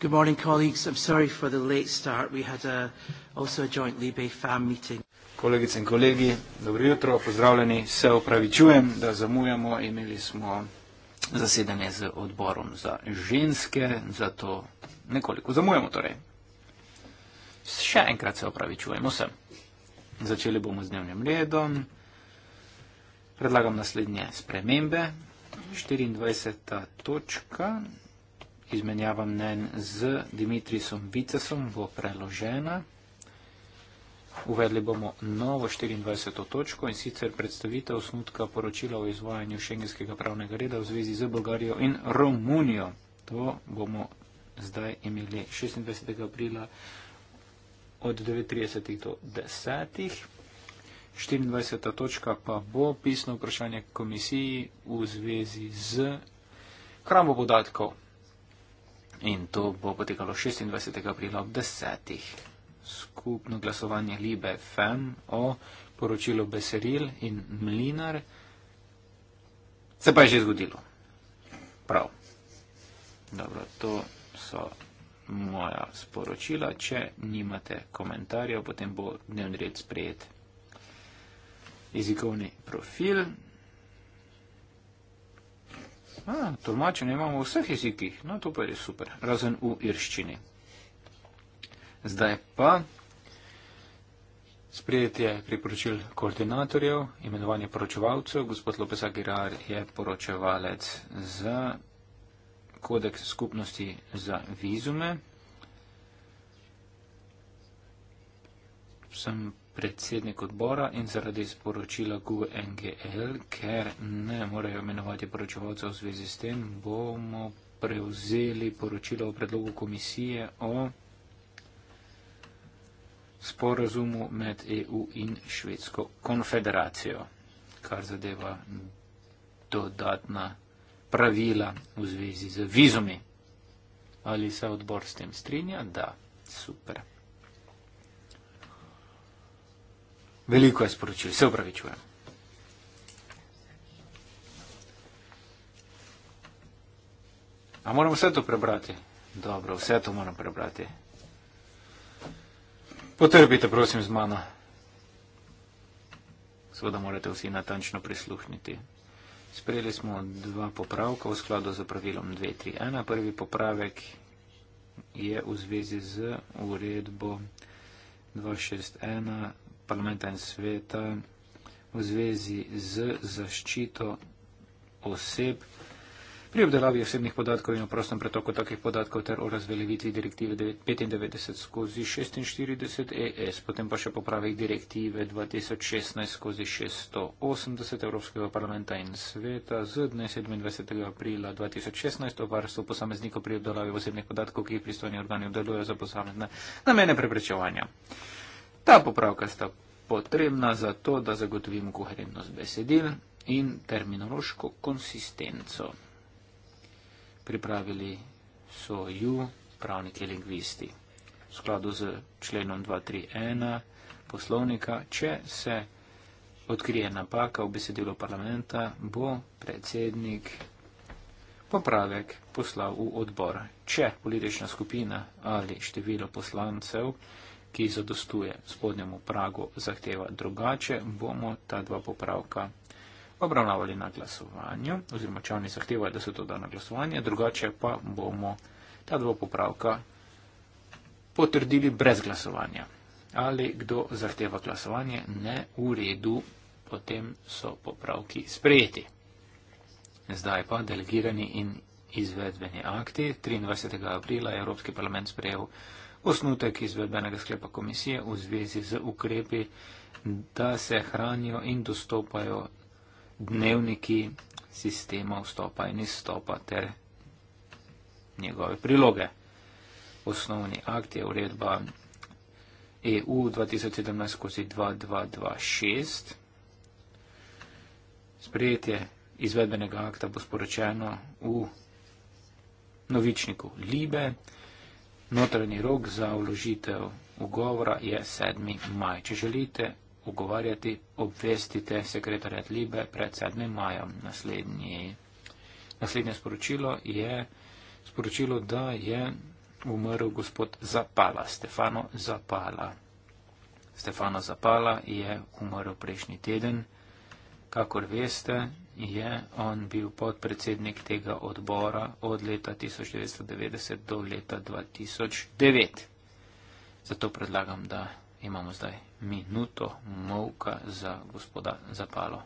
Good morning, colleagues. I'm sorry for the late start. We had a, uh, also a joint Libe fan meeting. Kolegice in kolegi, dobro jutro, pozdravljeni. Se opravičujem, da zamujamo. Imeli smo zasedanje z odborom za ženske, zato nekoliko zamujamo torej. Še enkrat se opravičujemo vsem. Začeli bomo z dnevnim redom. Predlagam naslednje spremembe. 24. točka izmenjava mnen z Dimitrisom Vicesom bo preložena. Uvedli bomo novo 24. točko in sicer predstavitev osnutka poročila o izvajanju šengenskega pravnega reda v zvezi z Bolgarijo in Romunijo. To bomo zdaj imeli 26. aprila od 9.30 do 10. 24. točka pa bo pisno vprašanje komisiji v zvezi z hrambo podatkov. In to bo potekalo 26. aprila ob 10. Skupno glasovanje Libe FM o poročilu Beseril in Mlinar se pa je že zgodilo. Prav. Dobro, to so moja sporočila. Če nimate komentarjev, potem bo dnevni red sprejet. Jezikovni profil. A, tolmačenje imamo v vseh jezikih, no to pa je super, razen v irščini. Zdaj pa sprejetje priporočil koordinatorjev, imenovanje poročevalcev. Gospod Lopes Aguirar je poročevalec za kodeks skupnosti za vizume. Sem predsednik odbora in zaradi sporočila GUNGL, ker ne morejo imenovati poročevalca v zvezi s tem, bomo prevzeli poročilo o predlogu komisije o sporazumu med EU in Švedsko konfederacijo, kar zadeva dodatna pravila v zvezi z vizumi. Ali se odbor s tem strinja? Da, super. veliko je sporočil, se upravičujem. A moram vse to prebrati? Dobro, vse to moram prebrati. Potrpite, prosim, z mano. Seveda morate vsi natančno prisluhniti. Sprejeli smo dva popravka v skladu z pravilom 2.3.1. Prvi popravek je v zvezi z uredbo 261 parlamenta in sveta v zvezi z zaščito oseb pri obdelavi osebnih podatkov in o prostem pretoku takih podatkov ter o razveljavitvi direktive 95 skozi 46 ES, potem pa še popravek direktive 2016 skozi 680 Evropskega parlamenta in sveta z dne 27. aprila 2016 o varstvu posameznikov pri obdelavi osebnih podatkov, ki jih pristojni organi obdelujejo za posamezne namene preprečevanja. Ta popravka sta potrebna zato, da zagotovim koherentnost besedil in terminološko konsistenco. Pripravili so ju pravniki lingvisti. V skladu z členom 231 poslovnika, če se odkrije napaka v besedilu parlamenta, bo predsednik popravek poslal v odbor. Če politična skupina ali število poslancev ki zadostuje spodnjemu pragu, zahteva drugače, bomo ta dva popravka obravnavali na glasovanju, oziroma če oni zahtevajo, da se to da na glasovanje, drugače pa bomo ta dva popravka potrdili brez glasovanja. Ali kdo zahteva glasovanje, ne v redu, potem so popravki sprejeti. Zdaj pa delegirani in izvedbeni akti. 23. aprila je Evropski parlament sprejel osnutek izvedbenega sklepa komisije v zvezi z ukrepi, da se hranijo in dostopajo dnevniki sistema vstopa in izstopa ter njegove priloge. Osnovni akt je uredba EU 2017-2226. Sprejetje izvedbenega akta bo sporočeno v novičniku Libe. Notranji rok za vložitev ugovora je 7. maj. Če želite ugovarjati, obvestite sekretarjat Libe pred 7. majem. Naslednji, naslednje sporočilo je sporočilo, da je umrl gospod Zapala, Stefano Zapala. Stefano Zapala je umrl prejšnji teden. Kakor veste, je on bil podpredsednik tega odbora od leta 1990 do leta 2009. Zato predlagam, da imamo zdaj minuto molka za gospoda Zapalo.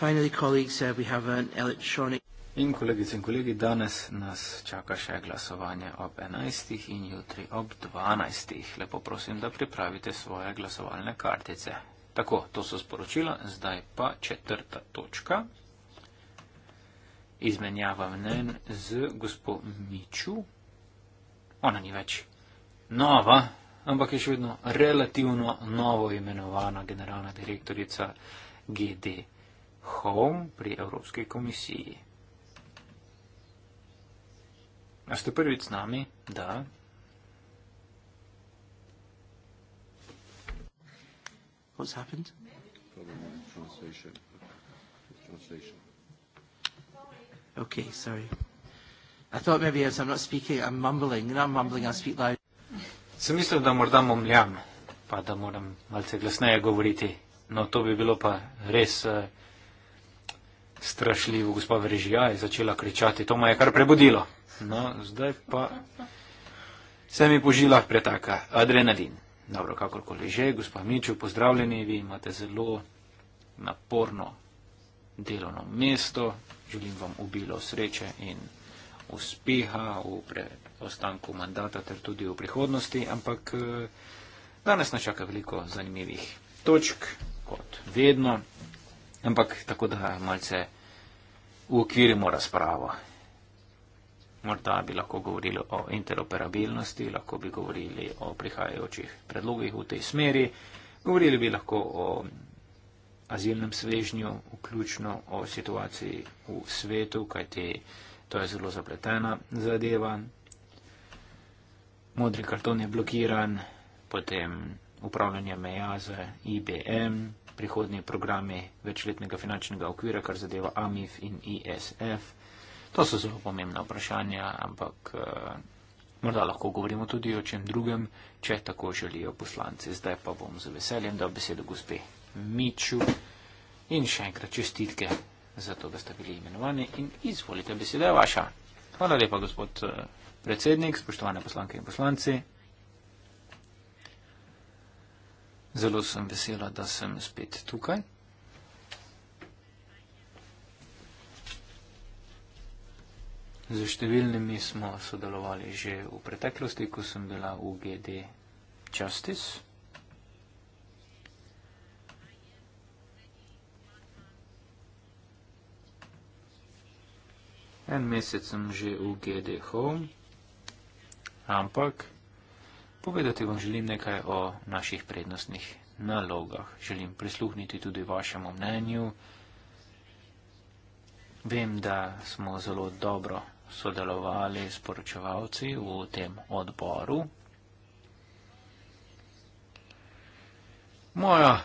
finally, colleagues, uh, we have an electronic. In kolegice in kolegi, danes nas čaka še glasovanje ob 11. in jutri ob 12. Lepo prosim, da pripravite svoje glasovalne kartice. Tako, to so sporočila, zdaj pa četrta točka. Izmenjava mnen z gospod Miču. Ona ni več nova, ampak je še vedno relativno novo imenovana generalna direktorica GD. Хоум при Европской комиссии. А что с нами? Да. What's happened? Problem with translation. With translation. Okay, sorry. I thought maybe as I'm not speaking, I'm mumbling. You know, I'm mumbling, I speak loud. Sem mislil, da morda mumljam, pa da moram malce glasneje govoriti. No, to bi bilo pa res uh, strašljivo, gospa Verižija je začela kričati, to me je kar prebudilo. No, zdaj pa se mi po žilah pretaka adrenalin. Dobro, kakorkoli že, gospa Miču, pozdravljeni, vi imate zelo naporno delovno mesto, želim vam obilo sreče in uspeha v preostanku mandata ter tudi v prihodnosti, ampak eh, danes nas čaka veliko zanimivih točk, kot vedno, Ampak tako da malce uokvirimo razpravo. Morda bi lahko govorili o interoperabilnosti, lahko bi govorili o prihajajočih predlogih v tej smeri, govorili bi lahko o azilnem svežnju, vključno o situaciji v svetu, kajti to je zelo zapletena zadeva. Modri karton je blokiran, potem upravljanje meja za IBM, prihodni programi večletnega finančnega okvira, kar zadeva AMIF in ISF. To so zelo pomembna vprašanja, ampak eh, morda lahko govorimo tudi o čem drugem, če tako želijo poslanci. Zdaj pa bom z veseljem dal besedo gospe Miču in še enkrat čestitke za to, da ste bili imenovani in izvolite, beseda je vaša. Hvala lepa, gospod eh, predsednik, spoštovane poslanke in poslanci. Zelo sem vesela, da sem spet tukaj. Z številnimi smo sodelovali že v preteklosti, ko sem bila v GD Justice. En mesec sem že v GD Home, ampak Povedati vam želim nekaj o naših prednostnih nalogah. Želim prisluhniti tudi vašemu mnenju. Vem, da smo zelo dobro sodelovali s poročevalci v tem odboru. Moja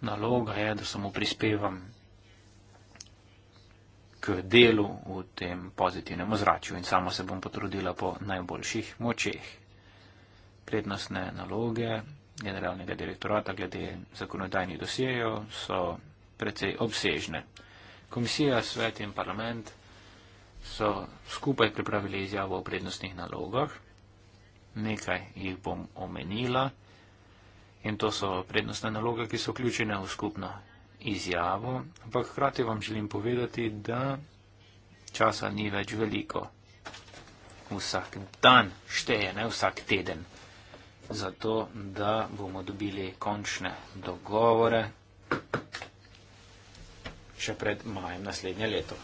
naloga je, da samo prispevam delu v tem pozitivnem ozračju in sama se bom potrudila po najboljših močeh. Prednostne naloge generalnega direktorata glede zakonodajnih dosjejev so precej obsežne. Komisija, svet in parlament so skupaj pripravili izjavo o prednostnih nalogah. Nekaj jih bom omenila. In to so prednostne naloge, ki so vključene v skupno izjavo, ampak hkrati vam želim povedati, da časa ni več veliko. Vsak dan šteje, ne vsak teden. Zato, da bomo dobili končne dogovore še pred majem naslednje leto.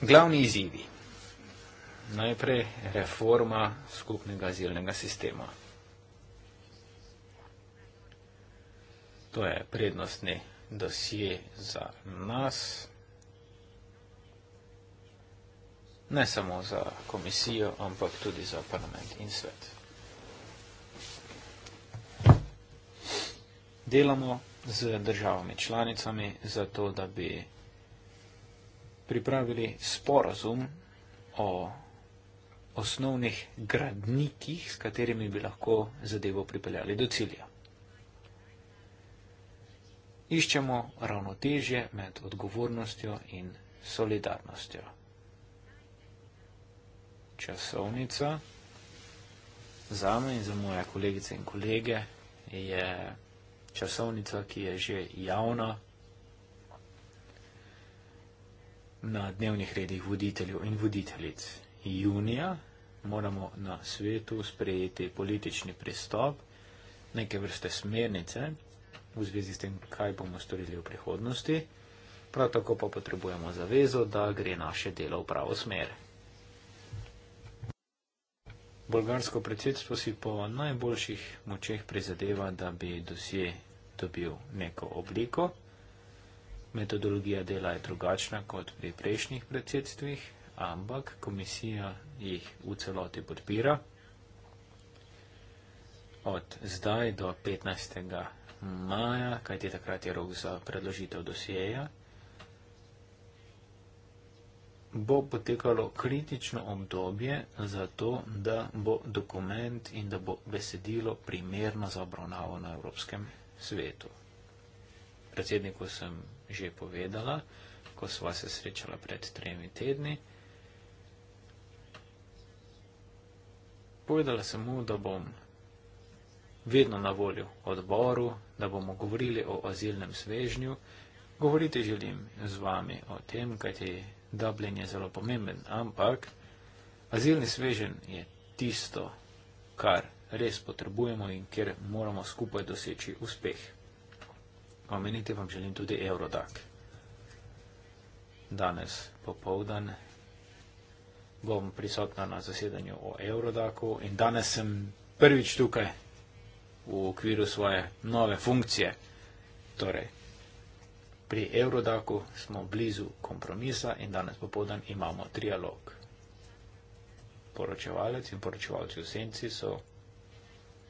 Glavni izzivi. Najprej reforma skupnega azilnega sistema. To je prednostni dosje za nas, ne samo za komisijo, ampak tudi za parlament in svet. Delamo z državami članicami za to, da bi pripravili sporazum o osnovnih gradnikih, s katerimi bi lahko zadevo pripeljali do cilja iščemo ravnotežje med odgovornostjo in solidarnostjo. Časovnica za me in za moje kolegice in kolege je časovnica, ki je že javna na dnevnih redih voditeljev in voditeljic. Junija moramo na svetu sprejeti politični pristop, neke vrste smernice, v zvezi s tem, kaj bomo storili v prihodnosti, prav tako pa potrebujemo zavezo, da gre naše delo v pravo smer. Bolgarsko predsedstvo si po najboljših močeh prizadeva, da bi dosje dobil neko obliko. Metodologija dela je drugačna kot pri prejšnjih predsedstvih, ampak komisija jih v celoti podpira. Od zdaj do 15 maja, kajti takrat je rok za predložitev dosjeja, bo potekalo kritično obdobje za to, da bo dokument in da bo besedilo primerno za obravnavo na Evropskem svetu. Predsedniku sem že povedala, ko sva se srečala pred tremi tedni. Povedala sem mu, da bom vedno na voljo odboru, da bomo govorili o azilnem svežnju. Govoriti želim z vami o tem, kajti Dublin je zelo pomemben, ampak azilni svežen je tisto, kar res potrebujemo in kjer moramo skupaj doseči uspeh. Omeniti vam želim tudi Eurodak. Danes popovdan bom prisotna na zasedanju o Eurodaku in danes sem prvič tukaj v okviru svoje nove funkcije. Torej, pri Eurodaku smo blizu kompromisa in danes popoldan imamo trialog. Poročevalec in poročevalci v senci so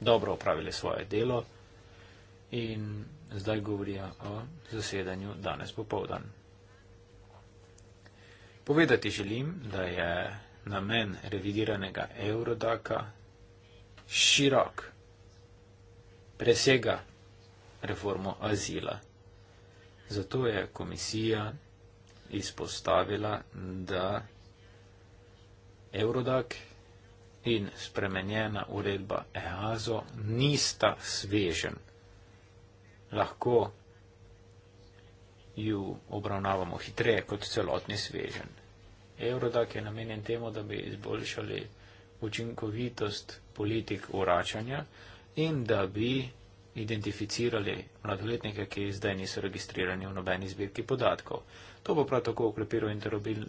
dobro opravili svoje delo in zdaj govorijo o zasedanju danes popoldan. Povedati želim, da je namen revidiranega Eurodaka širok presega reformo azila. Zato je komisija izpostavila, da Eurodak in spremenjena uredba EASO nista svežen. Lahko ju obravnavamo hitreje kot celotni svežen. Eurodak je namenjen temu, da bi izboljšali učinkovitost politik uračanja, in da bi identificirali mladoletnike, ki zdaj niso registrirani v nobeni zbirki podatkov. To bo prav tako okrepilo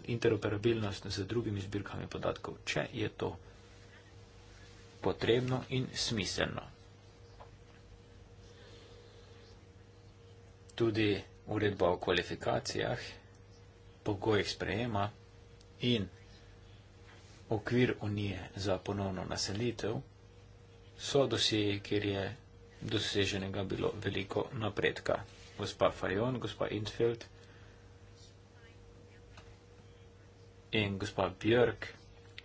interoperabilnost z drugimi zbirkami podatkov, če je to potrebno in smiselno. Tudi uredba o kvalifikacijah, pogojih sprejema in okvir Unije za ponovno naselitev so dosije, kjer je doseženega bilo veliko napredka. Gospa Fajon, gospa Intfeld in gospa Björk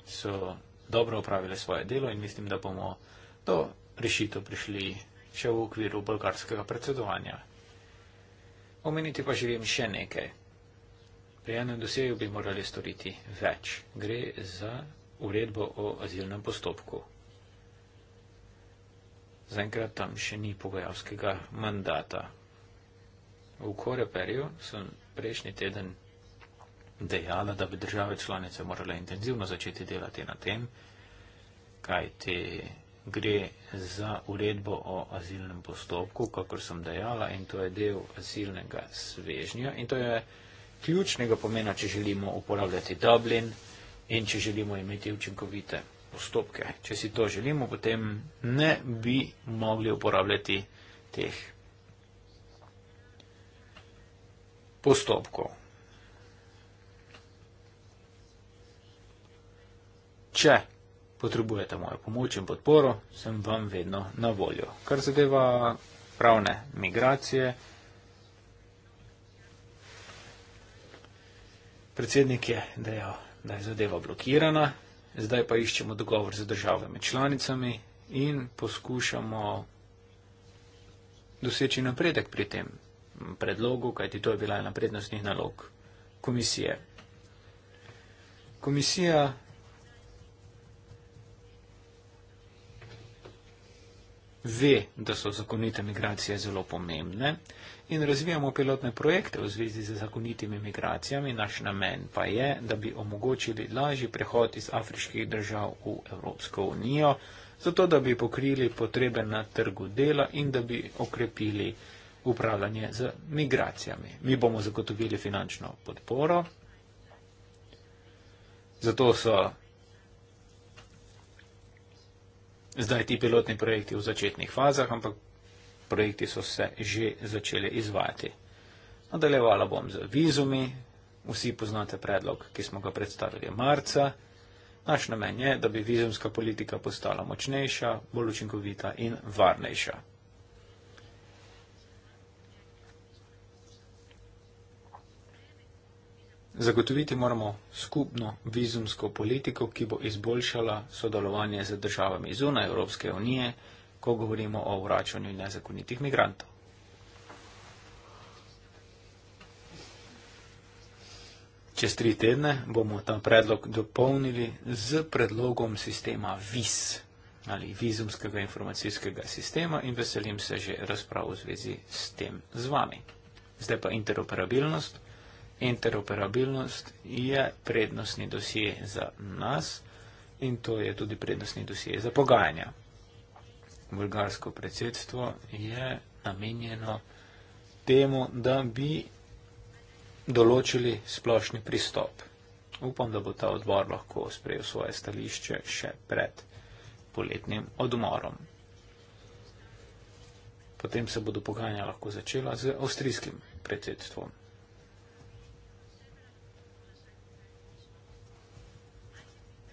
so dobro opravili svoje delo in mislim, da bomo do rešitev prišli še v okviru bolgarskega predsedovanja. Omeniti pa želim še nekaj. Pri enem doseju bi morali storiti več. Gre za uredbo o azilnem postopku zaenkrat tam še ni pogajalskega mandata. V Koreperju sem prejšnji teden dejala, da bi države članice morale intenzivno začeti delati na tem, kaj te gre za uredbo o azilnem postopku, kakor sem dejala, in to je del azilnega svežnja in to je ključnega pomena, če želimo uporabljati Dublin in če želimo imeti učinkovite postopke. Če si to želimo, potem ne bi mogli uporabljati teh postopkov. Če potrebujete mojo pomoč in podporo, sem vam vedno na voljo. Kar zadeva pravne migracije, predsednik je dejal, da je zadeva blokirana zdaj pa iščemo dogovor z državami članicami in poskušamo doseči napredek pri tem predlogu, kajti to je bila ena prednostnih nalog komisije. Komisija ve, da so zakonite migracije zelo pomembne in razvijamo pilotne projekte v zvezi z zakonitimi migracijami. Naš namen pa je, da bi omogočili lažji prehod iz afriških držav v Evropsko unijo, zato da bi pokrili potrebe na trgu dela in da bi okrepili upravljanje z migracijami. Mi bomo zagotovili finančno podporo. Zato so zdaj ti pilotni projekti v začetnih fazah, ampak projekti so se že začeli izvajati. Nadaljevala bom z vizumi. Vsi poznate predlog, ki smo ga predstavili marca. Naš namen je, da bi vizumska politika postala močnejša, bolj učinkovita in varnejša. Zagotoviti moramo skupno vizumsko politiko, ki bo izboljšala sodelovanje z državami zunaj Evropske unije, ko govorimo o vračanju nezakonitih migrantov. Čez tri tedne bomo ta predlog dopolnili z predlogom sistema VIS ali vizumskega informacijskega sistema in veselim se že razprav v zvezi s tem z vami. Zdaj pa interoperabilnost interoperabilnost je prednostni dosje za nas in to je tudi prednostni dosje za pogajanja. Bolgarsko predsedstvo je namenjeno temu, da bi določili splošni pristop. Upam, da bo ta odbor lahko sprejel svoje stališče še pred poletnim odmorom. Potem se bodo pogajanja lahko začela z avstrijskim predsedstvom.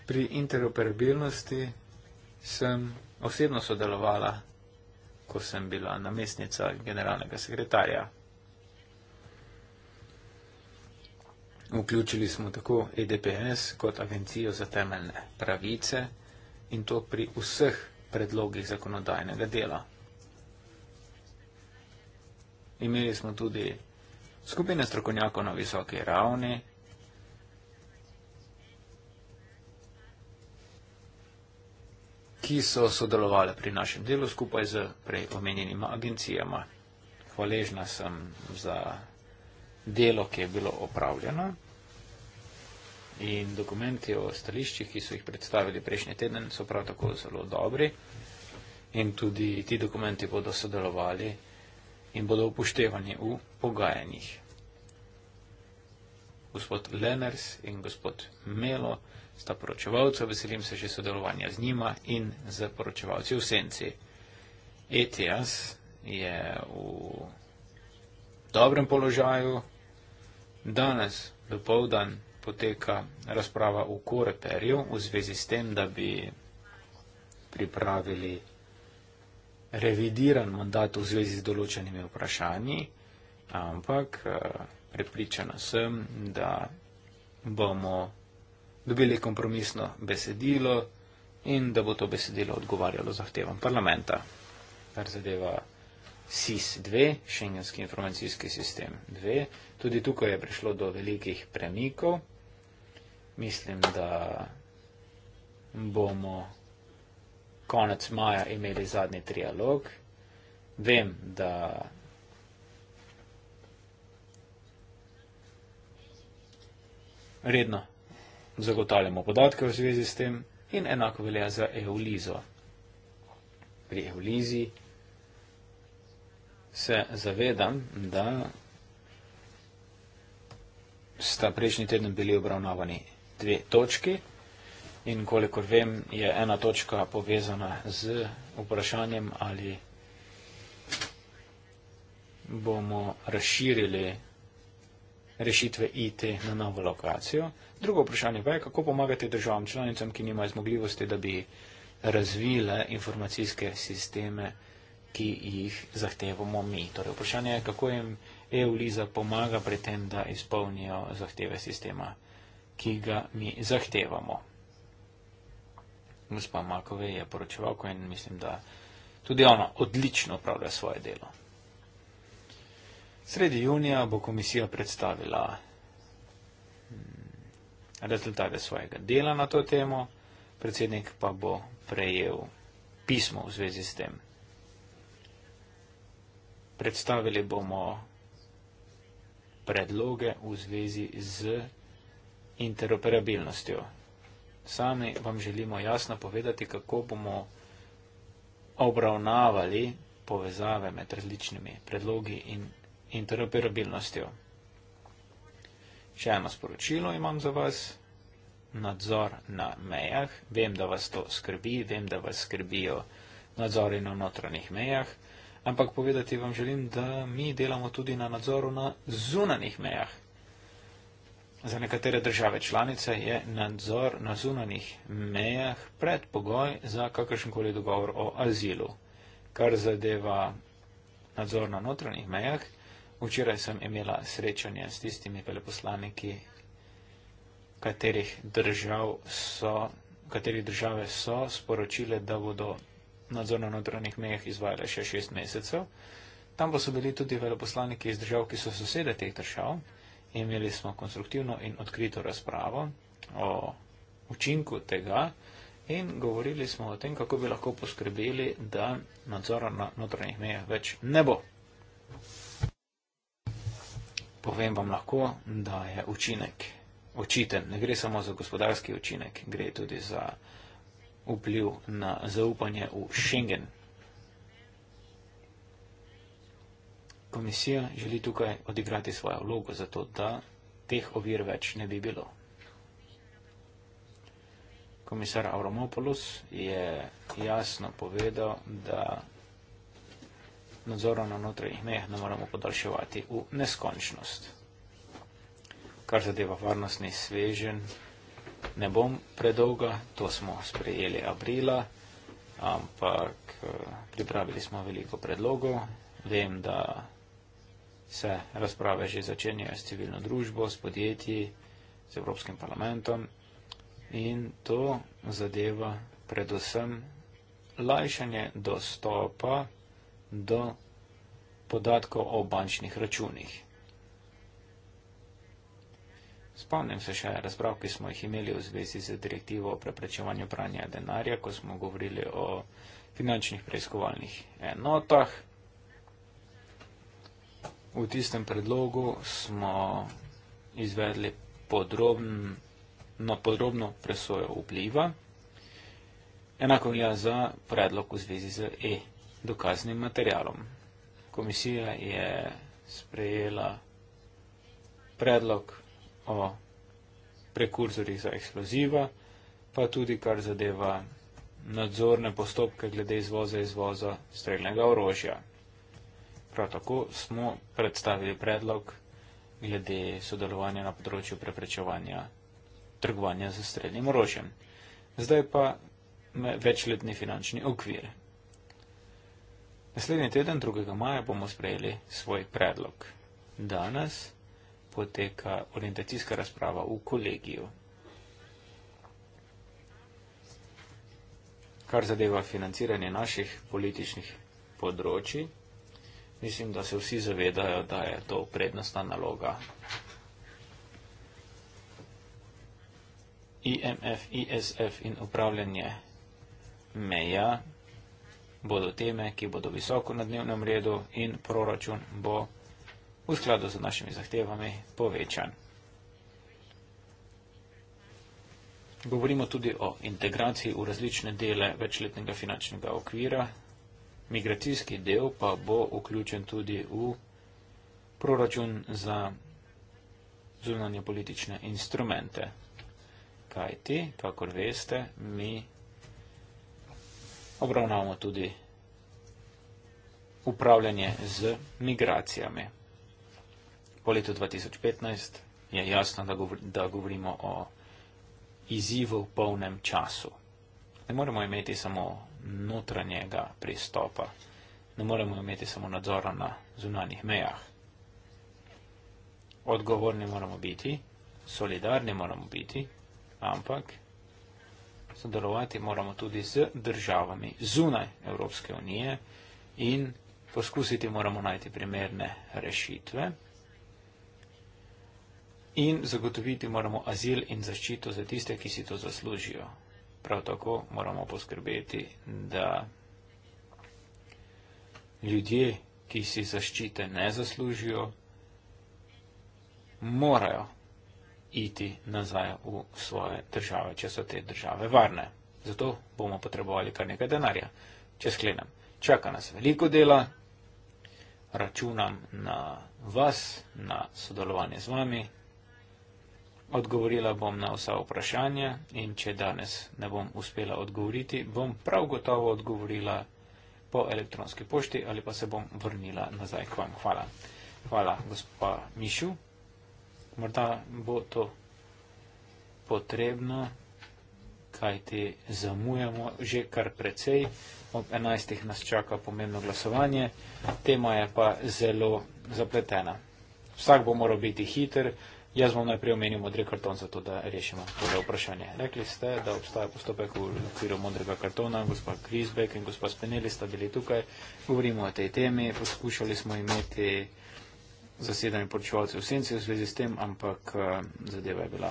pri interoperabilnosti sem osebno sodelovala, ko sem bila namestnica generalnega sekretarja. Vključili smo tako EDPS kot Agencijo za temeljne pravice in to pri vseh predlogih zakonodajnega dela. Imeli smo tudi skupine strokovnjakov na visoki ravni, ki so sodelovali pri našem delu skupaj z prej omenjenima agencijama. Hvaležna sem za delo, ki je bilo opravljeno in dokumenti o stališčih, ki so jih predstavili prejšnji teden, so prav tako zelo dobri in tudi ti dokumenti bodo sodelovali in bodo upoštevani v pogajanjih. Gospod Lenners in gospod Melo sta poročevalca, veselim se še sodelovanja z njima in z poročevalci v senci. ETS je v dobrem položaju. Danes do povdan poteka razprava v Koreperju v zvezi s tem, da bi pripravili revidiran mandat v zvezi z določenimi vprašanji, ampak eh, prepričana sem, da bomo dobili kompromisno besedilo in da bo to besedilo odgovarjalo zahtevam parlamenta, kar zadeva SIS-2, Šengenski informacijski sistem 2. Tudi tukaj je prišlo do velikih premikov. Mislim, da bomo konec maja imeli zadnji trialog. Vem, da redno zagotavljamo podatke v zvezi s tem in enako velja za EU-lizo. Pri EU-lizi se zavedam, da sta prejšnji teden bili obravnavani dve točki in kolikor vem, je ena točka povezana z vprašanjem ali bomo razširili rešitve iti na novo lokacijo. Drugo vprašanje pa je, kako pomagati državam članicam, ki nimajo zmogljivosti, da bi razvile informacijske sisteme, ki jih zahtevamo mi. Torej, vprašanje je, kako jim EU-liza pomaga pri tem, da izpolnijo zahteve sistema, ki ga mi zahtevamo. Gospa Makove je poročevalko in mislim, da tudi ona odlično upravlja svoje delo. Sredi junija bo komisija predstavila hmm, rezultate svojega dela na to temo, predsednik pa bo prejel pismo v zvezi s tem. Predstavili bomo predloge v zvezi z interoperabilnostjo. Sami vam želimo jasno povedati, kako bomo obravnavali povezave med različnimi predlogi in interoperabilnostjo. Še eno sporočilo imam za vas. Nadzor na mejah. Vem, da vas to skrbi, vem, da vas skrbijo nadzori na notranjih mejah, ampak povedati vam želim, da mi delamo tudi na nadzoru na zunanih mejah. Za nekatere države članice je nadzor na zunanih mejah predpogoj za kakršenkoli dogovor o azilu. Kar zadeva nadzor na notranjih mejah, Včeraj sem imela srečanje s tistimi veleposlaniki, katerih držav so, katerih države so sporočile, da bodo nadzor na notranjih mejah izvajale še šest mesecev. Tam pa so bili tudi veleposlaniki iz držav, ki so sosede teh držav. Imeli smo konstruktivno in odkrito razpravo o učinku tega in govorili smo o tem, kako bi lahko poskrbeli, da nadzora na notranjih mejah več ne bo povem vam lahko, da je učinek očiten. Ne gre samo za gospodarski učinek, gre tudi za vpliv na zaupanje v Schengen. Komisija želi tukaj odigrati svojo vlogo, zato da teh ovir več ne bi bilo. Komisar Avromopoulos je jasno povedal, da nadzora na notranjih mejah ne moremo podaljševati v neskončnost. Kar zadeva varnostni svežen, ne bom predolga, to smo sprejeli aprila, ampak eh, pripravili smo veliko predlogov. Vem, da se razprave že začenjajo s civilno družbo, s podjetji, z Evropskim parlamentom in to zadeva predvsem lajšanje dostopa do podatkov o bančnih računih. Spomnim se še razprav, ki smo jih imeli v zvezi z direktivo o preprečevanju pranja denarja, ko smo govorili o finančnih preiskovalnih enotah. V tistem predlogu smo izvedli podrobno, podrobno presojo vpliva. Enako velja za predlog v zvezi z E dokaznim materialom. Komisija je sprejela predlog o prekurzorih za eksploziva, pa tudi kar zadeva nadzorne postopke glede izvoza izvoza streljnega orožja. Prav tako smo predstavili predlog glede sodelovanja na področju preprečevanja trgovanja z streljnim orožjem. Zdaj pa večletni finančni okvir. Naslednji teden, 2. maja, bomo sprejeli svoj predlog. Danes poteka orientacijska razprava v kolegiju. Kar zadeva financiranje naših političnih področji, mislim, da se vsi zavedajo, da je to prednostna naloga. IMF, ISF in upravljanje meja bodo teme, ki bodo visoko na dnevnem redu in proračun bo v skladu z našimi zahtevami povečan. Govorimo tudi o integraciji v različne dele večletnega finančnega okvira. Migracijski del pa bo vključen tudi v proračun za zunanje politične instrumente. Kajti, kakor veste, mi obravnavamo tudi upravljanje z migracijami. Po letu 2015 je jasno, da, govor, da govorimo o izzivu v polnem času. Ne moremo imeti samo notranjega pristopa, ne moremo imeti samo nadzora na zunanjih mejah. Odgovorni moramo biti, solidarni moramo biti, ampak sodelovati moramo tudi z državami zunaj Evropske unije in poskusiti moramo najti primerne rešitve in zagotoviti moramo azil in zaščito za tiste, ki si to zaslužijo. Prav tako moramo poskrbeti, da ljudje, ki si zaščite ne zaslužijo, morajo iti nazaj v svoje države, če so te države varne. Zato bomo potrebovali kar nekaj denarja. Če sklenem, čaka nas veliko dela, računam na vas, na sodelovanje z vami. Odgovorila bom na vsa vprašanja in če danes ne bom uspela odgovoriti, bom prav gotovo odgovorila po elektronski pošti ali pa se bom vrnila nazaj k vam. Hvala. Hvala, gospa Mišu morda bo to potrebno, kaj ti zamujamo že kar precej. Ob 11. nas čaka pomembno glasovanje, tema je pa zelo zapletena. Vsak bo moral biti hiter, jaz bom najprej omenil modri karton, zato da rešimo to vprašanje. Rekli ste, da obstaja postopek v okviru modrega kartona, gospa Krisbek in gospa Speneli sta bili tukaj, govorimo o tej temi, poskušali smo imeti zasedanje poročevalcev v senci v zvezi s tem, ampak eh, zadeva je bila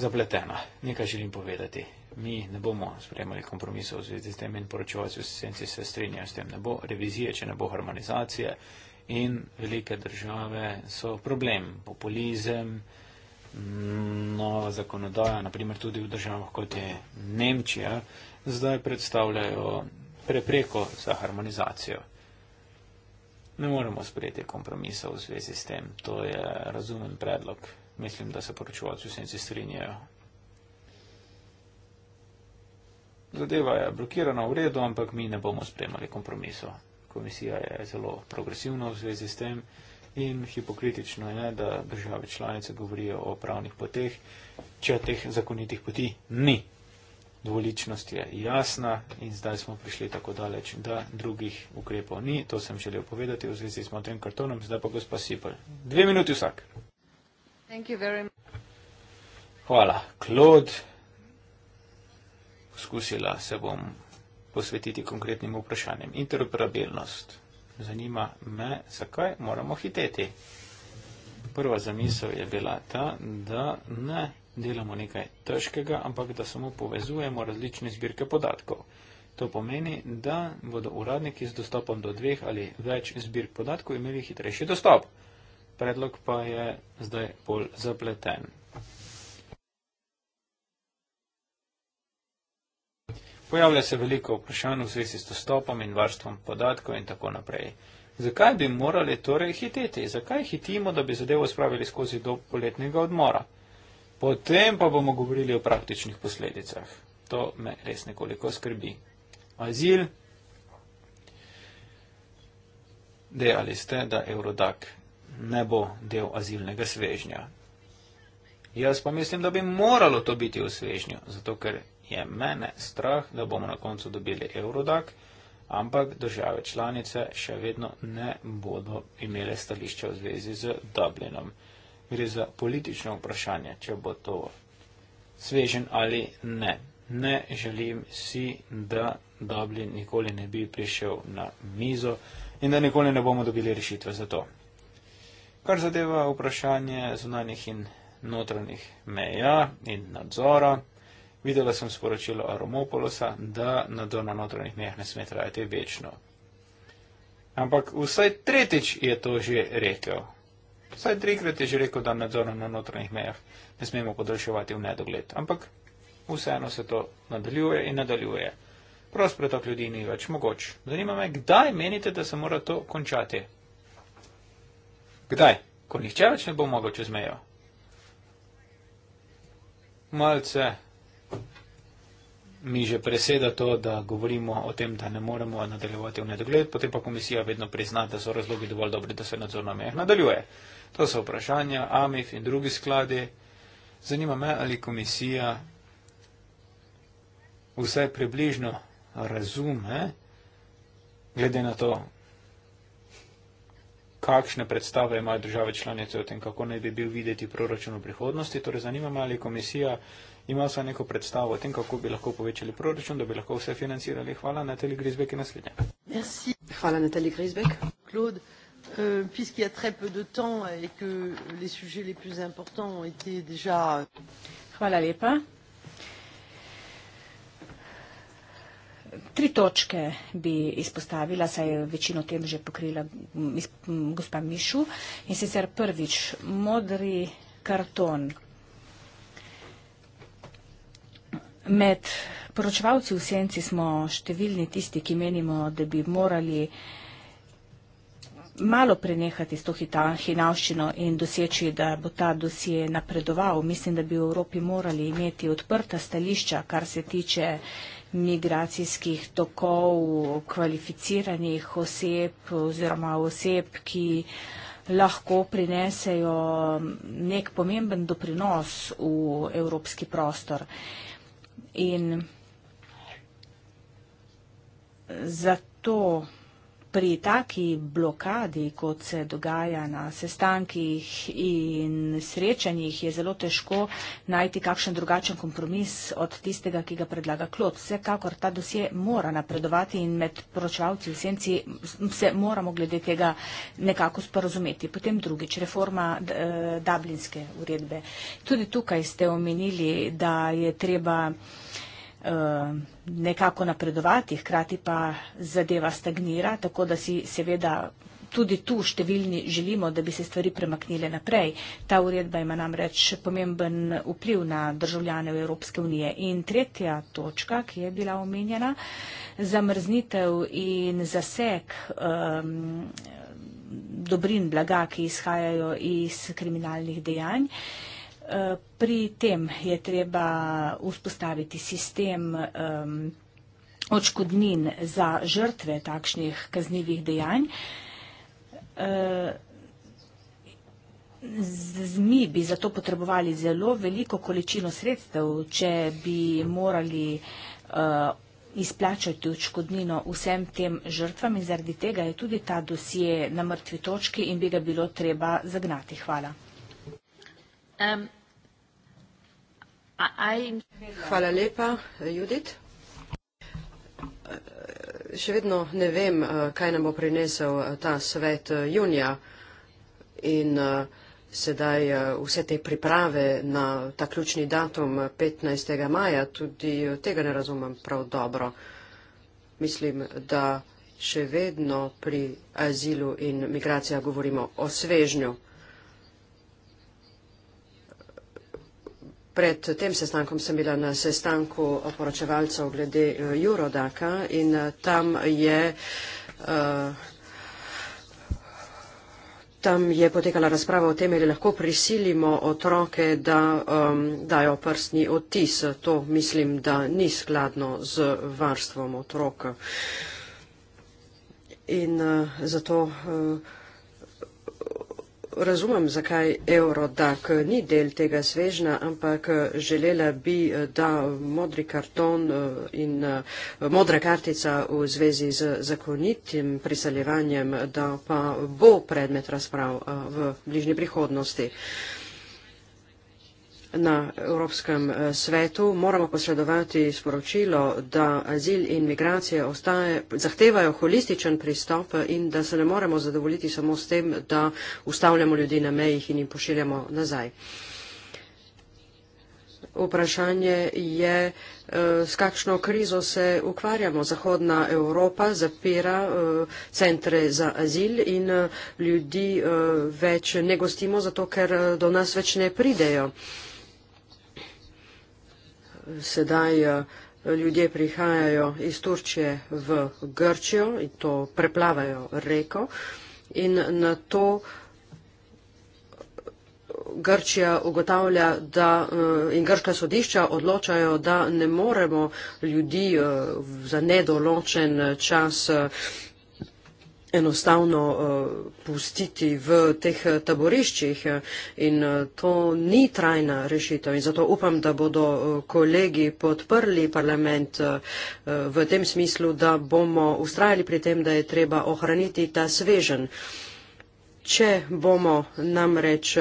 zapletena. Nekaj želim povedati. Mi ne bomo sprejemali kompromisov v zvezi s tem in poročevalci v senci se strinjajo s tem. Ne bo revizije, če ne bo harmonizacije in velike države so problem. Populizem, nova zakonodaja, naprimer tudi v državah kot je Nemčija, zdaj predstavljajo prepreko za harmonizacijo ne moremo sprejeti kompromisa v zvezi s tem. To je razumen predlog. Mislim, da se poročevalci vsem si strinjajo. Zadeva je blokirana v redu, ampak mi ne bomo spremali kompromiso. Komisija je zelo progresivna v zvezi s tem in hipokritično je, da države članice govorijo o pravnih poteh, če teh zakonitih poti ni dvoličnost je jasna in zdaj smo prišli tako daleč, da drugih ukrepov ni. To sem želel povedati v zvezi s modrim kartonom, zdaj pa gospa Sipel. Dve minuti vsak. Hvala. Klod, poskusila se bom posvetiti konkretnim vprašanjem. Interoperabilnost. Zanima me, zakaj moramo hiteti. Prva zamisel je bila ta, da ne delamo nekaj težkega, ampak da samo povezujemo različne zbirke podatkov. To pomeni, da bodo uradniki z dostopom do dveh ali več zbirk podatkov imeli hitrejši dostop. Predlog pa je zdaj bolj zapleten. Pojavlja se veliko vprašanj v zvezi s dostopom in varstvom podatkov in tako naprej. Zakaj bi morali torej hiteti? Zakaj hitimo, da bi zadevo spravili skozi do poletnega odmora? Potem pa bomo govorili o praktičnih posledicah. To me res nekoliko skrbi. Azil. Dejali ste, da Eurodak ne bo del azilnega svežnja. Jaz pa mislim, da bi moralo to biti v svežnju, zato ker je mene strah, da bomo na koncu dobili Eurodak, ampak države članice še vedno ne bodo imele stališča v zvezi z Dublinom gre za politično vprašanje, če bo to svežen ali ne. Ne želim si, da Dublin nikoli ne bi prišel na mizo in da nikoli ne bomo dobili rešitve za to. Kar zadeva vprašanje zunanjih in notranjih meja in nadzora, videla sem sporočilo Aromopolosa, da nadzor na notranjih mejah ne sme trajati večno. Ampak vsaj tretjič je to že rekel. Vsaj trikrat je že rekel, da nadzora na notranjih mejah ne smemo podaljševati v nedogled. Ampak vseeno se to nadaljuje in nadaljuje. Prost pretok ljudi ni več mogoč. Zanima me, kdaj menite, da se mora to končati? Kdaj? Ko nihče več ne bo mogel čez mejo? Malce mi že preseda to, da govorimo o tem, da ne moremo nadaljevati v nedogled, potem pa komisija vedno prizna, da so razlogi dovolj dobri, da se nadzor na mejah nadaljuje. To so vprašanja AMIF in drugi skladi. Zanima me, ali komisija vsaj približno razume, glede na to, kakšne predstave imajo države članice o tem, kako naj bi bil videti proračun v prihodnosti. Torej, zanima me, ali komisija ima vsaj neko predstavo o tem, kako bi lahko povečali proračun, da bi lahko vse financirali. Hvala, Natalija Grisbek, in naslednja. Merci. Hvala, Natalija Grisbek. Claude. Euh, Puisqu'il y a très peu de temps et que les sujets les plus importants ont été déjà. Voilà les pas. Tri točke bi izpostavila, saj je večino tem že pokrila mm, mm, gospa Mišu. In sicer prvič, modri karton, Med poročevalci v senci smo številni tisti, ki menimo, da bi morali malo prenehati s to hinavščino in doseči, da bo ta dosje napredoval. Mislim, da bi v Evropi morali imeti odprta stališča, kar se tiče migracijskih tokov, kvalificiranih oseb oziroma oseb, ki lahko prinesejo nek pomemben doprinos v evropski prostor. In zato pri taki blokadi, kot se dogaja na sestankih in srečanjih, je zelo težko najti kakšen drugačen kompromis od tistega, ki ga predlaga klot. Vsekakor ta dosje mora napredovati in med poročevalci v senci se moramo glede tega nekako sporozumeti. Potem drugič, reforma eh, dublinske uredbe. Tudi tukaj ste omenili, da je treba Eh, nekako napredovati, hkrati pa zadeva stagnira, tako da si seveda tudi tu številni želimo, da bi se stvari premaknile naprej. Ta uredba ima namreč pomemben vpliv na državljane Evropske unije. In tretja točka, ki je bila omenjena, zamrznitev in zasek um, dobrin blaga, ki izhajajo iz kriminalnih dejanj. Uh, pri tem je treba vzpostaviti sistem um, očkodnin za žrtve takšnih kaznjivih dejanj. Uh, z, mi bi zato potrebovali zelo veliko količino sredstev, če bi morali uh, izplačati očkodnino vsem tem žrtvam in zaradi tega je tudi ta dosje na mrtvi točki in bi ga bilo treba zagnati. Hvala. Um. Hvala lepa, Judit. Še vedno ne vem, eh, kaj nam bo prinesel eh, ta svet eh, junija in sedaj vse te priprave na ta ključni datum 15. maja, tudi tega ne razumem prav dobro. Mislim, da še vedno pri azilu in migracija govorimo o svežnju. Pred tem sestankom sem bila na sestanku poročevalcev glede eh, Eurodaka in eh, tam je, eh, tam je potekala razprava o tem, ali lahko prisilimo otroke, da um, dajo prstni odtis. To mislim, da ni skladno z varstvom otroka. In uh, zato. Uh, razumem, zakaj Eurodak ni del tega svežna, ampak eh, želela bi, eh, da modri karton eh, in modra kartica v zvezi z zakonitim priseljevanjem, da pa bo predmet razprav v bližnji prihodnosti na Evropskem eh, svetu moramo posredovati sporočilo, da azil in migracije ostaje, zahtevajo holističen pristop in da se ne moremo zadovoljiti samo s tem, da ustavljamo ljudi na mejih in jim pošiljamo nazaj. Vprašanje je, eh, s kakšno krizo se ukvarjamo. Zahodna Evropa zapira eh, centre za azil in ljudi več ne gostimo, zato ker do nas več ne pridejo sedaj eh, ljudje prihajajo iz Turčije v Grčijo in to preplavajo reko in na to Grčija ugotavlja, da eh, in grška sodišča odločajo, da ne moremo ljudi eh, za nedoločen čas enostavno eh, pustiti v teh eh, taboriščih eh, in to ni trajna rešitev in zato upam, da bodo kolegi podprli parlament v tem smislu, da bomo ustrajali pri tem, da je treba ohraniti ta svežen. Če bomo namreč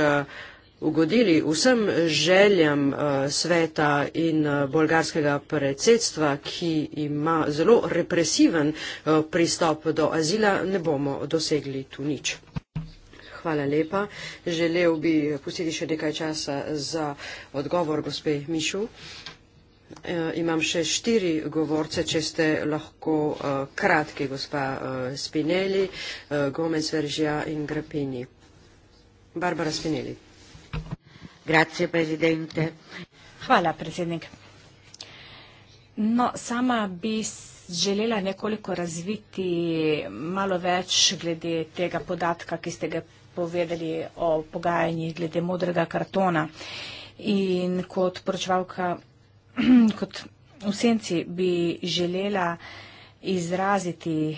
ugodili vsem željam eh, sveta in eh, bolgarskega predsedstva, ki ima zelo represiven eh, pristop do azila, ne bomo dosegli tu nič. Hvala lepa. Želel bi pustiti še nekaj časa za odgovor gospe Mišu. Imam še štiri govorce, če ste lahko kratki, gospa Spinelli, Gomez Veržija in Grapini. Barbara Spinelli. Grazie, presidente. Hvala, predsednik. No, sama bi želela nekoliko razviti malo več glede tega podatka, ki ste ga povedali o pogajanji glede modrega kartona. In kot poročevalka, kot v senci bi želela izraziti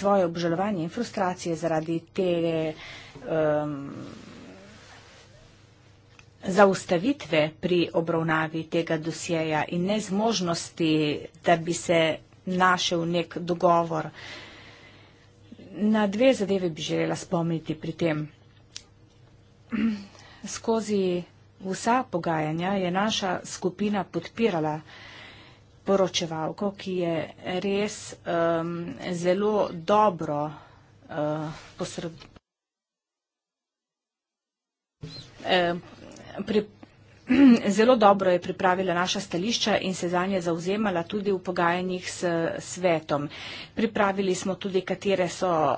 svoje obžalovanje in frustracije zaradi te um, zaustavitve pri obravnavi tega dosjeja in nezmožnosti, da bi se našel nek dogovor. Na dve zadeve bi želela spomniti pri tem. Skozi vsa pogajanja je naša skupina podpirala poročevalko, ki je res um, zelo dobro uh, posredovala pri, zelo dobro je pripravila naša stališča in se za nje zauzemala tudi v pogajanjih s svetom. Pripravili smo tudi, katere so uh,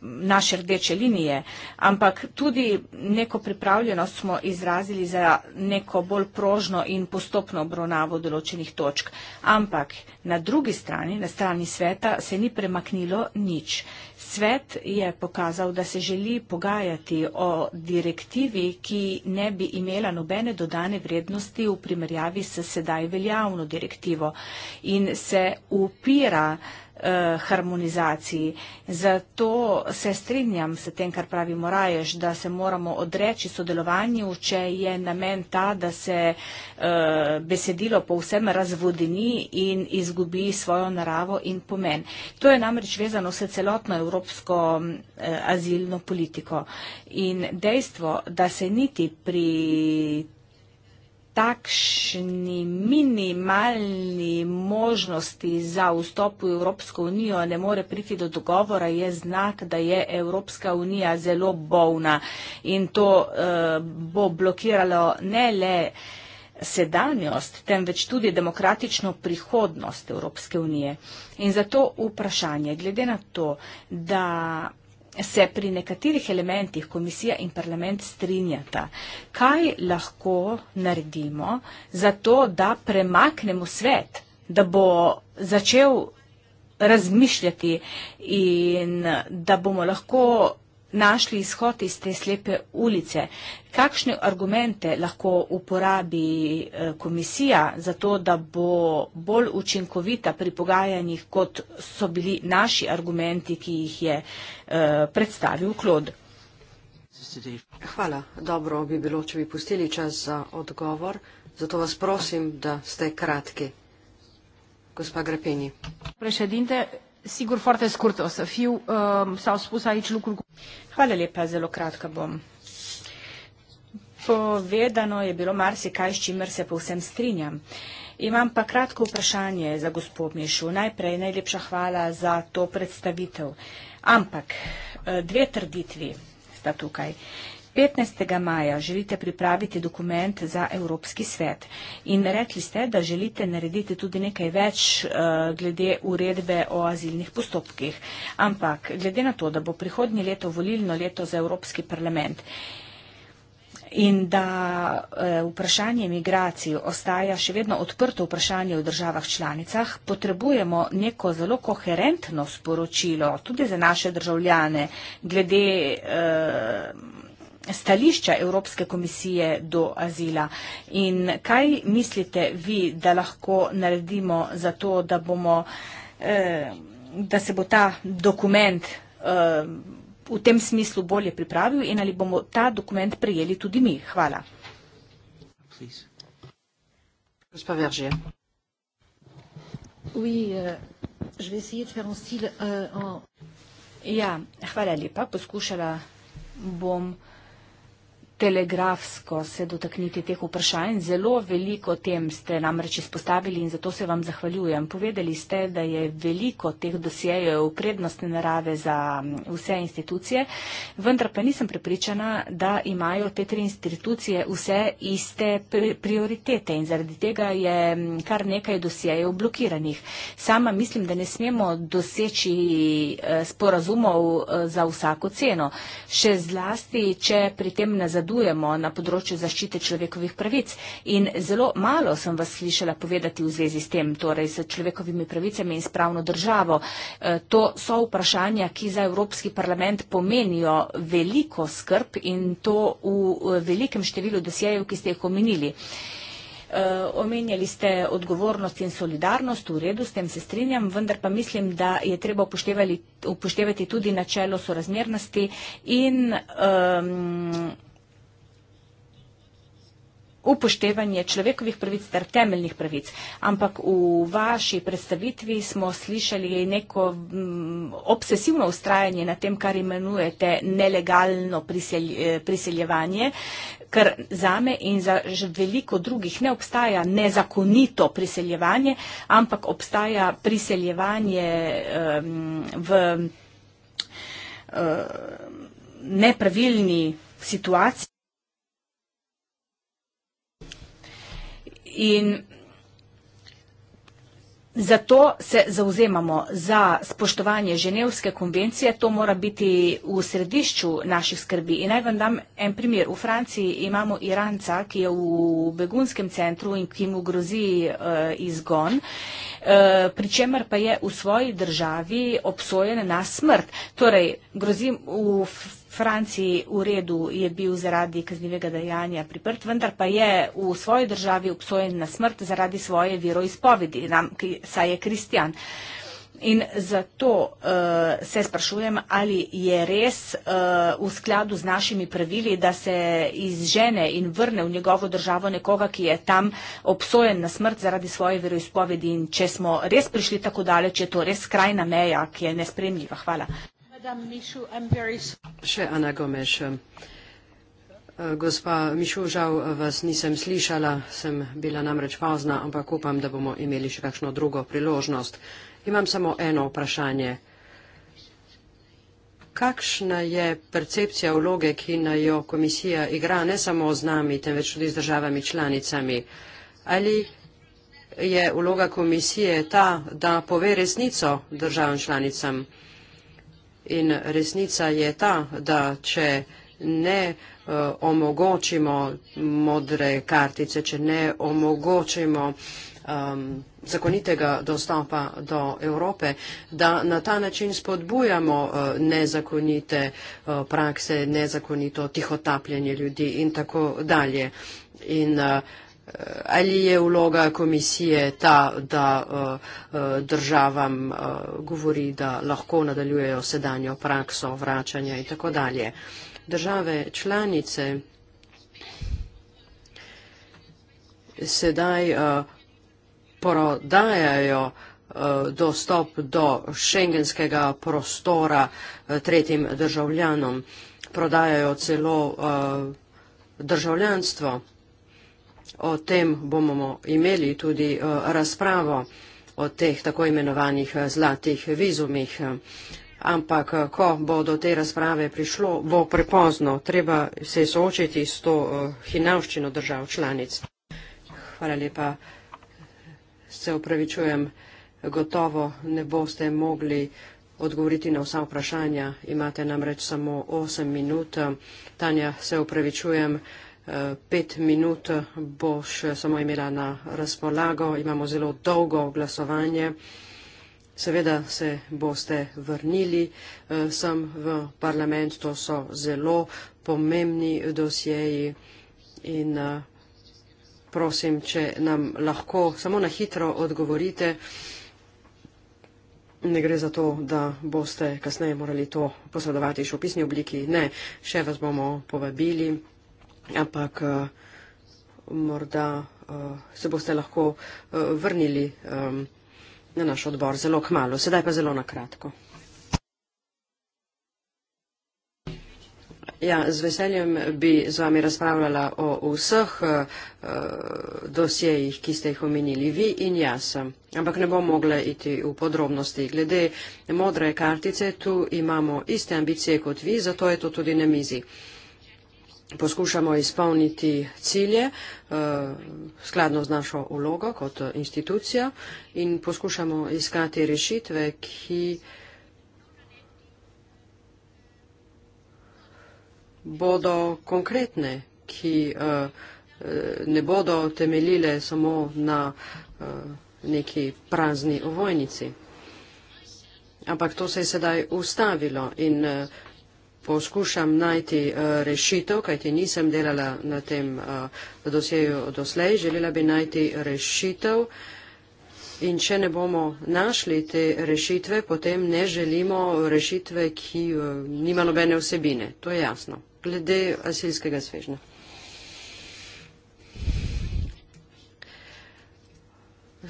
naše rdeče linije, ampak tudi neko pripravljenost smo izrazili za neko bolj prožno in postopno obravnavo določenih točk. Ampak na drugi strani, na strani sveta, se ni premaknilo nič. Svet je pokazal, da se želi pogajati o direktivi, ki ne bi imela nobene dodane vrednosti v primerjavi s sedaj veljavno direktivo in se upira Eh, harmonizaciji. Zato se strinjam s tem, kar pravi Morajež, da se moramo odreči sodelovanju, če je namen ta, da se eh, besedilo povsem razvodini in izgubi svojo naravo in pomen. To je namreč vezano s celotno evropsko eh, azilno politiko. In dejstvo, da se niti pri takšni minimalni možnosti za vstop v Evropsko unijo ne more priti do dogovora, je znak, da je Evropska unija zelo bovna in to uh, bo blokiralo ne le sedanjost, temveč tudi demokratično prihodnost Evropske unije. In zato vprašanje, glede na to, da se pri nekaterih elementih komisija in parlament strinjata. Kaj lahko naredimo za to, da premaknemo svet, da bo začel razmišljati in da bomo lahko našli izhod iz te slepe ulice. Kakšne argumente lahko uporabi eh, komisija za to, da bo bolj učinkovita pri pogajanjih, kot so bili naši argumenti, ki jih je eh, predstavil Klod? Hvala. Dobro bi bilo, če bi pustili čas za odgovor. Zato vas prosim, da ste kratki. Gospa Grepeni. Presedinte, sigur foarte scurt o să fiu. Ehm, s-au spus aici lucruri Hvala lepa, zelo kratka bom. Povedano je bilo marsikaj, s čimer se povsem strinjam. Imam pa kratko vprašanje za gospod Mišu. Najprej najlepša hvala za to predstavitev. Ampak eh, dve trditvi sta tukaj. 15. maja želite pripraviti dokument za Evropski svet in rekli ste, da želite narediti tudi nekaj več uh, glede uredbe o azilnih postopkih. Ampak glede na to, da bo prihodnje leto volilno leto za Evropski parlament in da uh, vprašanje migracij ostaja še vedno odprto vprašanje v državah članicah, potrebujemo neko zelo koherentno sporočilo tudi za naše državljane glede. Uh, stališča Evropske komisije do azila. In kaj mislite vi, da lahko naredimo za to, da, bomo, eh, da se bo ta dokument eh, v tem smislu bolje pripravil in ali bomo ta dokument prijeli tudi mi? Hvala. Gospa Verže. Euh, euh, ja, hvala lepa. Poskušala bom telegrafsko se dotakniti teh vprašanj. Zelo veliko tem ste namreč izpostavili in zato se vam zahvaljujem. Povedali ste, da je veliko teh dosjejev prednostne narave za vse institucije, vendar pa nisem prepričana, da imajo te tri institucije vse iste prioritete in zaradi tega je kar nekaj dosjejev blokiranih. Sama mislim, da ne smemo doseči eh, sporazumov eh, za vsako ceno. Še zlasti, če pri tem ne zadovoljimo, napredujemo na področju zaščite človekovih pravic in zelo malo sem vas slišala povedati v zvezi s tem, torej s človekovimi pravicami in spravno državo. E, to so vprašanja, ki za Evropski parlament pomenijo veliko skrb in to v velikem številu dosjejev, ki ste jih omenili. E, omenjali ste odgovornost in solidarnost, v redu, s tem se strinjam, vendar pa mislim, da je treba upoštevati tudi načelo sorazmernosti in um, upoštevanje človekovih pravic ter temeljnih pravic. Ampak v vaši predstavitvi smo slišali neko mm, obsesivno ustrajanje na tem, kar imenujete nelegalno prisel, eh, priseljevanje, ker za me in za veliko drugih ne obstaja nezakonito priseljevanje, ampak obstaja priseljevanje um, v um, nepravilni situaciji. In zato se zauzemamo za spoštovanje Ženevske konvencije, to mora biti v središču naših skrbi. In naj vam dam en primer. V Franciji imamo Iranca, ki je v begunskem centru in ki mu grozi uh, izgon, uh, pri čemer pa je v svoji državi obsojen na smrt. Torej, grozi v. Franciji v redu je bil zaradi kaznivega dejanja priprt, vendar pa je v svoji državi obsojen na smrt zaradi svoje veroizpovedi, saj je kristjan. In zato uh, se sprašujem, ali je res uh, v skladu z našimi pravili, da se izžene in vrne v njegovo državo nekoga, ki je tam obsojen na smrt zaradi svoje veroizpovedi in če smo res prišli tako daleč, je to res skrajna meja, ki je nespremljiva. Hvala. Madame Michu, I'm very Še Ana Gomes. Eh, gospa Mišu, žal eh, vas nisem slišala, sem bila namreč pozna, ampak upam, da bomo imeli še kakšno drugo priložnost. Imam samo eno vprašanje. Kakšna je percepcija vloge, ki na jo komisija igra, ne samo z nami, temveč tudi z državami članicami? Ali je vloga komisije ta, da pove resnico državam članicam? In resnica je ta, da če ne uh, omogočimo modre kartice, če ne omogočimo um, zakonitega dostopa do Evrope, da na ta način spodbujamo uh, nezakonite uh, prakse, nezakonito tihotapljanje ljudi in tako dalje. In, uh, Eh, ali je vloga komisije ta, da eh, eh, državam govori, da lahko nadaljujejo sedanjo prakso vračanja in tako dalje. Države članice sedaj prodajajo dostop do šengenskega prostora tretjim državljanom, prodajajo celo državljanstvo. O tem bomo imeli tudi eh, razpravo o teh tako imenovanih eh, zlatih vizumih. Ampak, eh, ko bo do te razprave prišlo, bo prepozno. Treba se soočiti s to hinavščino držav članic. Hvala lepa. Se upravičujem. Gotovo ne boste mogli odgovoriti na vsa vprašanja. Imate namreč samo 8 minut. Tanja, se upravičujem pet minut boš samo imela na razpolago. Imamo zelo dolgo glasovanje. Seveda se boste vrnili eh, sem v parlament. To so zelo pomembni dosjeji in eh, prosim, če nam lahko samo na hitro odgovorite. Ne gre za to, da boste kasneje morali to posredovati še v pisni obliki. Ne, še vas bomo povabili ampak uh, morda uh, se boste lahko uh, vrnili um, na naš odbor zelo kmalo, sedaj pa zelo na kratko. Ja, z veseljem bi z vami razpravljala o vseh uh, dosjejih, ki ste jih omenili vi in jaz. Ampak ne bom mogla iti v podrobnosti. Glede modre kartice, tu imamo iste ambicije kot vi, zato je to tudi na mizi. Uh, poskušamo izpolniti cilje eh, skladno z našo ulogo kot institucija in poskušamo iskati rešitve, ki bodo konkretne, ki eh, ne bodo temeljile samo na eh, neki prazni ovojnici. Ampak to se je sedaj ustavilo in vsega, poskušam najti uh, rešitev, kajti nisem delala na tem uh, dosjeju doslej. Želela bi najti rešitev in če ne bomo našli te rešitve, potem ne želimo rešitve, ki uh, nima nobene vsebine. To je jasno. Glede asilskega svežna.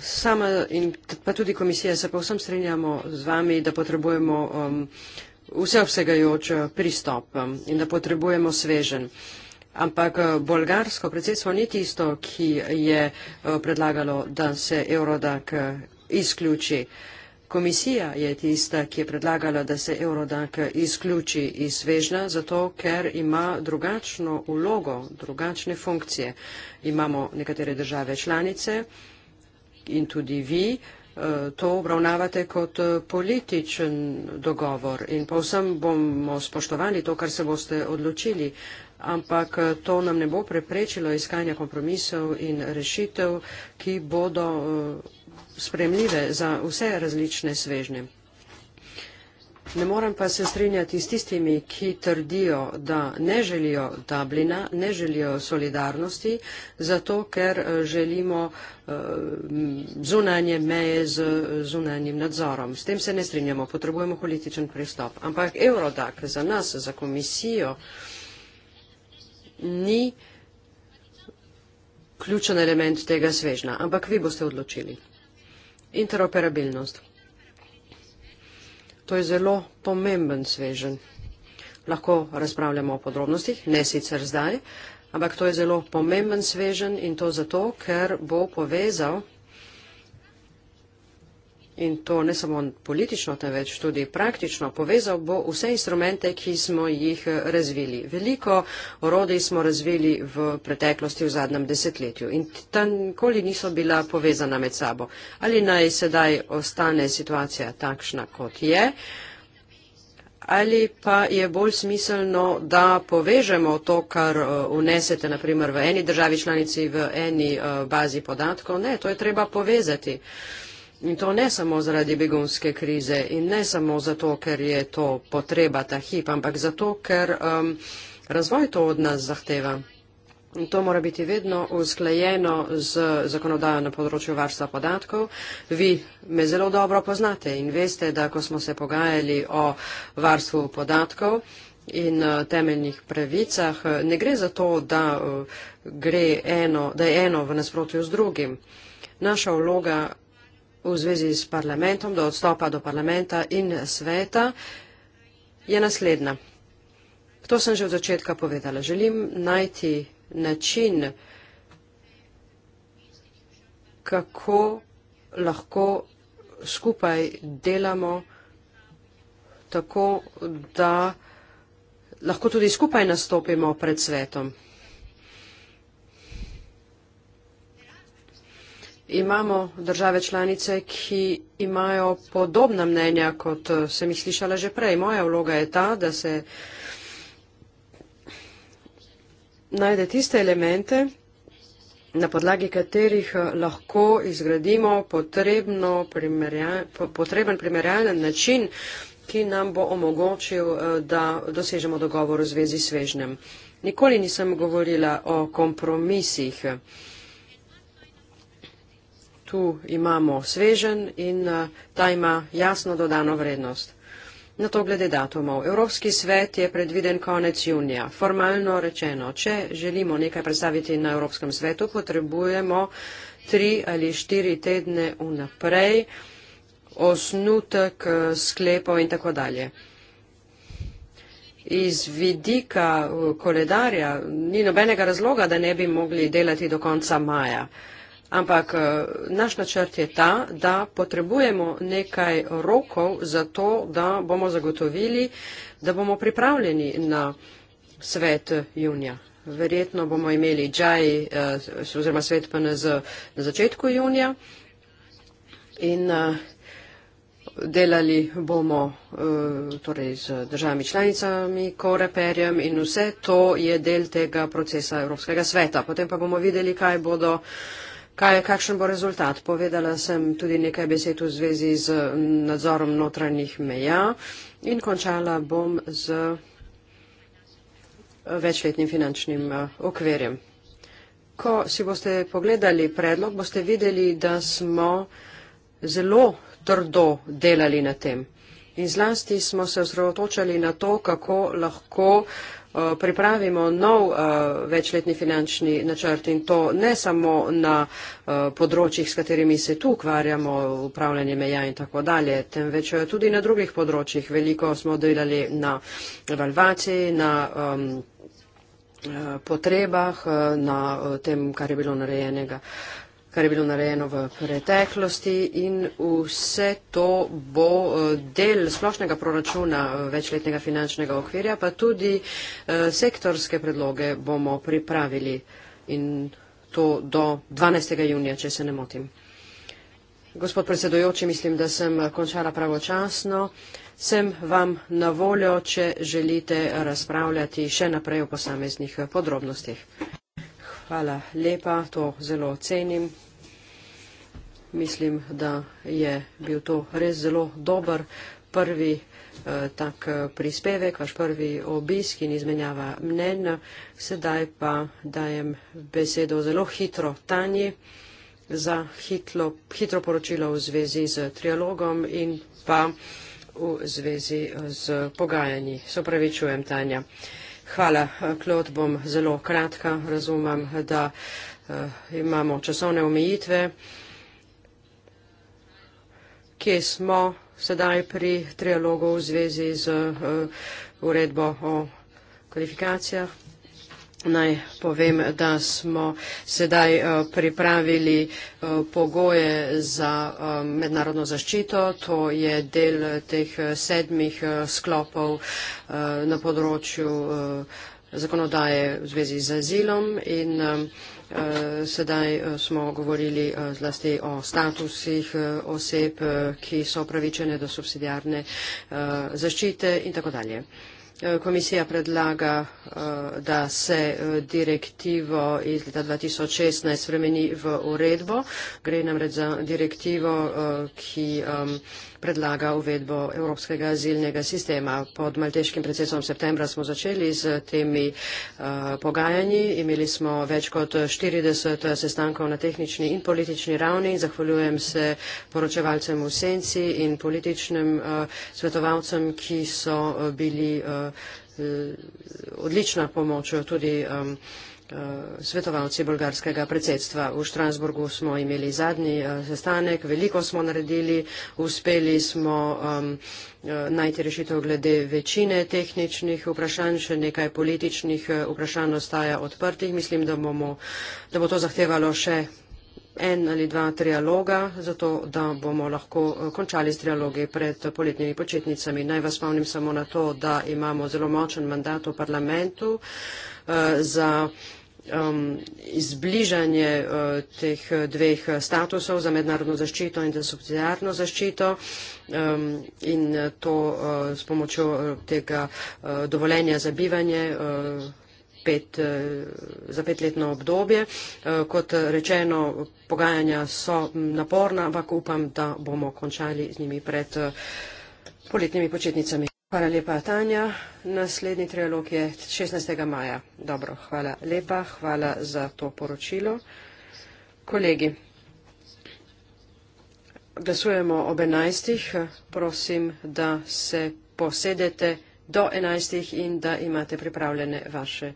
Sama in pa tudi komisija se povsem strinjamo z vami, da potrebujemo um, vse vsegajoč eh, pristop in da potrebujemo svežen. Ampak eh, bolgarsko predsedstvo ni tisto, ki je eh, predlagalo, da se Eurodak izključi. Komisija je tista, ki je predlagala, da se Eurodak izključi iz svežna, zato ker ima drugačno ulogo, drugačne funkcije. Imamo nekatere države članice in tudi vi, to obravnavate kot eh, političen dogovor in povsem bomo spoštovali to, kar se boste odločili, ampak eh, to nam ne bo preprečilo iskanja kompromisov in rešitev, ki bodo eh, spremljive za vse različne svežnje. Ne morem pa se strinjati s tistimi, ki trdijo, da ne želijo Dublina, ne želijo solidarnosti, zato ker eh, želimo eh, zunanje meje z eh, zunanjim nadzorom. S tem se ne strinjamo, potrebujemo političen pristop. Ampak Eurodak za nas, za komisijo, ni ključen element tega svežna. Ampak vi boste odločili. Interoperabilnost. To je zelo pomemben svežen. Lahko razpravljamo o podrobnostih, ne sicer zdaj, ampak to je zelo pomemben svežen in to zato, ker bo povezal in to ne samo politično, temveč tudi praktično, povezal bo vse instrumente, ki smo jih eh, razvili. Veliko orodij smo razvili v preteklosti v zadnjem desetletju in tam koli niso bila povezana med sabo. Ali naj sedaj ostane situacija takšna, kot je, ali pa je bolj smiselno, da povežemo to, kar unesete eh, naprimer v eni državi članici, v eni eh, bazi podatkov. Ne, to je treba povezati. In to ne samo zaradi begunske krize in ne samo zato, ker je to potreba ta hip, ampak zato, ker um, razvoj to od nas zahteva. In to mora biti vedno usklajeno z zakonodajo na področju varstva podatkov. Vi me zelo dobro poznate in veste, da ko smo se pogajali o varstvu podatkov in uh, temeljnih pravicah, uh, ne gre za to, da, uh, gre eno, da je eno v nasprotju z drugim. Naša vloga v zvezi s parlamentom, do odstopa do parlamenta in sveta, je naslednja. To sem že od začetka povedala. Želim najti način, kako lahko skupaj delamo tako, da lahko tudi skupaj nastopimo pred svetom. imamo države članice, ki imajo podobna mnenja, kot eh, sem jih slišala že prej. Moja vloga je ta, da se najde tiste elemente, na podlagi katerih eh, lahko izgradimo potrebno, primerja, potreben primerjalen način, ki nam bo omogočil, eh, da dosežemo dogovor v zvezi s svežnem. Nikoli nisem govorila o kompromisih tu imamo svežen in ta ima jasno dodano vrednost. Na to glede datumov. Evropski svet je predviden konec junija. Formalno rečeno, če želimo nekaj predstaviti na Evropskem svetu, potrebujemo tri ali štiri tedne vnaprej osnutek sklepov in tako dalje. Iz vidika uh, koledarja ni nobenega razloga, da ne bi mogli delati do konca maja. Ampak eh, naš načrt je ta, da potrebujemo nekaj rokov za to, da bomo zagotovili, da bomo pripravljeni na svet junija. Verjetno bomo imeli džaj eh, oziroma svet PNZ na začetku junija in eh, delali bomo torej z državami članicami, koreperjem in vse to je del tega procesa Evropskega sveta. Potem pa bomo videli, kaj bodo Kaj, kakšen bo rezultat? Povedala sem tudi nekaj besed v zvezi z nadzorom notranjih meja in končala bom z eh, večletnim finančnim eh, okverjem. Ko si boste pogledali predlog, boste videli, da smo zelo trdo delali na tem. In zlasti smo se osredotočali na to, kako lahko uh, Eh, pripravimo nov eh, večletni finančni načrt in to ne samo na eh, področjih, s katerimi se tu ukvarjamo, upravljanje meja in tako dalje, temveč tudi na drugih področjih. Veliko smo delali na evalvaciji, na potrebah, na tem, kar je bilo narejenega kar je bilo narejeno v preteklosti in vse to bo eh, del splošnega proračuna eh, večletnega finančnega okvirja, pa tudi eh, sektorske predloge bomo pripravili in to do 12. junija, če se ne motim. Gospod predsedojoči, mislim, da sem končala pravočasno. Sem vam na voljo, če želite razpravljati še naprej o posameznih podrobnostih. Hvala lepa, to zelo cenim. Mislim, da je bil to res zelo dober prvi eh, tak eh, prispevek, vaš prvi obisk in izmenjava mnen. Sedaj pa dajem besedo zelo hitro Tanji za hitlo, hitro poročilo v zvezi z trialogom in pa v zvezi z pogajanji. Sopravičujem, Tanja. Eh, Hvala, Klod, bom zelo kratka. Razumem, da eh, imamo časovne omejitve. Kje smo sedaj pri trialogu v zvezi z eh, uredbo o kvalifikacijah? Naj povem, da smo sedaj eh, pripravili eh, pogoje za eh, mednarodno zaščito. To je del teh sedmih sklopov na področju zakonodaje v zvezi z azilom in sedaj smo govorili zlasti o statusih oseb, ki so upravičene do subsidijarne zaščite in tako dalje. Eh, komisija predlaga, eh, da se eh, direktivo iz leta 2016 spremeni v uredbo. Gre namreč za direktivo, ki. Um, predlaga uvedbo evropskega azilnega sistema. Pod malteškim predsedstvom septembra smo začeli z temi uh, pogajanji. Imeli smo več kot 40 eh, sestankov na tehnični in politični ravni. Zahvaljujem se poročevalcem v senci in političnim uh, svetovalcem, ki so uh, bili uh, odlična pomoč tudi. Um, Eh, svetovalci bolgarskega bolgarskega predsedstva. V Štransburgu smo imeli zadnji eh, sestanek, veliko smo naredili, uspeli smo um, eh, najti rešitev glede večine tehničnih vprašanj, še nekaj političnih vprašanj ostaja odprtih. Mislim, da, bomo, da bo to zahtevalo še en ali dva trialoga, zato da bomo lahko končali s trialogi pred poletnimi početnicami. Naj vas spomnim samo na to, da imamo zelo močen mandat v parlamentu uh, za um, izbližanje uh, teh uh, dveh statusov za mednarodno zaščito in za subsidijarno zaščito um, in uh, to uh, s pomočjo uh, tega uh, dovoljenja za bivanje. Uh, Pet, za petletno obdobje. Kot rečeno, pogajanja so naporna, ampak upam, da bomo končali z njimi pred poletnimi početnicami. Hvala lepa, Tanja. Naslednji trialog je 16. maja. Dobro, hvala lepa, hvala za to poročilo. Kolegi, glasujemo ob 11. Prosim, da se posedete do 11. in da imate pripravljene vaše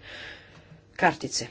kartice.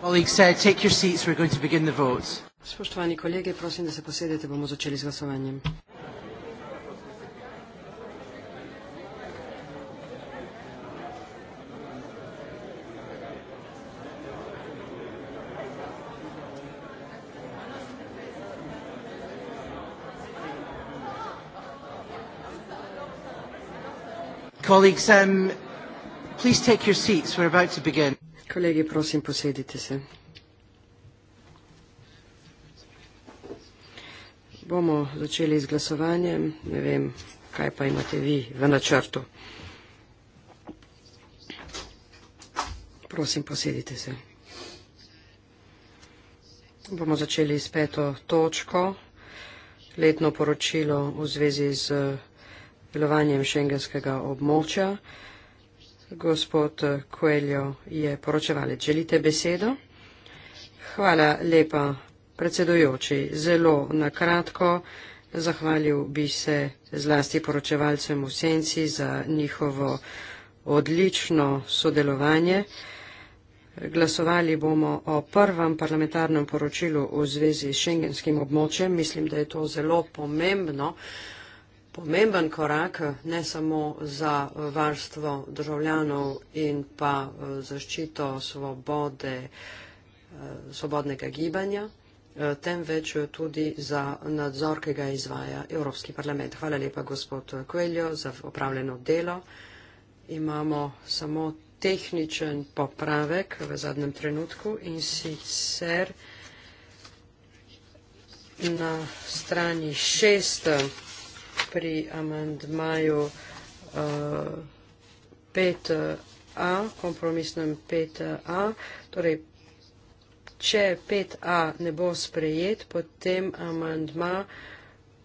Uh, Spoštovani kolege, prosim, da se posedete, bomo začeli z glasovanjem. Colleagues, um, please take your seats. We're about to begin. Kolegi, prosim, posedite se. Bomo začeli z glasovanjem. Ne vem, kaj pa imate vi v načrtu. Prosim, posedite se. Bomo začeli s peto točko. Letno poročilo v zvezi z delovanjem šengenskega območja gospod Koeljo je poročevalec. Želite besedo? Hvala lepa, predsedujoči. Zelo na kratko zahvalil bi se zlasti poročevalcem v Senci za njihovo odlično sodelovanje. Glasovali bomo o prvem parlamentarnem poročilu v zvezi s šengenskim območjem. Mislim, da je to zelo pomembno pomemben korak, ne samo za varstvo državljanov in pa eh, zaščito svobode, eh, svobodnega gibanja, eh, temveč tudi za nadzor, ki ga izvaja Evropski parlament. Hvala lepa, gospod Kveljo, za opravljeno delo. Imamo samo tehničen popravek v zadnjem trenutku in sicer na strani šest pri amandmaju 5a, eh, eh, kompromisnem 5a, eh, torej če 5a ne bo sprejet, potem amandma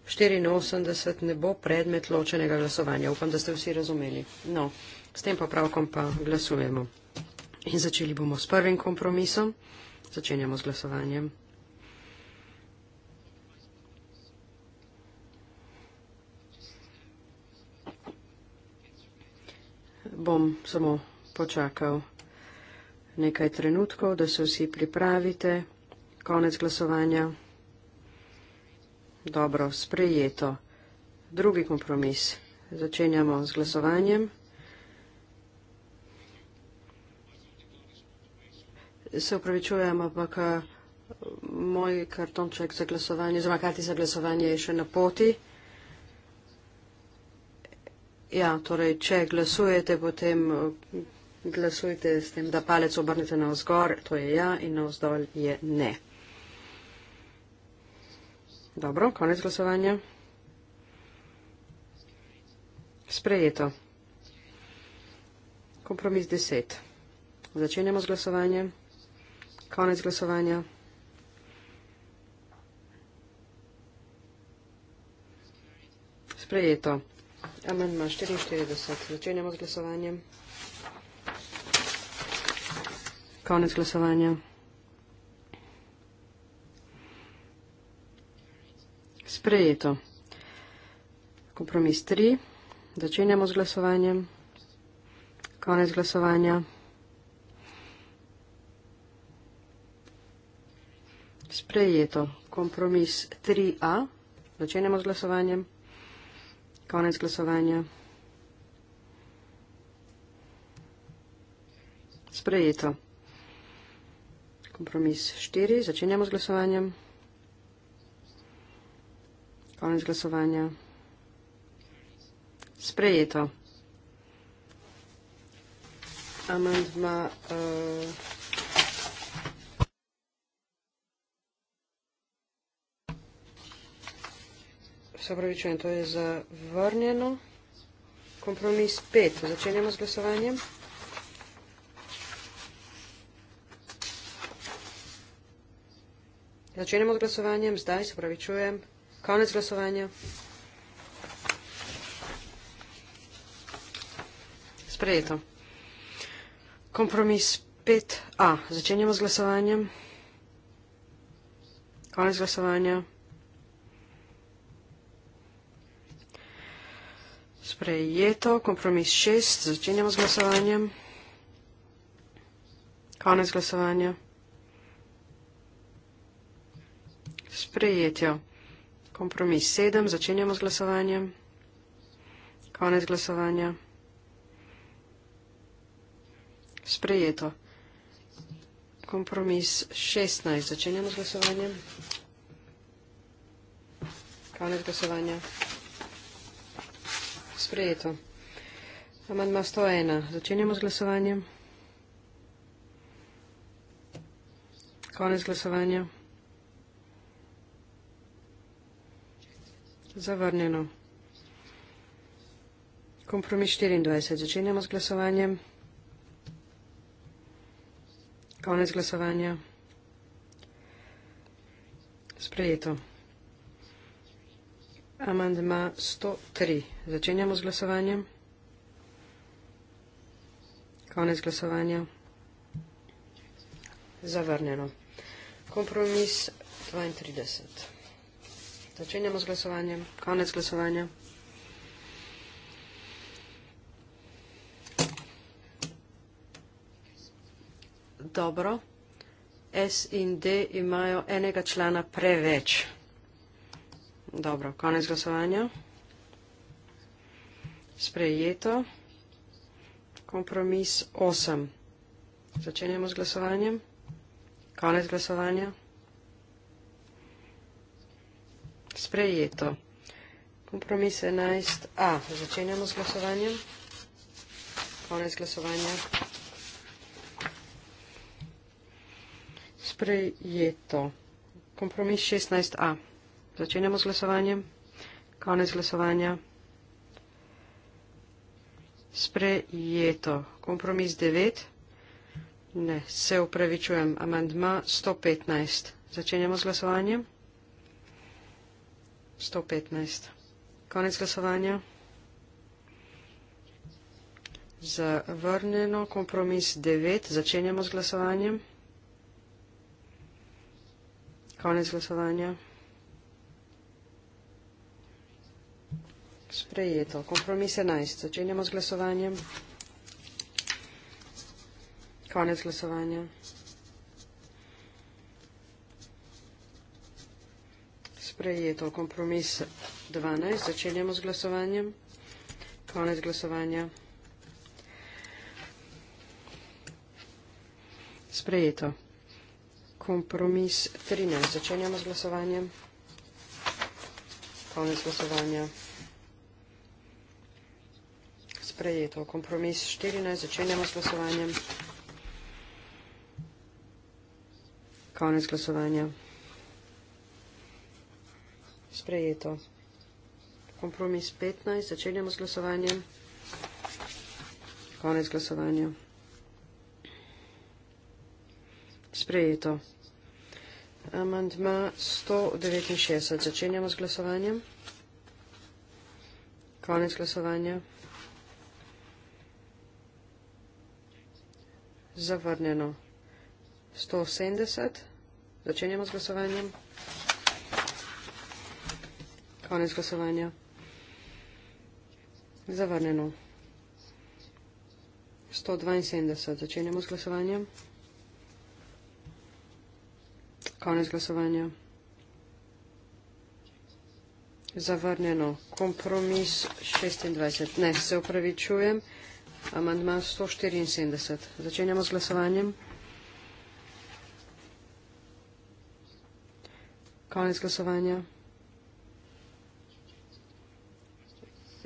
84 ne bo predmet ločenega glasovanja. Upam, da ste vsi razumeli. No, s tem popravkom pa glasujemo. In začeli bomo s prvim kompromisom. Začenjamo z glasovanjem. bom samo počakal nekaj trenutkov, da se vsi pripravite. Konec glasovanja. Dobro, sprejeto. Drugi kompromis. Začenjamo z glasovanjem. Se upravičujem, ampak eh, moj kartonček za glasovanje, zmakati za glasovanje je še na poti. Ja, torej, če glasujete, potem eh, glasujte s tem, da palec obrnete na vzgor, to je ja in na vzdolj je ne. Dobro, konec glasovanja. Sprejeto. Kompromis 10. Začenjamo z glasovanjem. Konec glasovanja. Sprejeto. Amendma 44. Začenjamo z glasovanjem. Konec glasovanja. Sprejeto. Kompromis 3. Začenjamo z glasovanjem. Konec glasovanja. Sprejeto. Kompromis 3a. Začenjamo z glasovanjem. Konec glasovanja. Sprejeto. Kompromis 4. Začenjamo z glasovanjem. Konec glasovanja. Sprejeto. Amendma. Uh, eh, se pravi, če to je zavrnjeno. Kompromis 5. Začenjamo z glasovanjem. Začenjamo z glasovanjem, zdaj se pravi, čujem. Konec glasovanja. Sprejeto. Kompromis 5a. Začenjamo z glasovanjem. Konec glasovanja. sprejeto. Kompromis šest. Začenjamo z glasovanjem. Konec glasovanja. Sprejetjo. Kompromis sedem. Začenjamo z glasovanjem. Konec glasovanja. Sprejeto. Kompromis 16. Začenjamo z glasovanjem. Konec glasovanja. Sprejeto. Amandma 101. Začenjamo z glasovanjem. Konec glasovanja. Zavrnjeno. Kompromis 24. Začenjamo z glasovanjem. Konec glasovanja. Sprejeto. Amandma 103. Začenjamo z glasovanjem. Konec glasovanja. Zavrnjeno. Kompromis 32. Začenjamo z glasovanjem. Konec glasovanja. Dobro. S in D imajo enega člana preveč. Dobro, konec glasovanja. Sprejeto. Kompromis 8. Začenjamo z glasovanjem. Konec glasovanja. Sprejeto. Kompromis 11a. Začenjamo z glasovanjem. Konec glasovanja. Sprejeto. Kompromis 16a. Začenjamo z glasovanjem. Konec glasovanja. Sprejeto. Kompromis 9. Ne, se upravičujem. Amandma 115. Začenjamo z glasovanjem. 115. Konec glasovanja. Zavrnjeno. Kompromis 9. Začenjamo z glasovanjem. Konec glasovanja. Sprejeto. Kompromis 11. Začenjamo z glasovanjem. Konec glasovanja. Sprejeto. Kompromis 12. Začenjamo z glasovanjem. Konec glasovanja. Sprejeto. Kompromis 13. Začenjamo z glasovanjem. Konec glasovanja sprejeto. Kompromis 14, začenjamo s glasovanjem. Konec glasovanja. Sprejeto. Kompromis 15, začenjamo s glasovanjem. Konec glasovanja. Sprejeto. Amandma 169. Začenjamo s glasovanjem. Konec glasovanja. zavrnjeno. 170. Začenjamo z glasovanjem. Konec glasovanja. Zavrnjeno. 172. Začenjamo z glasovanjem. Konec glasovanja. Zavrnjeno. Kompromis 26. Ne, se upravičujem. Amandma 174. Začenjamo z glasovanjem. Konec glasovanja.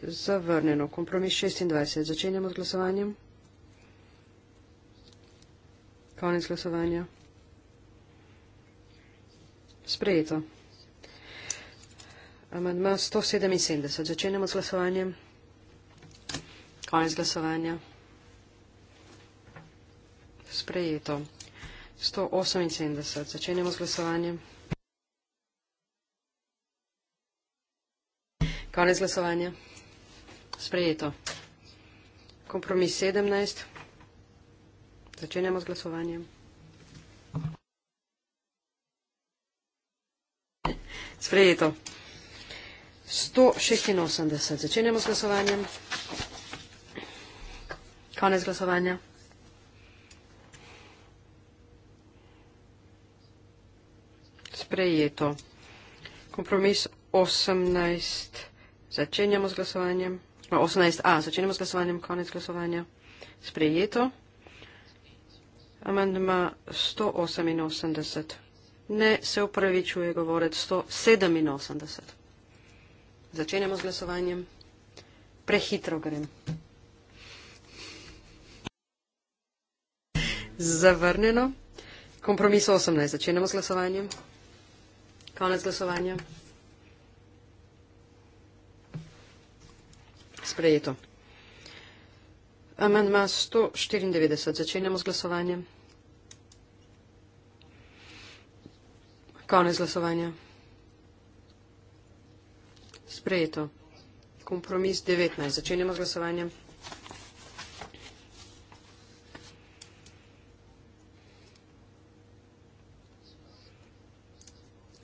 Zavrnjeno. Kompromis 26. Začenjamo z glasovanjem. Konec glasovanja. Sprejeto. Amandma 177. Začenjamo z glasovanjem. Konec glasovanja. Sprejeto. 178. Začenjamo z glasovanjem. Konec glasovanja. Sprejeto. Kompromis 17. Začenjamo z glasovanjem. Sprejeto. 186. Začenjamo z glasovanjem. Konec glasovanja. Sprejeto. Kompromis 18. Začenjamo z glasovanjem. 18a. No, začenjamo z glasovanjem. Konec glasovanja. Sprejeto. Amendma 188. Ne se upravičuje govorec 187. Začenjamo z glasovanjem. Prehitro grem. Zavrnjeno. Kompromis 18. Začenjamo s glasovanjem. Konec glasovanja. Sprejeto. Amendma 194. Začenjamo s glasovanjem. Konec glasovanja. Sprejeto. Kompromis 19. Začenjamo s glasovanjem.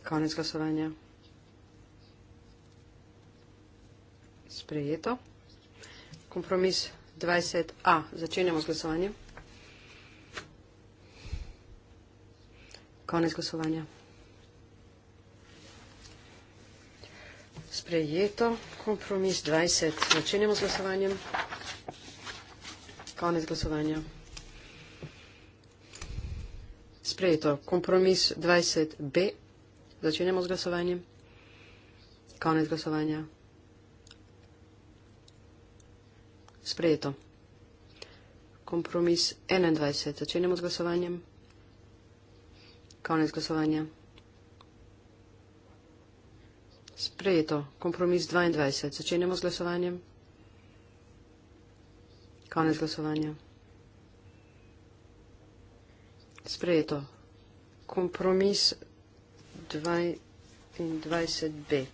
Konec glasovanja. Sprejeto. Kompromis 20a. Začenjamo z glasovanjem. Konec glasovanja. Sprejeto. Kompromis 20. Začenjamo z glasovanjem. Konec glasovanja. Sprejeto. Kompromis 20b. Začenjamo z glasovanjem. Konec glasovanja. Sprejeto. Kompromis 21. Začenjamo z glasovanjem. Konec glasovanja. Sprejeto. Kompromis 22. Začenjamo z glasovanjem. Konec glasovanja. Sprejeto. Kompromis 22b.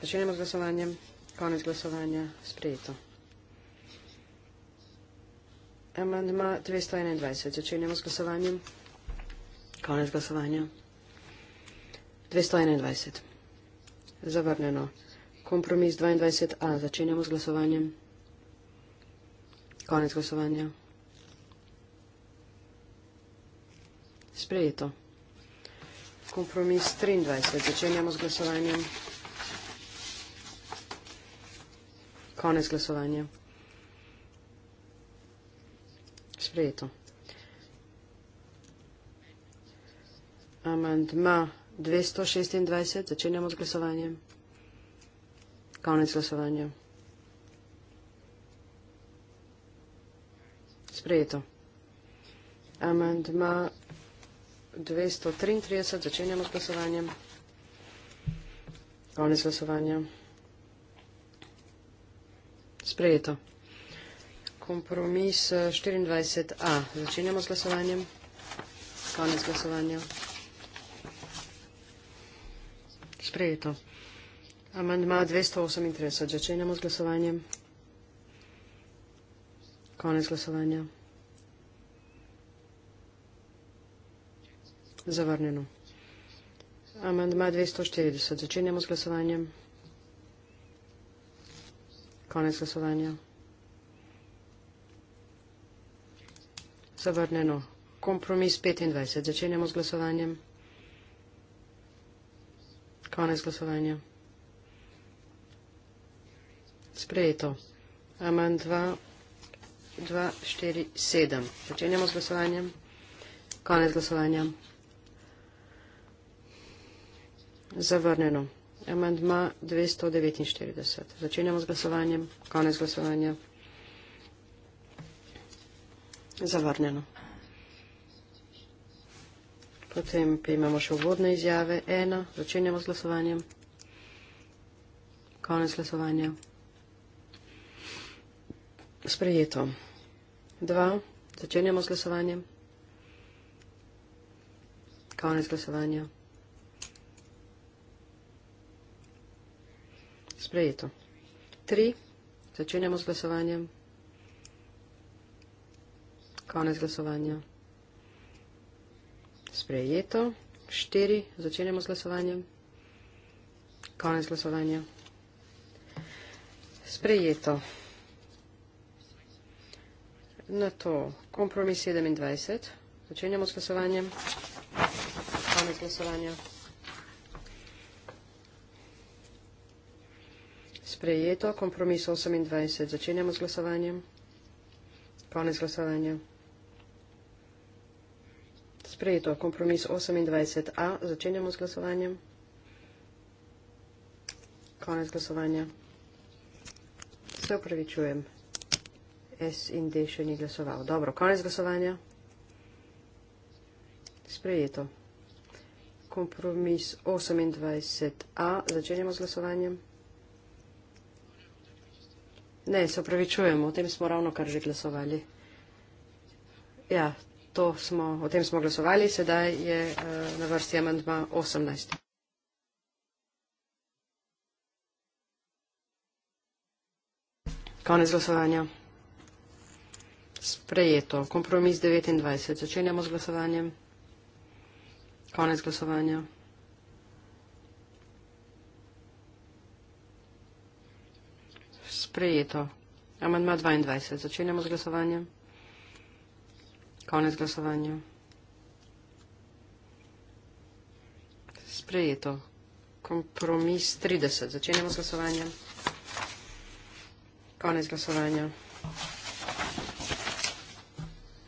Začenjamo z glasovanjem. Konec glasovanja. Sprejeto. Amandma 221. Začenjamo z glasovanjem. Konec glasovanja. 221. Zavrneno. Kompromis 22a. Začenjamo z glasovanjem. Konec glasovanja. Sprejeto kompromis 23. Začenjamo z glasovanjem. Konec glasovanja. Sprejeto. Amandma 226. Začenjamo z glasovanjem. Konec glasovanja. Sprejeto. Amandma 233. Začenjamo s glasovanjem. Konec glasovanja. Sprejeto. Kompromis 24a. Eh, začenjamo s glasovanjem. Konec glasovanja. Sprejeto. Amandma 238. Začenjamo s glasovanjem. Konec glasovanja. Zavrnjeno. Amendma 240. Začenjamo s glasovanjem. Konec glasovanja. Zavrnjeno. Kompromis 25. Začenjamo s glasovanjem. Konec glasovanja. Sprejeto. Amend 2, 2, 4, 7. Začenjamo s glasovanjem. Konec glasovanja. Zavrnjeno. Amendma 249. Začenjamo z glasovanjem. Konec glasovanja. Zavrnjeno. Potem pa imamo še uvodne izjave. Ena. Začenjamo z glasovanjem. Konec glasovanja. Sprejeto. Dva. Začenjamo z glasovanjem. Konec glasovanja. Sprejeto. Tri. Začenjamo z glasovanjem. Konec glasovanja. Sprejeto. Štiri. Začenjamo z glasovanjem. Konec glasovanja. Sprejeto. Na to kompromis 27. Začenjamo s glasovanjem. Konec glasovanja. Sprejeto, kompromis 28. Začenjamo z glasovanjem. Konec glasovanja. Sprejeto, kompromis 28a. Začenjamo z glasovanjem. Konec glasovanja. Se upravičujem. S in D še ni glasoval. Dobro, konec glasovanja. Sprejeto. Kompromis 28a. Začenjamo z glasovanjem. Ne, se upravičujemo, o tem smo ravno kar že glasovali. Ja, smo, o tem smo glasovali, sedaj je uh, na vrsti amendma 18. Konec glasovanja. Sprejeto. Kompromis 29. Začenjamo z glasovanjem. Konec glasovanja. Sprejeto. Amandma 22. Začenjamo z glasovanjem. Konec glasovanja. Sprejeto. Kompromis 30. Začenjamo z glasovanjem. Konec glasovanja.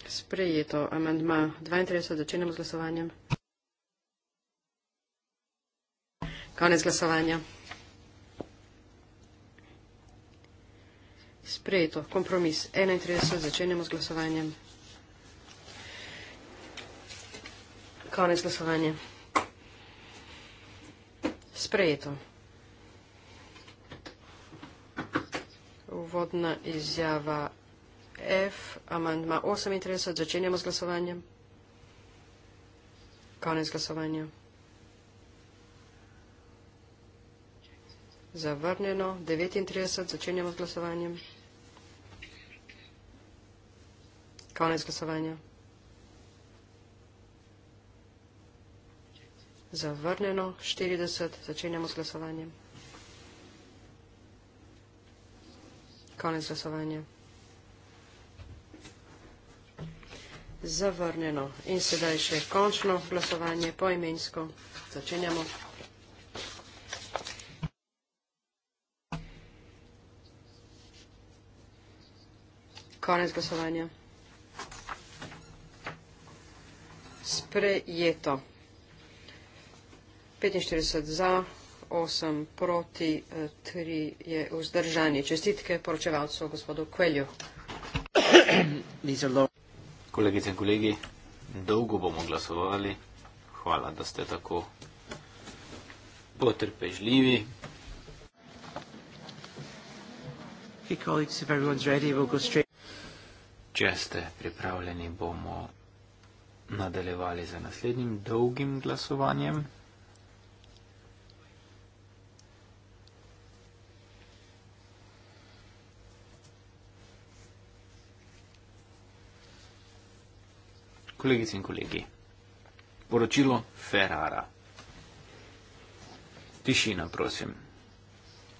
Sprejeto. Amandma 32. Začenjamo z glasovanjem. Konec glasovanja. Konec glasovanja. Sprejeto. Kompromis. 31. Začenjamo z glasovanjem. Konec glasovanja. Sprejeto. Uvodna izjava F. Amandma 38. Začenjamo z glasovanjem. Konec glasovanja. Zavrnjeno. 39. Začenjamo z glasovanjem. Konec glasovanja. Zavrnjeno 40. Začenjamo s glasovanjem. Konec glasovanja. Zavrnjeno. In sedaj še končno glasovanje poimensko. Začenjamo. Konec glasovanja. sprejeto. 45 za, 8 proti, 3 e, je vzdržani. Čestitke poročevalcu gospodu Kvelju. Kolegice in kolegi, dolgo bomo glasovali. Hvala, da ste tako potrpežljivi. Hey colleagues, if everyone's ready, we'll go straight. Če ste pripravljeni, bomo nadaljevali z naslednjim dolgim glasovanjem. Kolegice in kolegi, poročilo Ferrara. Tišina, prosim.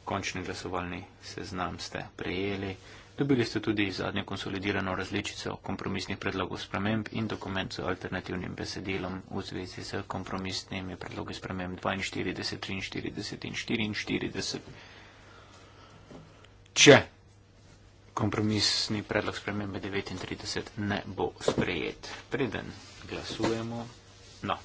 Končni glasovalni seznam ste prejeli. Dobili ste tudi zadnjo konsolidirano različico kompromisnih predlogov sprememb in dokument z alternativnim besedilom v zvezi z kompromisnimi predlogi sprememb 42, 43 in 44. Če kompromisni predlog spremembe 39 ne bo sprejet, preden glasujemo, no,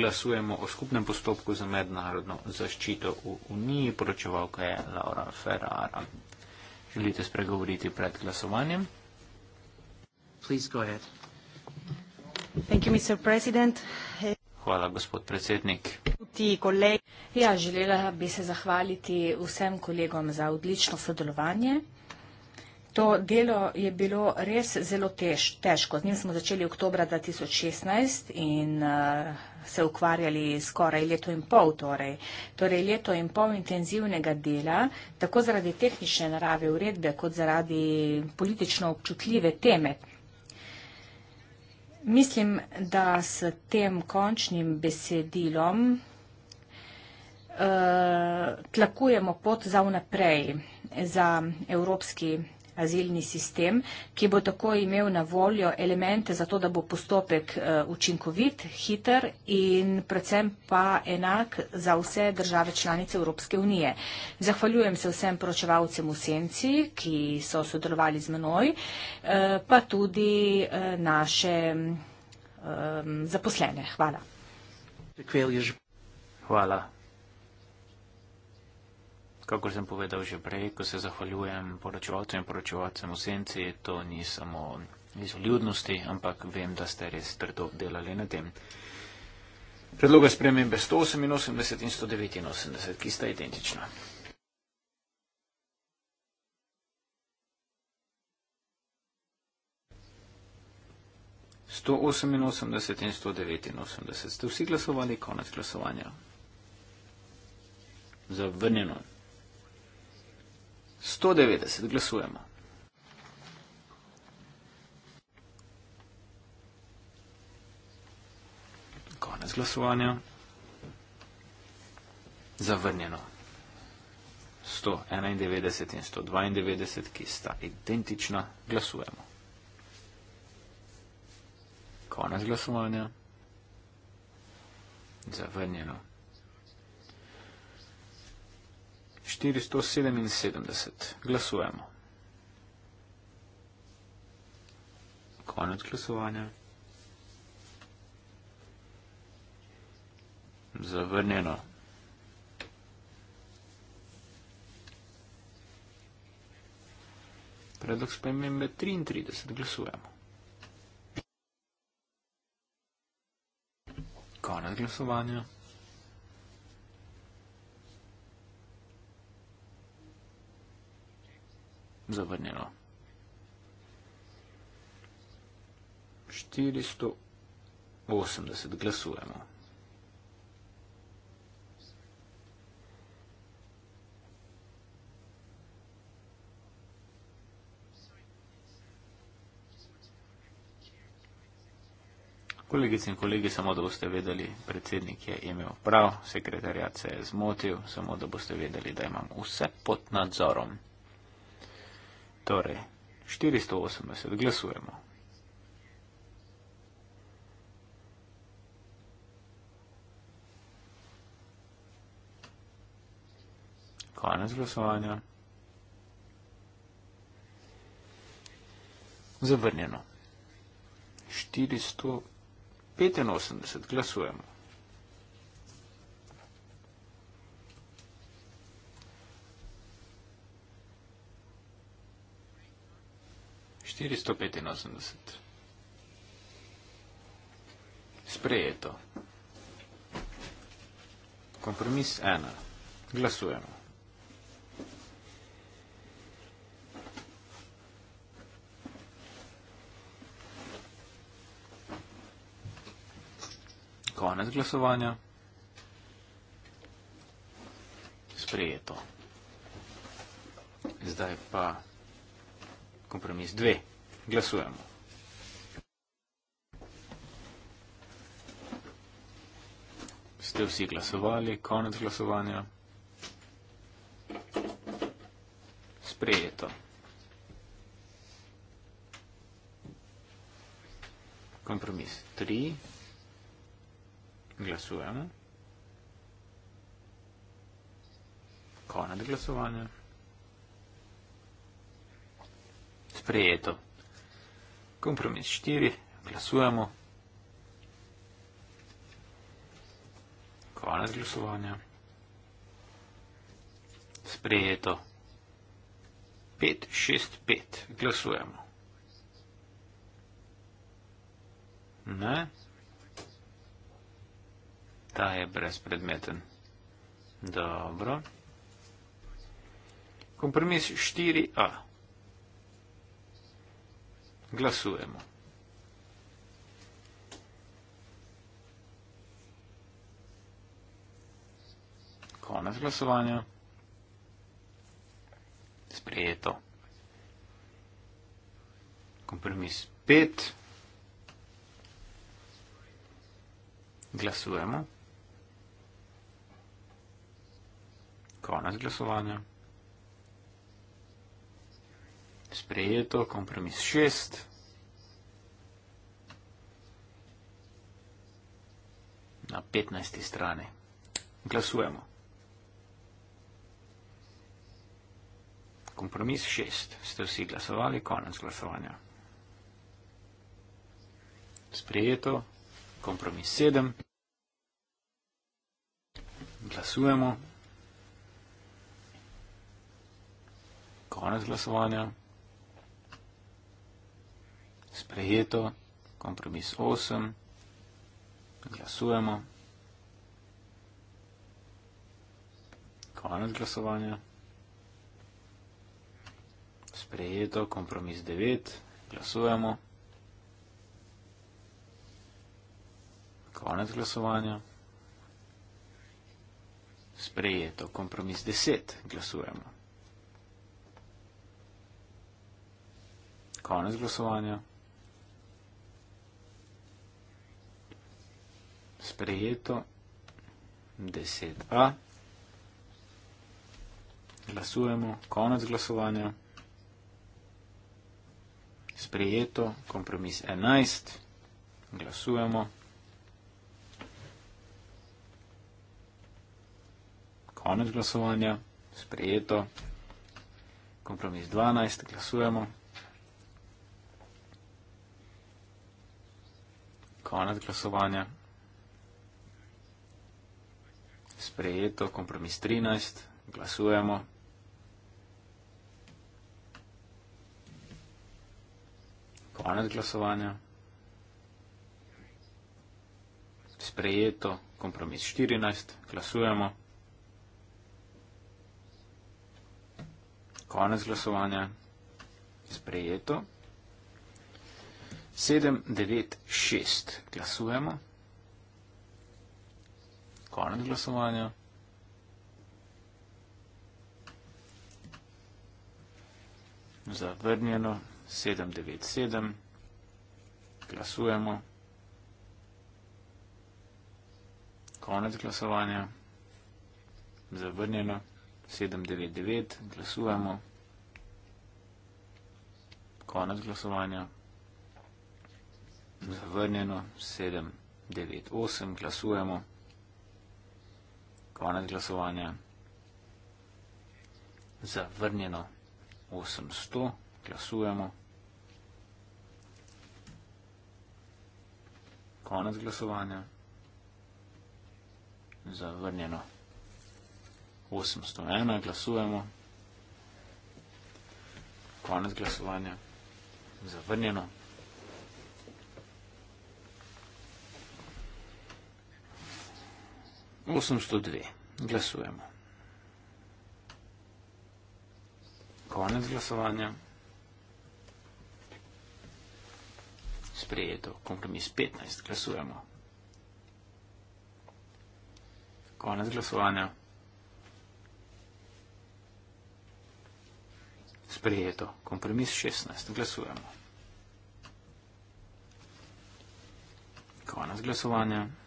glasujemo o skupnem postopku za mednarodno zaščito v Uniji, poročevalka je Laura Ferrara želite spregovoriti pred glasovanjem? Hvala, gospod predsednik. Ja, želela bi se zahvaliti vsem kolegom za odlično sodelovanje. To delo je bilo res zelo tež, težko. Z njim smo začeli oktobra 2016 in uh, se ukvarjali skoraj leto in pol. Torej. torej leto in pol intenzivnega dela, tako zaradi tehnične narave uredbe, kot zaradi politično občutljive teme. Mislim, da s tem končnim besedilom uh, tlakujemo pot za vnaprej, za evropski azilni sistem, ki bo tako imel na voljo elemente za to, da bo postopek eh, učinkovit, hiter in predvsem pa enak za vse države članice Evropske unije. Zahvaljujem se vsem poročevalcem v Senci, ki so sodelovali z menoj, eh, pa tudi eh, naše zaposlene. Hvala. Hvala. Kakor sem povedal že prej, ko se zahvaljujem poročevalcem in poročevalcem v senci, to ni samo iz ljudnosti, ampak vem, da ste res trdo delali na tem. Predloga spremembe 188 in 189, ki sta identična. Sto oseminosemdeset in sto devetinosemdeset. Ste vsi glasovali konec glasovanja? Zavrnjeno. 190, glasujemo. Konec glasovanja. Zavrnjeno. 191 in 192, ki sta identična, glasujemo. Konec glasovanja. Zavrnjeno. 477. Glasujemo. Konec glasovanja. Zavrnjeno. Predlog spremembe 33. Glasujemo. Konec glasovanja. zavrnjeno. 480 glasujemo. Kolegice in kolegi, samo da boste vedeli, predsednik je imel prav, sekretarjat se je zmotil, samo da boste vedeli, da imam vse pod nadzorom. Torej, 480, glasujemo. Konec glasovanja. Zavrnjeno. 485, glasujemo. 485. Sprejeto. Kompromis 1. Glasujemo. Konec glasovanja. Sprejeto. Zdaj pa kompromis 2. Glasujemo. Ste vsi glasovali? Konec glasovanja. Sprejeto. Kompromis 3. Glasujemo. Konec glasovanja. sprejeto. Kompromis 4, glasujemo. Konec glasovanja. Sprejeto. 5, 6, 5, glasujemo. Ne. Ta je brezpredmeten. Dobro. Kompromis 4a. Glasujemo. Konec glasovanja. Sprejeto. Kompromis 5. Glasujemo. Konec glasovanja sprejeto, kompromis šest. Na petnajsti strani. Glasujemo. Kompromis šest. Ste vsi glasovali, konec glasovanja. Sprejeto, kompromis sedem. Glasujemo. Konec glasovanja sprejeto, kompromis 8, glasujemo. Konec glasovanja. Sprejeto, kompromis 9, glasujemo. Konec glasovanja. Sprejeto, kompromis 10, glasujemo. Konec glasovanja. sprejeto. 10a. Glasujemo. Konec glasovanja. Sprejeto. Kompromis 11. Glasujemo. Konec glasovanja. Sprejeto. Kompromis 12. Glasujemo. Konec glasovanja sprejeto, kompromis 13, glasujemo. Konec glasovanja. Sprejeto, kompromis 14, glasujemo. Konec glasovanja. Sprejeto. 796, glasujemo konec glasovanja. Zavrnjeno 797. Glasujemo. Konec glasovanja. Zavrnjeno 799. Glasujemo. Konec glasovanja. Zavrnjeno 798. Glasujemo konec glasovanja. Zavrnjeno 800, glasujemo. Konec glasovanja. Zavrnjeno 801, glasujemo. Konec glasovanja. Zavrnjeno 801. 802. Glasujemo. Konec glasovanja. Sprejeto. Kompromis 15. Glasujemo. Konec glasovanja. Sprejeto. Kompromis 16. Glasujemo. Konec glasovanja. Sprejeto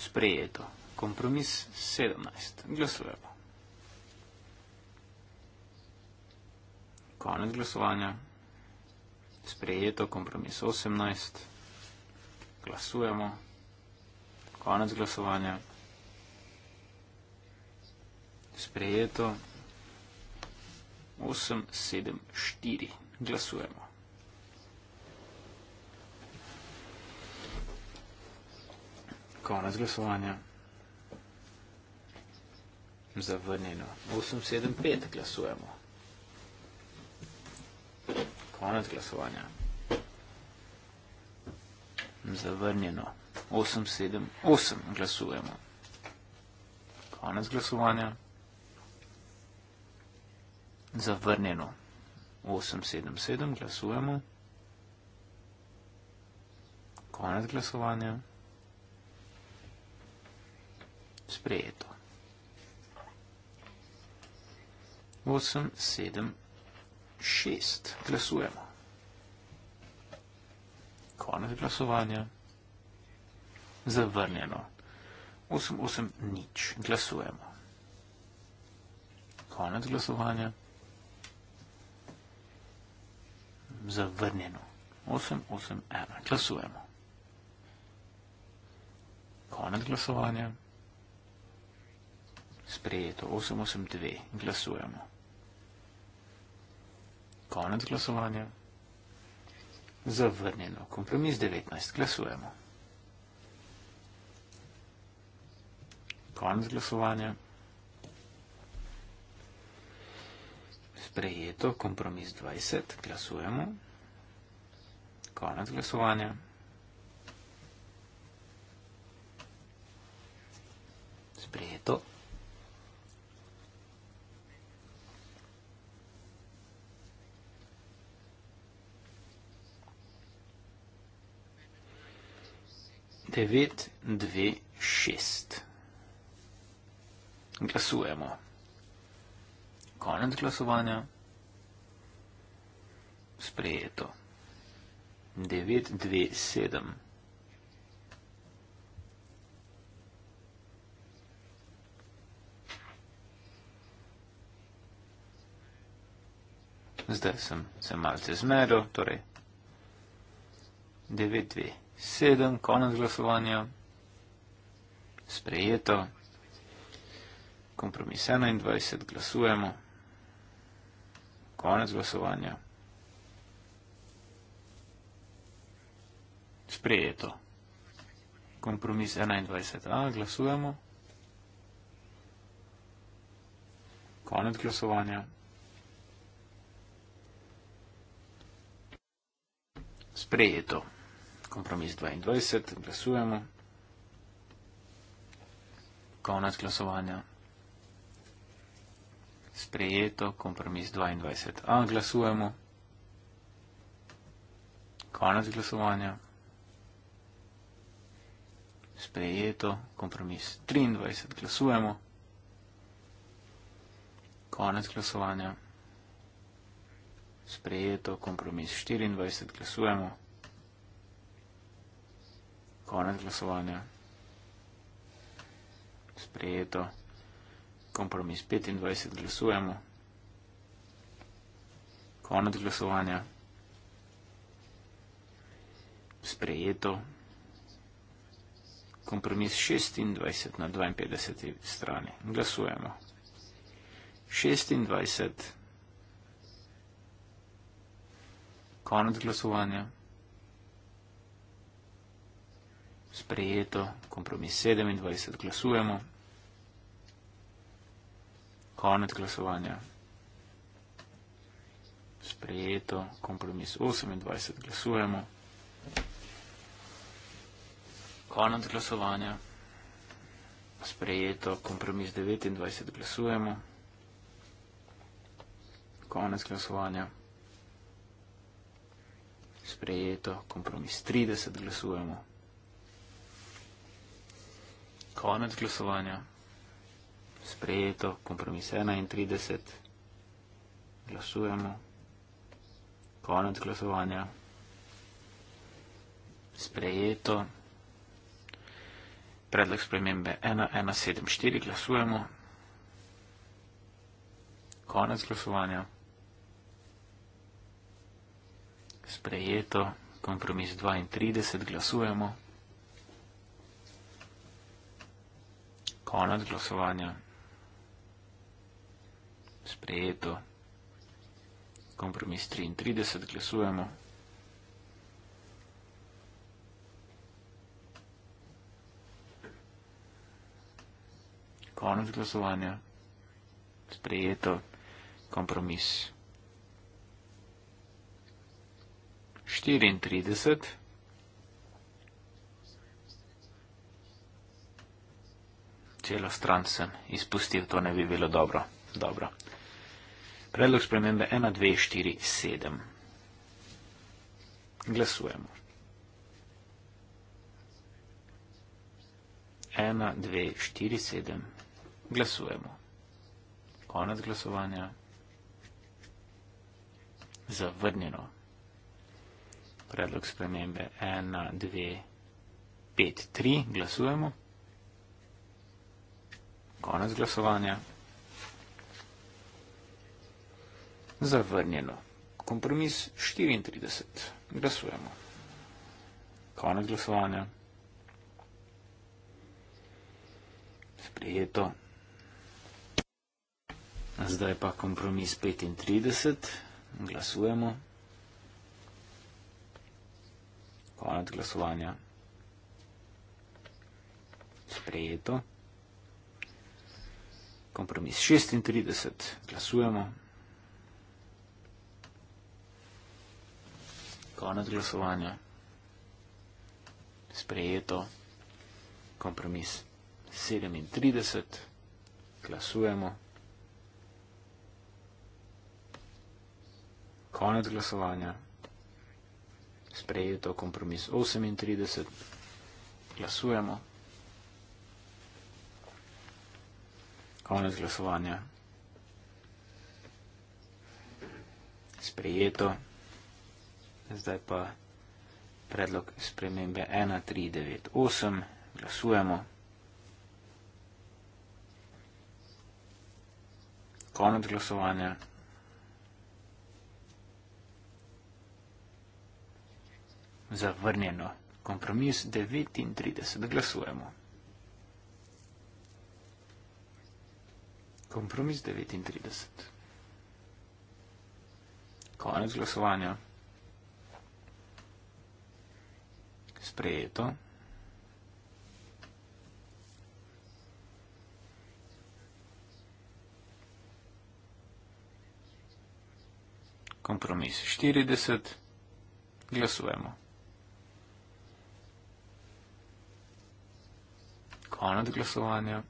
sprejeto. Kompromis 17. Glasujemo. Konec glasovanja. Sprejeto. Kompromis 18. Glasujemo. Konec glasovanja. Sprejeto. 874. Glasujemo. konec glasovanja. Zavrnjeno. 875 glasujemo. Konec glasovanja. Zavrnjeno. 878 glasujemo. Konec glasovanja. Zavrnjeno. 877 glasujemo. Konec glasovanja sprejeto. 8, 7, 6. Glasujemo. Konec glasovanja. Zavrnjeno. 8, 8, nič. Glasujemo. Konec glasovanja. Zavrnjeno. 8, 8, 1. Glasujemo. Konec glasovanja. glasovanja sprejeto 882. Glasujemo. Konec glasovanja. Zavrnjeno. Kompromis 19. Glasujemo. Konec glasovanja. Sprejeto. Kompromis 20. Glasujemo. Konec glasovanja. Sprejeto. 9, 2, 6. Glasujemo. Konec glasovanja. Sprejeto. 9, 2, 7. Zdaj sem se malce zmedil, torej 9-2 sedem, konec glasovanja, sprejeto, kompromis 21, glasujemo, konec glasovanja, sprejeto, kompromis 21a, glasujemo, konec glasovanja, sprejeto kompromis 22, glasujemo. Konec glasovanja. Sprejeto, kompromis 22. A, glasujemo. Konec glasovanja. Sprejeto, kompromis 23. Glasujemo. Konec glasovanja. Sprejeto, kompromis 24. Glasujemo. Konec glasovanja. Sprejeto. Kompromis 25 glasujemo. Konec glasovanja. Sprejeto. Kompromis 26 na 52 strani. Glasujemo. 26. Konec glasovanja. sprejeto, kompromis 27, glasujemo. Konec glasovanja. Sprejeto, kompromis 28, glasujemo. Konec glasovanja. Sprejeto, kompromis 29, glasujemo. Konec glasovanja. Sprejeto, kompromis 30, glasujemo. Konec glasovanja. Sprejeto, kompromis 31. Glasujemo. Konec glasovanja. Sprejeto. Predlog spremembe 1174. Glasujemo. Konec glasovanja. Sprejeto. Kompromis 32. Glasujemo. konec glasovanja. Sprejeto. Kompromis 33 glasujemo. Konec glasovanja. Sprejeto. Kompromis 34 glasujemo. celo stran sem izpustil, to ne bi bilo dobro. dobro. Predlog spremembe 1, 2, 4, 7. Glasujemo. 1, 2, 4, 7. Glasujemo. Konec glasovanja. Zavrnjeno. Predlog spremembe 1, 2, 5, 3. Glasujemo. Konec glasovanja. Zavrnjeno. Kompromis 34. Glasujemo. Konec glasovanja. Sprejeto. Zdaj pa kompromis 35. Glasujemo. Konec glasovanja. Sprejeto kompromis 36, glasujemo. Konec glasovanja. Sprejeto. Kompromis 37, glasujemo. Konec glasovanja. Sprejeto. Kompromis 38, glasujemo. Glasujemo. Konec glasovanja. Sprejeto. Zdaj pa predlog spremembe 1398. Glasujemo. Konec glasovanja. Zavrnjeno. Kompromis 39. Glasujemo. Kompromis 39. Konec glasovanja. Sprejeto. Kompromis 40. Glasujemo. Konec glasovanja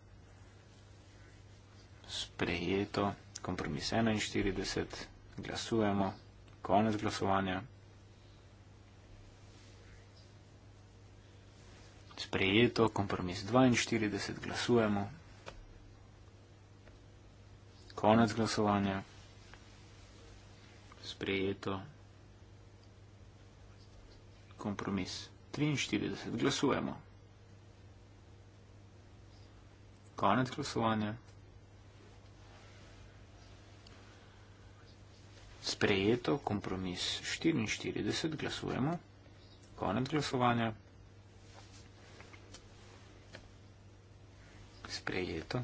sprejeto, kompromis 41, glasujemo, konec glasovanja. Sprejeto, kompromis 42, glasujemo, konec glasovanja. Sprejeto, kompromis 43, glasujemo. Konec glasovanja. sprejeto, kompromis 44, glasujemo, konec glasovanja, sprejeto,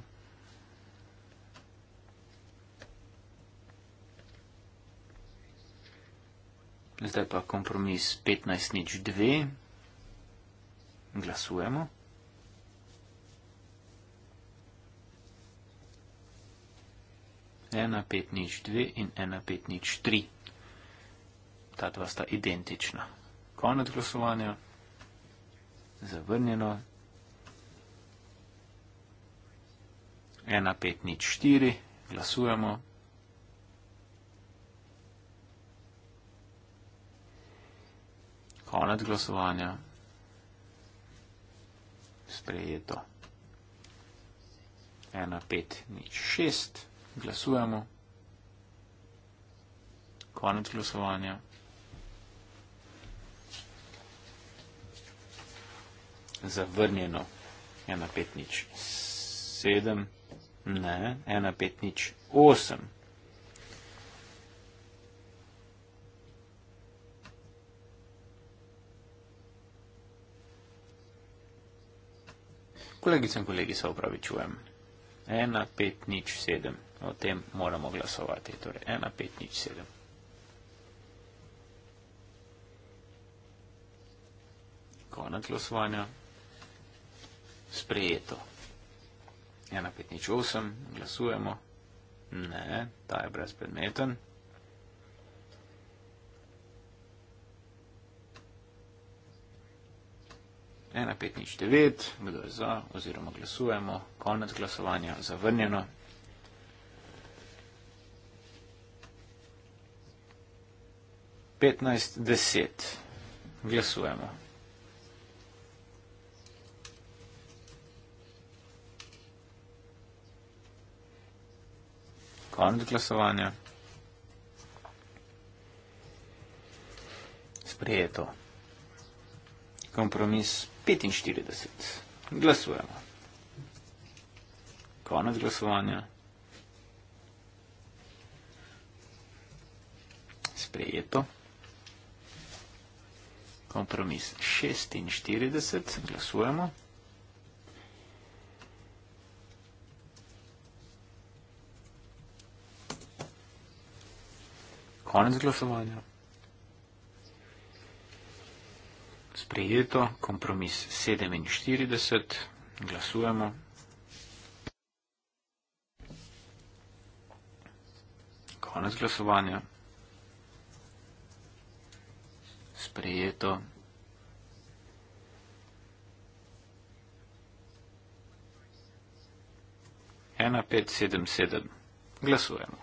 zdaj pa kompromis 15 nič 2, glasujemo, glasujemo, 1502 in 1503. Ta dva sta identična. Konec glasovanja. Zavrnjeno. 1504. Glasujemo. Konec glasovanja. Sprejeto. 1506 glasujemo. Konec glasovanja. Zavrnjeno. 1, 5, nič 7. Ne, 1, 5, nič 8. Kolegice in kolegi, se opravičujem. 1, 5, nič 7. O tem moramo glasovati. Torej, 1, 5, nič, 7. Konec glasovanja. Sprejeto. 1, 5, nič, 8. Glasujemo. Ne, ta je brezpredmeten. Ena, pet, nič, devet, kdo je za, oziroma glasujemo, konec glasovanja, zavrnjeno. 15.10. Glasujemo. Konec glasovanja. Sprejeto. Kompromis 45. Glasujemo. Konec glasovanja. Sprejeto. Kompromis 46, glasujemo. Konec glasovanja. Sprejeto, kompromis 47, glasujemo. Konec glasovanja. sprejeto. Ena pet sedem sedem. Glasujemo.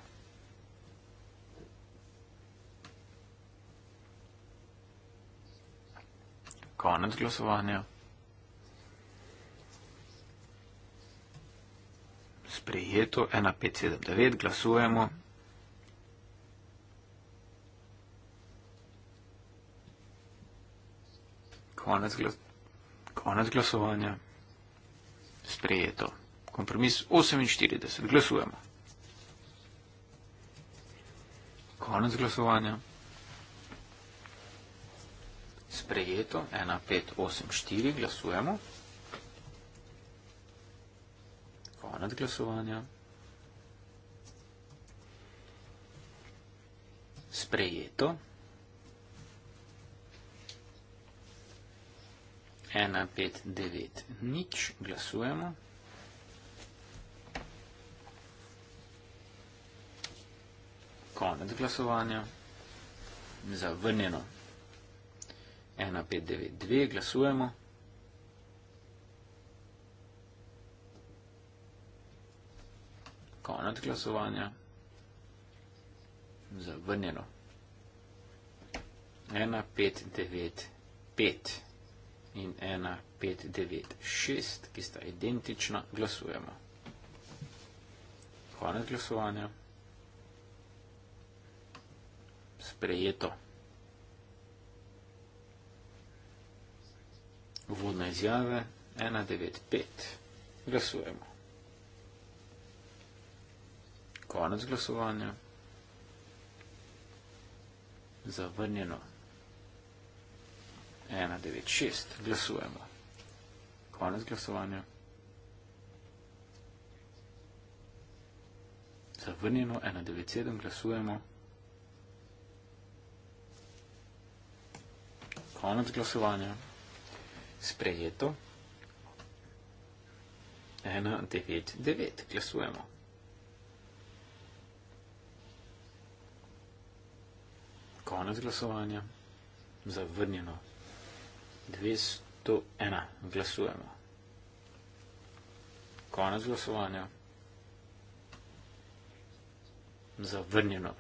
Konec glasovanja. Sprejeto ena pet sedem devet. Glasujemo. konec, glas, konec glasovanja, sprejeto. Kompromis 48, glasujemo. Konec glasovanja, sprejeto, 1, 5, 8, 4, glasujemo. Konec glasovanja, sprejeto. ena, pet, devet, nič, glasujemo. Konec glasovanja, zavrnjeno. Ena, pet, devet, dve, glasujemo. Konec glasovanja, zavrnjeno. Ena, pet, devet, pet in 1, 5, 9, 6, ki sta identična, glasujemo. Konec glasovanja. Sprejeto. Uvodne izjave 1, 9, 5. Glasujemo. Konec glasovanja. Zavrnjeno. 196, glasujemo. Konec glasovanja. Zavrnjeno 197, glasujemo. Konec glasovanja. Sprejeto. 199, glasujemo. Konec glasovanja. Zavrnjeno 201. Glasujemo. Konec glasovanja. Zavrnjeno.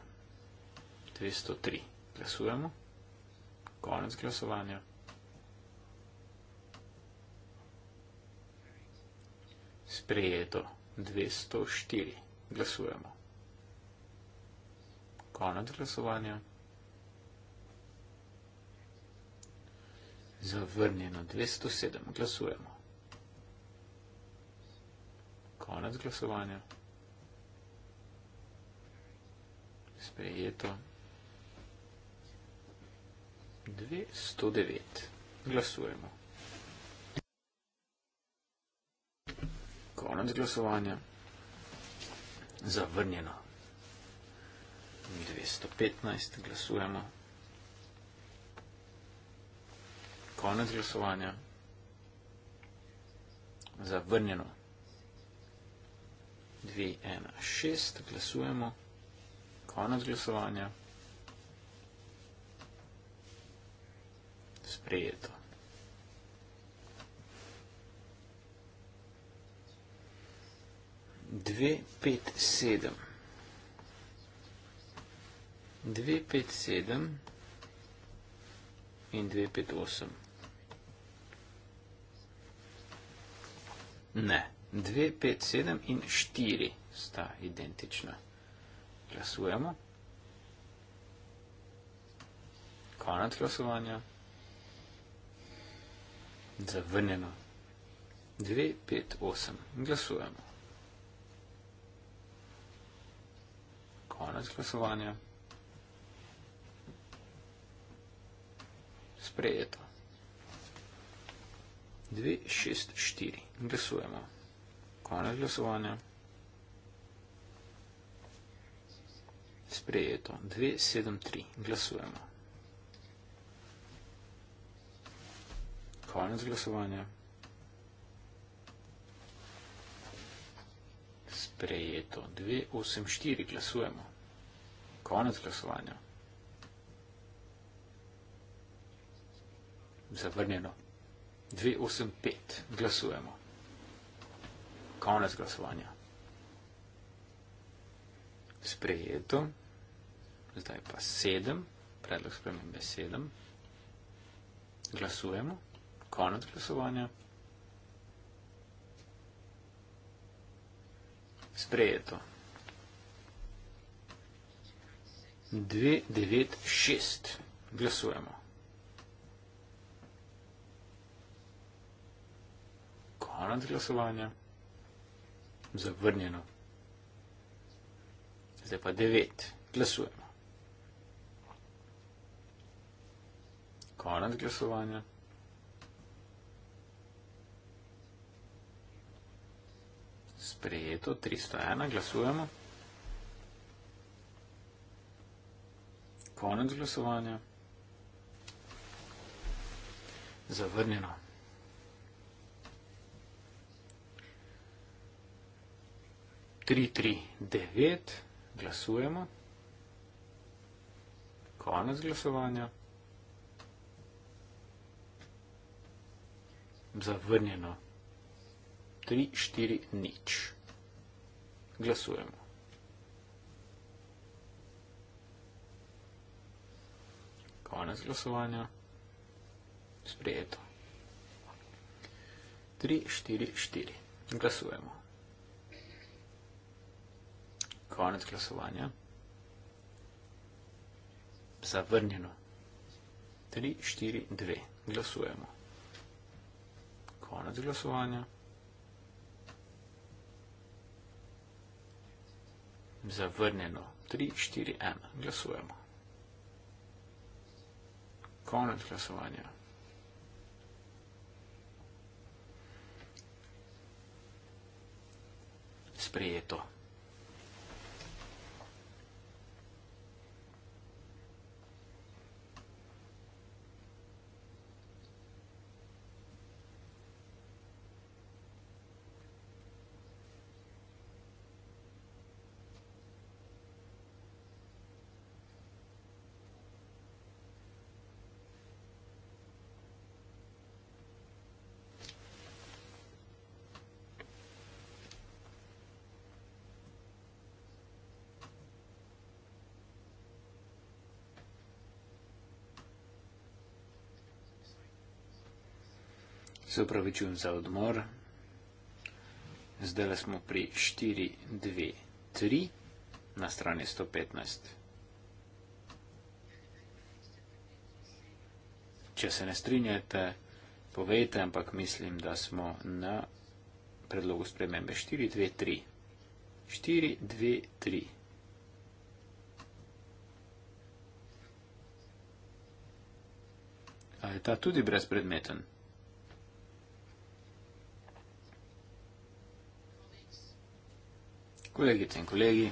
203. Glasujemo. Konec glasovanja. Sprejeto. 204. Glasujemo. Konec glasovanja. Zavrnjeno 207. Glasujemo. Konec glasovanja. Sprejeto. 209. Glasujemo. Konec glasovanja. Zavrnjeno. 215. Glasujemo. konec rysovanja zavrnjeno 2, 1, 6 glasujemo konec glasovanja sprejeto dve, pet, sedem dve, pet, sedem in dve, pet, osem Ne, 2, 5, 7 in 4 sta identična. Glasujemo. Konec glasovanja. Zavrnjeno. 2, 5, 8. Glasujemo. Konec glasovanja. Sprejeto. 264. Glasujemo. Konec glasovanja. Sprejeto. 273. Glasujemo. Konec glasovanja. Sprejeto. 284. Glasujemo. Konec glasovanja. Zavrnjeno. 285. Glasujemo. Konec glasovanja. Sprejeto. Zdaj pa 7. Predlog spremembe 7. Glasujemo. Konec glasovanja. Sprejeto. 296. Glasujemo. Parent glasovanja, zavrnjeno. Zdaj pa 9. Glasujemo. Konec glasovanja. Sprejeto 301. Glasujemo. Konec glasovanja. Zavrnjeno. 339, glasujemo. Konec glasovanja. Zavrnjeno. 3, 4, nič. Glasujemo. Konec glasovanja. Sprejeto. 3, 4, 4. Glasujemo konec glasovanja. Zavrnjeno. 3, 4, 2. Glasujemo. Konec glasovanja. Zavrnjeno. 3, 4, 1. Glasujemo. Konec glasovanja. Sprejeto. se upravičujem za odmor. Zdaj smo pri 4, 2, 3 na strani 115. Če se ne strinjate, povejte, ampak mislim, da smo na predlogu spremembe 4, 2, 3. 4, 2, 3. Ali je ta tudi brezpredmeten? kolegice in kolegi.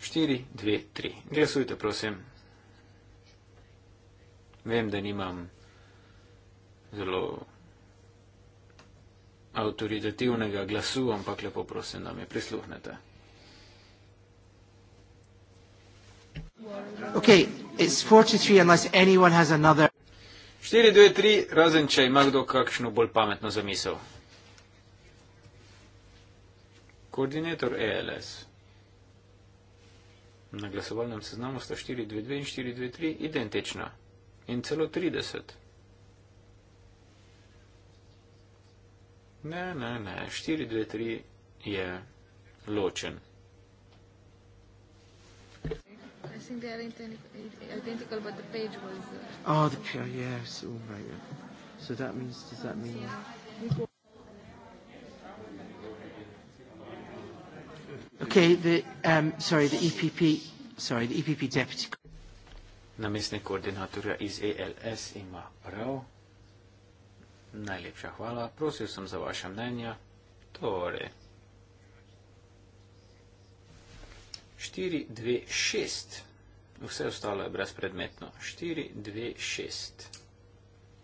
4, 2, 3. Glasujte, prosim. Vem, da nimam zelo avtoritativnega glasu, ampak lepo prosim, da mi prisluhnete. Ok, je 43, unless anyone has another. 4, 2, 3, razen če ima kdo kakšno bolj pametno zamisel. Koordinator ELS. Na glasovalnem seznamu sta 422 in 423 identična. In celo 30. Ne, ne, ne. 423 je ločen. Mislim, da je identičen, ampak pečka je... Ah, pečka, ja, super. Torej, to pomeni, da... Okay, the, um, sorry, the EPP, sorry, the EPP deputy. Namestnik koordinatorja iz ELS ima prav. Najlepša hvala. Prosil sem za vaše mnenja. Torej. 4, 2, 6. Vse ostalo je brezpredmetno. 4, 2, 6.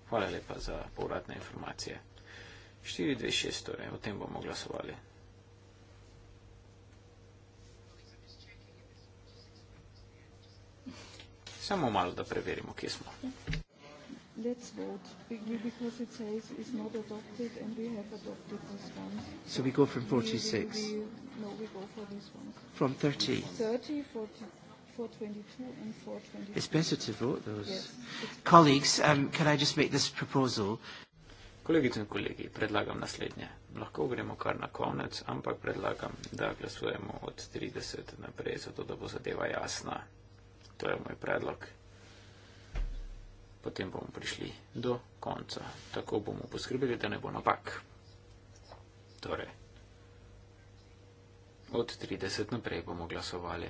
Hvala lepa za povratne informacije. 4, 2, 6 torej. O tem bomo glasovali. Samo malo, da preverimo, kje smo. Ja. So we go from 46. No, we go for this one. From 30. 30, 40, 422 and 422. It's better to vote those. Yes, Colleagues, um, can I just make this proposal? Kolegice in kolegi, predlagam naslednje. Lahko gremo kar na konec, ampak predlagam, da glasujemo od 30 naprej, zato da bo zadeva jasna to je moj predlog. Potem bomo prišli do konca. Tako bomo poskrbeli, da ne bo napak. Torej, od 30 naprej bomo glasovali.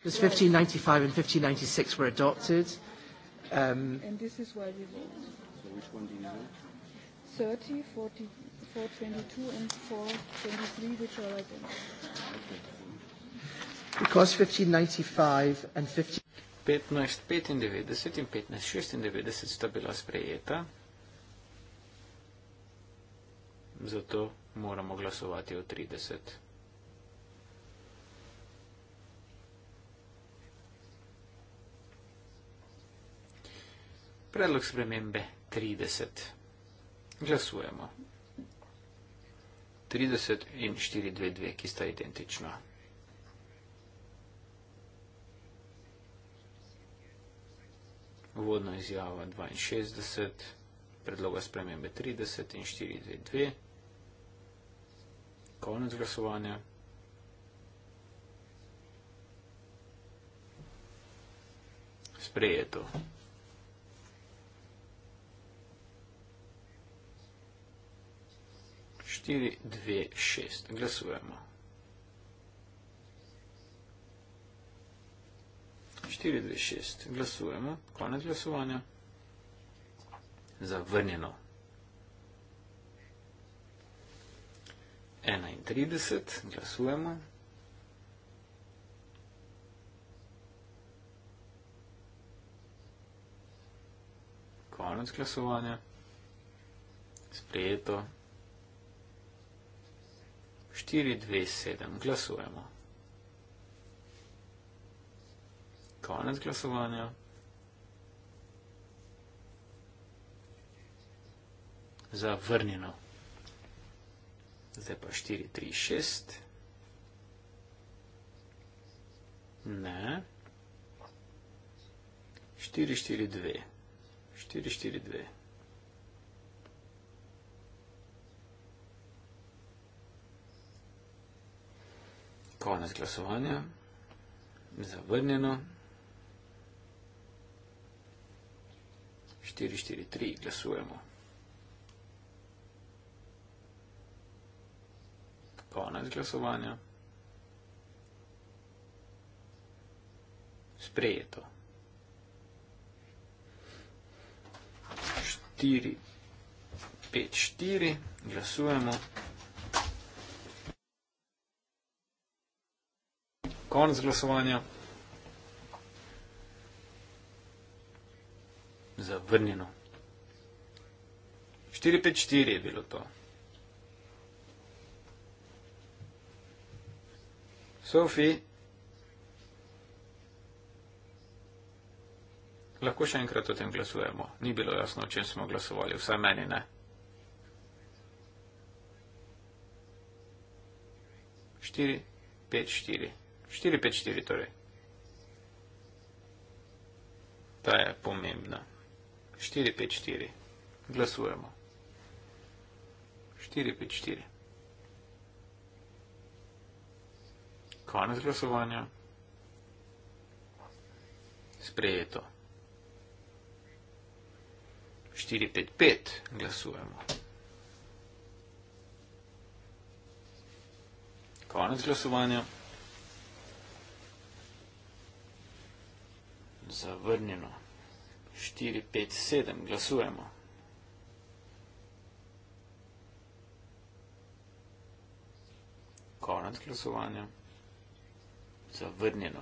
Because 1595 and 1596 were adopted. Um, and this is why we vote which one do you know? 30, 40, 422 and 423, which are like them. Because 1595 and 15... 15, 95 in 15, 6 in 90 sta bila Zato moramo glasovati o 30. Predlog spremembe. 30. Glasujemo. 30 in 422, ki sta identična. Vodna izjava 62, predloga spremembe 30 in 422, konec glasovanja. Sprejeto. 4, 2, 6. Glasujemo. 4, 2, 6. Glasujemo. Konec glasovanja. Zavrnjeno. 31. Glasujemo. 427. Glasujemo. Konec glasovanja. Zavrnjeno. Zdaj pa 436. Ne. 442. 442. Konec glasovanja. Zavrnjeno. 4-4-3 glasujemo. Konec glasovanja. Sprejeto. 4-5-4 glasujemo. 4-5-4 glasujemo. konec glasovanja. Zavrnjeno. 4-5-4 je bilo to. Sofi, lahko še enkrat o tem glasujemo. Ni bilo jasno, o čem smo glasovali, vsaj meni ne. 4-5-4. 4-5-4 torej. Ta je pomembna. 4-5-4. Glasujemo. 4-5-4. Konec glasovanja. Sprejeto. 4-5-5. Glasujemo. Konec glasovanja. 4-5-5. zavrnjeno. 4, 5, 7, glasujemo. Konec glasovanja. Zavrnjeno.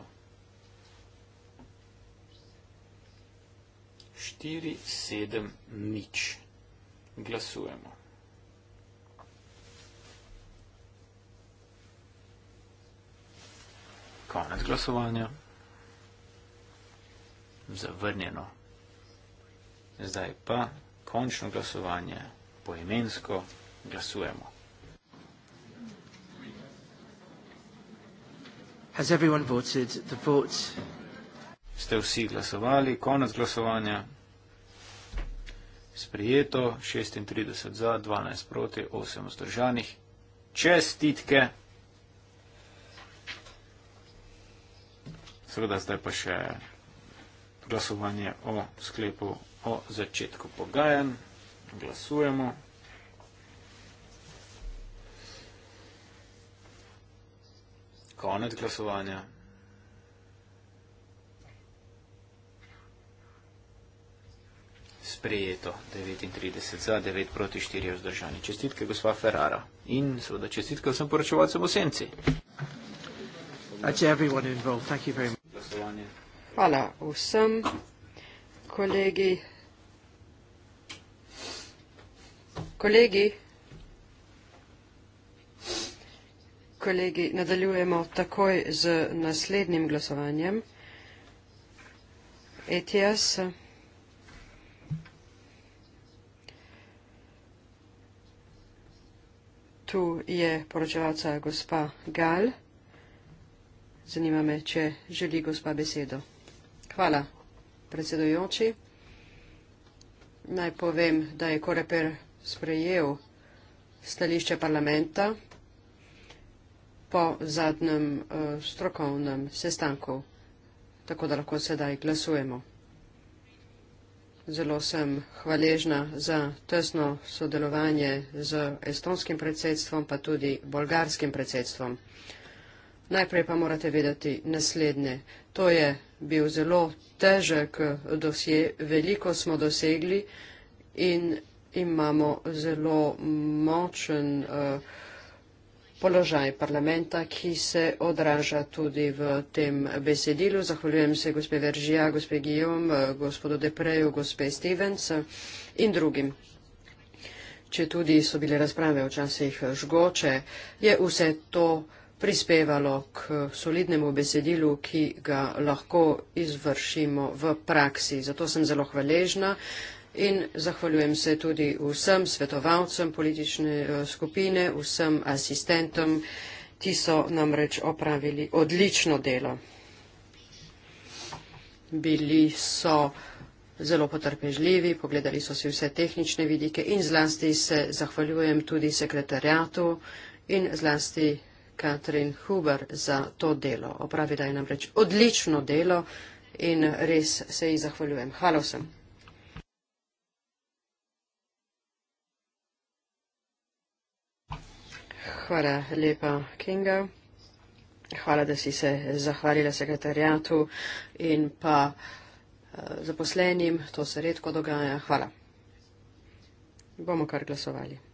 4, 7, nič. Glasujemo. Konec glasovanja zavrnjeno. Zdaj pa končno glasovanje poimensko glasujemo. Has everyone voted the votes? Ste vsi glasovali, konec glasovanja. Sprijeto, 36 za, 12 proti, 8 vzdržanih. Čestitke. Seveda zdaj pa še glasovanje o sklepu o začetku pogajanj. Glasujemo. Konec glasovanja. Sprejeto 39 za, 9 proti 4 vzdržani. Čestitke gospa Ferrara in seveda čestitke vsem poročevalcem v Senci. That's everyone involved. Thank you very much. Hvala vsem, kolegi. Kolegi, kolegi, nadaljujemo takoj z naslednjim glasovanjem. ETS. Tu je poročevalca gospa Gal. Zanima me, če želi gospa besedo. Hvala, predsedujoči. Naj povem, da je Koreper sprejel stališče parlamenta po zadnjem uh, strokovnem sestanku, tako da lahko sedaj glasujemo. Zelo sem hvaležna za tesno sodelovanje z estonskim predsedstvom, pa tudi bolgarskim predsedstvom. Najprej pa morate vedeti naslednje. To je bil zelo težek dosje, veliko smo dosegli in imamo zelo močen eh, položaj parlamenta, ki se odraža tudi v tem besedilu. Zahvaljujem se gospe Veržija, gospe Gijom, eh, gospodu Depreju, gospe Stevens eh, in drugim. Če tudi so bile razprave včasih žgoče, je vse to prispevalo k solidnemu besedilu, ki ga lahko izvršimo v praksi. Zato sem zelo hvaležna in zahvaljujem se tudi vsem svetovalcem politične eh, skupine, vsem asistentom, ki so namreč opravili odlično delo. Bili so zelo potrpežljivi, pogledali so si vse tehnične vidike in zlasti se zahvaljujem tudi sekretarjatu in zlasti Katrin Huber za to delo. Opravila je namreč odlično delo in res se ji zahvaljujem. Hvala vsem. Hvala lepa, Kinga. Hvala, da si se zahvalila sekretarjatu in pa eh, zaposlenim. To se redko dogaja. Hvala. Bomo kar glasovali.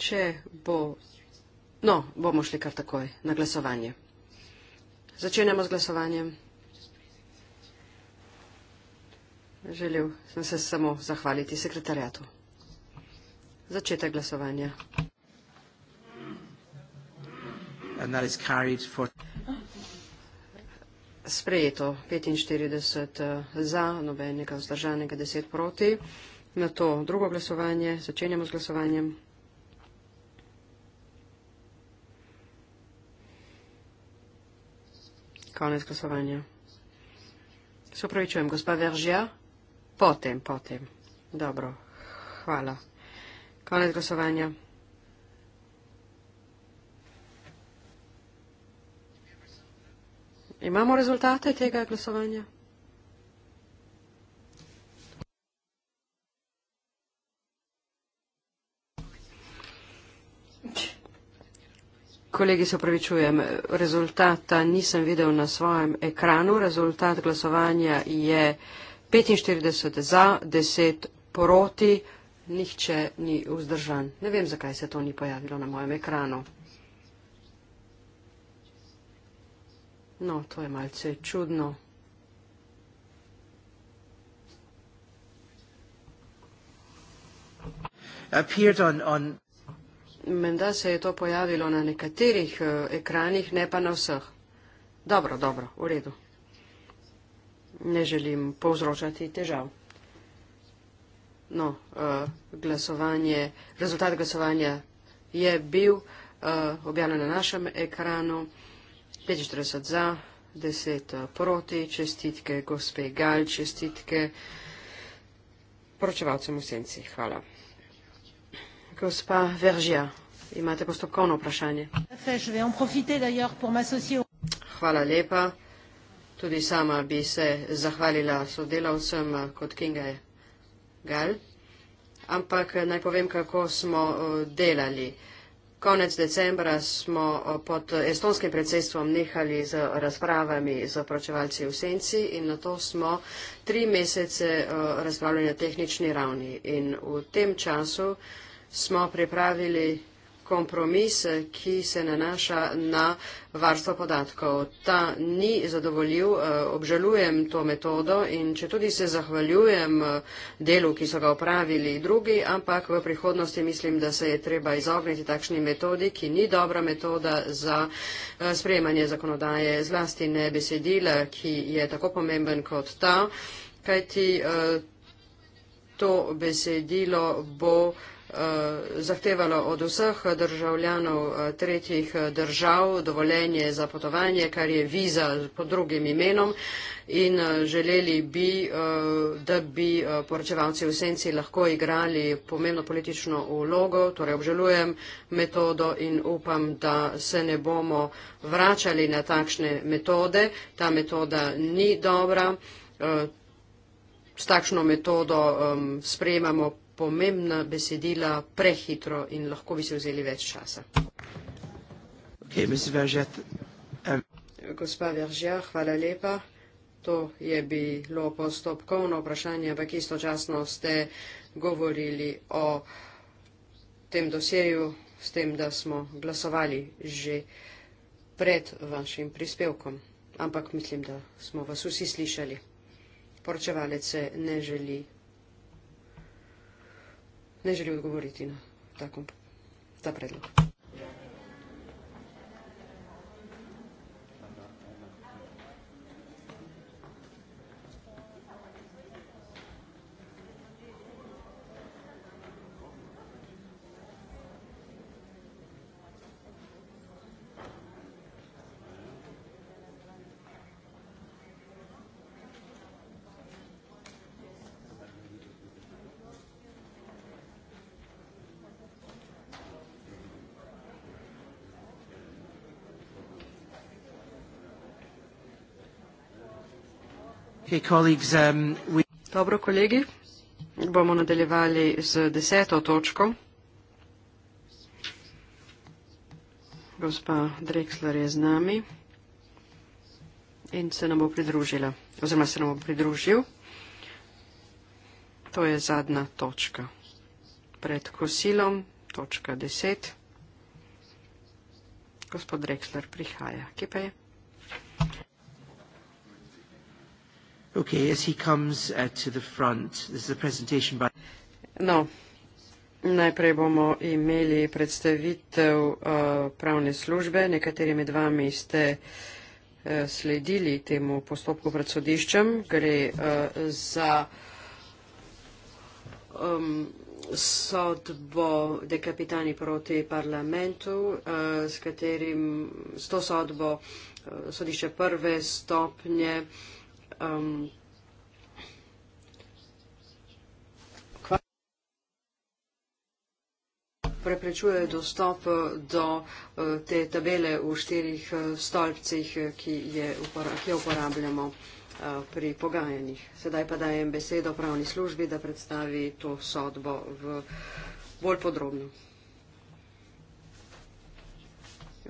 če bo. No, bomo šli kar takoj na glasovanje. Začenjamo z glasovanjem. Želel sem se samo zahvaliti sekretarjatu. Začetek glasovanja. For... Sprejeto 45 eh, za, nobenega vzdržanega, 10 proti. Na to drugo glasovanje. Začenjamo z glasovanjem. konec glasovanja. Se upravičujem, gospa Veržija? Potem, potem. Dobro, hvala. Konec glasovanja. Imamo rezultate tega glasovanja? Kolegi se opravičujem, rezultata nisem videl na svojem ekranu. Rezultat glasovanja je 45 za, 10 proti, nihče ni vzdržan. Ne vem, zakaj se to ni pojavilo na mojem ekranu. No, to je malce čudno. On, on... Menda se je to pojavilo na nekaterih eh, ekranih, ne pa na vseh. Dobro, dobro, v redu. Ne želim povzročati težav. No, eh, glasovanje, rezultat glasovanja je bil eh, objavljen na našem ekranu. 45 za, 10 proti, čestitke gospe Gal, čestitke poročevalcem v senci. Hvala. Gospa Veržija, imate postopkovno vprašanje. Hvala lepa. Tudi sama bi se zahvalila sodelavcem eh, kot Kinga Gal. Ampak eh, naj povem, kako smo eh, delali. Konec decembra smo pod estonskim predsedstvom nehali z razpravami z opračevalci v senci in na to smo tri mesece razpravljali na tehnični ravni. In v tem času uh, smo pripravili kompromis, ki se nanaša na varstvo podatkov. Ta ni zadovoljiv, eh, obžalujem to metodo in če tudi se zahvaljujem eh, delu, ki so ga opravili drugi, ampak v prihodnosti mislim, da se je treba izogniti takšni metodi, ki ni dobra metoda za eh, sprejemanje zakonodaje, zlasti ne besedila, ki je tako pomemben kot ta, kajti to besedilo bo Eh, zahtevalo od vseh državljanov eh, tretjih eh, držav dovoljenje za potovanje, kar je viza pod drugim imenom in želeli bi, da bi poročevalci v senci lahko igrali pomembno politično vlogo, torej obžalujem metodo in upam, da se ne bomo vračali na takšne metode. Ta metoda ni dobra, s takšno metodo sprejemamo pomembna besedila prehitro in lahko bi se vzeli več časa. Okay, um. Gospa Veržja, hvala lepa. To je bilo postopkovno vprašanje, ampak istočasno ste govorili o tem dosjeju s tem, da smo glasovali že pred vašim prispevkom. Ampak mislim, da smo vas vsi slišali. Poročevalec se ne želi ne želi odgovoriti na tako, ta predlog. Okay, colleagues, um, we... Dobro, kolegi, bomo nadaljevali z deseto točko. Gospa Drexler je z nami in se nam bo pridružila, oziroma se nam bo pridružil. To je zadnja točka. Pred kosilom, točka deset. Gospod Drexler prihaja. Kje pa je? Okay, as he comes uh, to the front, this is a presentation by... No. Najprej bomo imeli predstavitev uh, pravne službe. Nekateri med vami ste uh, sledili temu postopku pred sodiščem. Gre uh, za um, sodbo dekapitani proti parlamentu, uh, s katerim s to sodbo uh, sodišče prve stopnje uh, um, preprečujejo dostop uh, do uh, te tabele v štirih uh, stolpcih, ki, je, ki jo uporabljamo pri pogajanjih. Sedaj pa dajem besedo pravni službi, da predstavi to sodbo v bolj podrobno.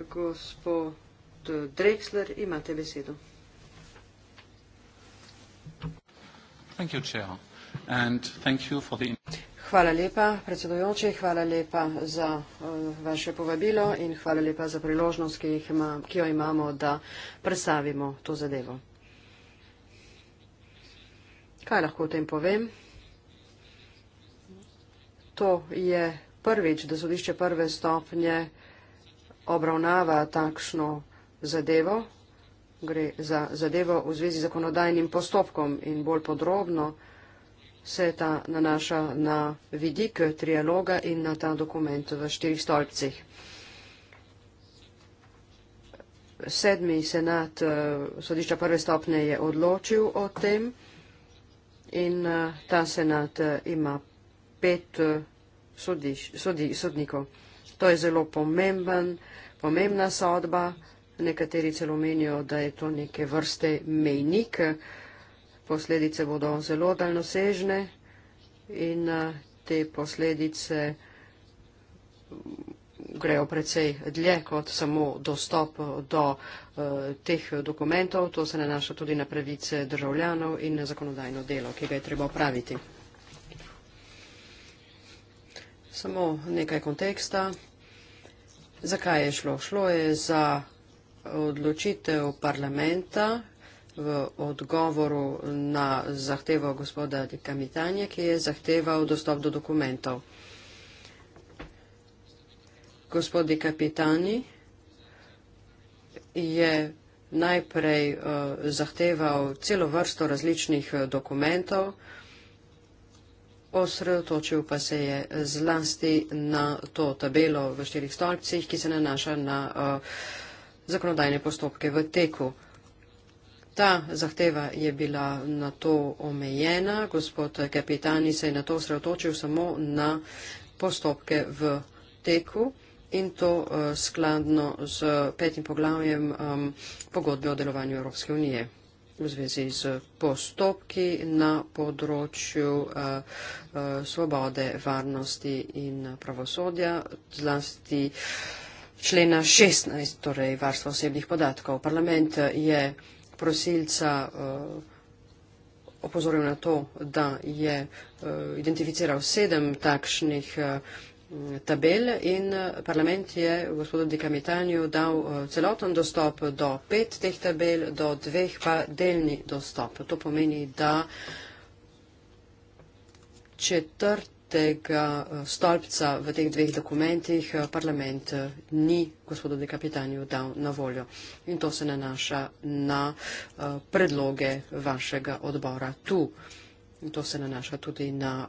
Gospod Drexler, imate besedo. Hvala lepa, predsedujoči, hvala lepa za eh, vaše povabilo in hvala lepa za priložnost, ki, ima, ki jo imamo, da predstavimo to zadevo. Kaj lahko o tem povem? To je prvič, da sodišče prve stopnje obravnava takšno zadevo gre za zadevo v zvezi z zakonodajnim postopkom in bolj podrobno se ta nanaša na vidik trialoga in na ta dokument v štirih stolpcih. Sedmi senat eh, sodišča prve stopne je odločil o tem in eh, ta senat eh, ima pet sodiš, sodi, sodnikov. To je zelo pomemben, pomembna sodba. Nekateri celo menijo, da je to neke vrste mejnik. Posledice bodo zelo daljnosežne in eh, te posledice grejo precej dlje kot samo dostop do uh, teh dokumentov. To se nanaša tudi na pravice državljanov in na zakonodajno delo, ki ga je treba opraviti. Samo nekaj konteksta. Zakaj je šlo? Šlo je za odločitev parlamenta v odgovoru na zahtevo gospoda Dikamitanja, ki je zahteval dostop do dokumentov. Gospod Dikamitani je najprej eh, zahteval celo vrsto različnih eh, dokumentov, osredotočil pa se je zlasti na to tabelo v štirih stolpcih, ki se nanaša na uh, zakonodajne postopke v teku. Ta zahteva je bila na to omejena. Gospod Kapitani se je na to sredotočil samo na postopke v teku in to uh, skladno z petim poglavjem um, pogodbe o delovanju Evropske unije v zvezi z postopki na področju uh, uh, svobode, varnosti in pravosodja, zlasti uh, člena 16, torej varstva osebnih podatkov. Parlament eh, je prosilca eh, opozoril na to, da je eh, identificiral sedem takšnih tabel in parlament je gospodu Dikamitanju dal celoten dostop do pet teh tabel, do dveh pa delni dostop. To pomeni, da četrt tega eh, stolpca v teh dveh dokumentih eh, parlament eh, ni gospodu dekapitanju dal na voljo. In to se nanaša na predloge vašega odbora tu. In to se nanaša tudi na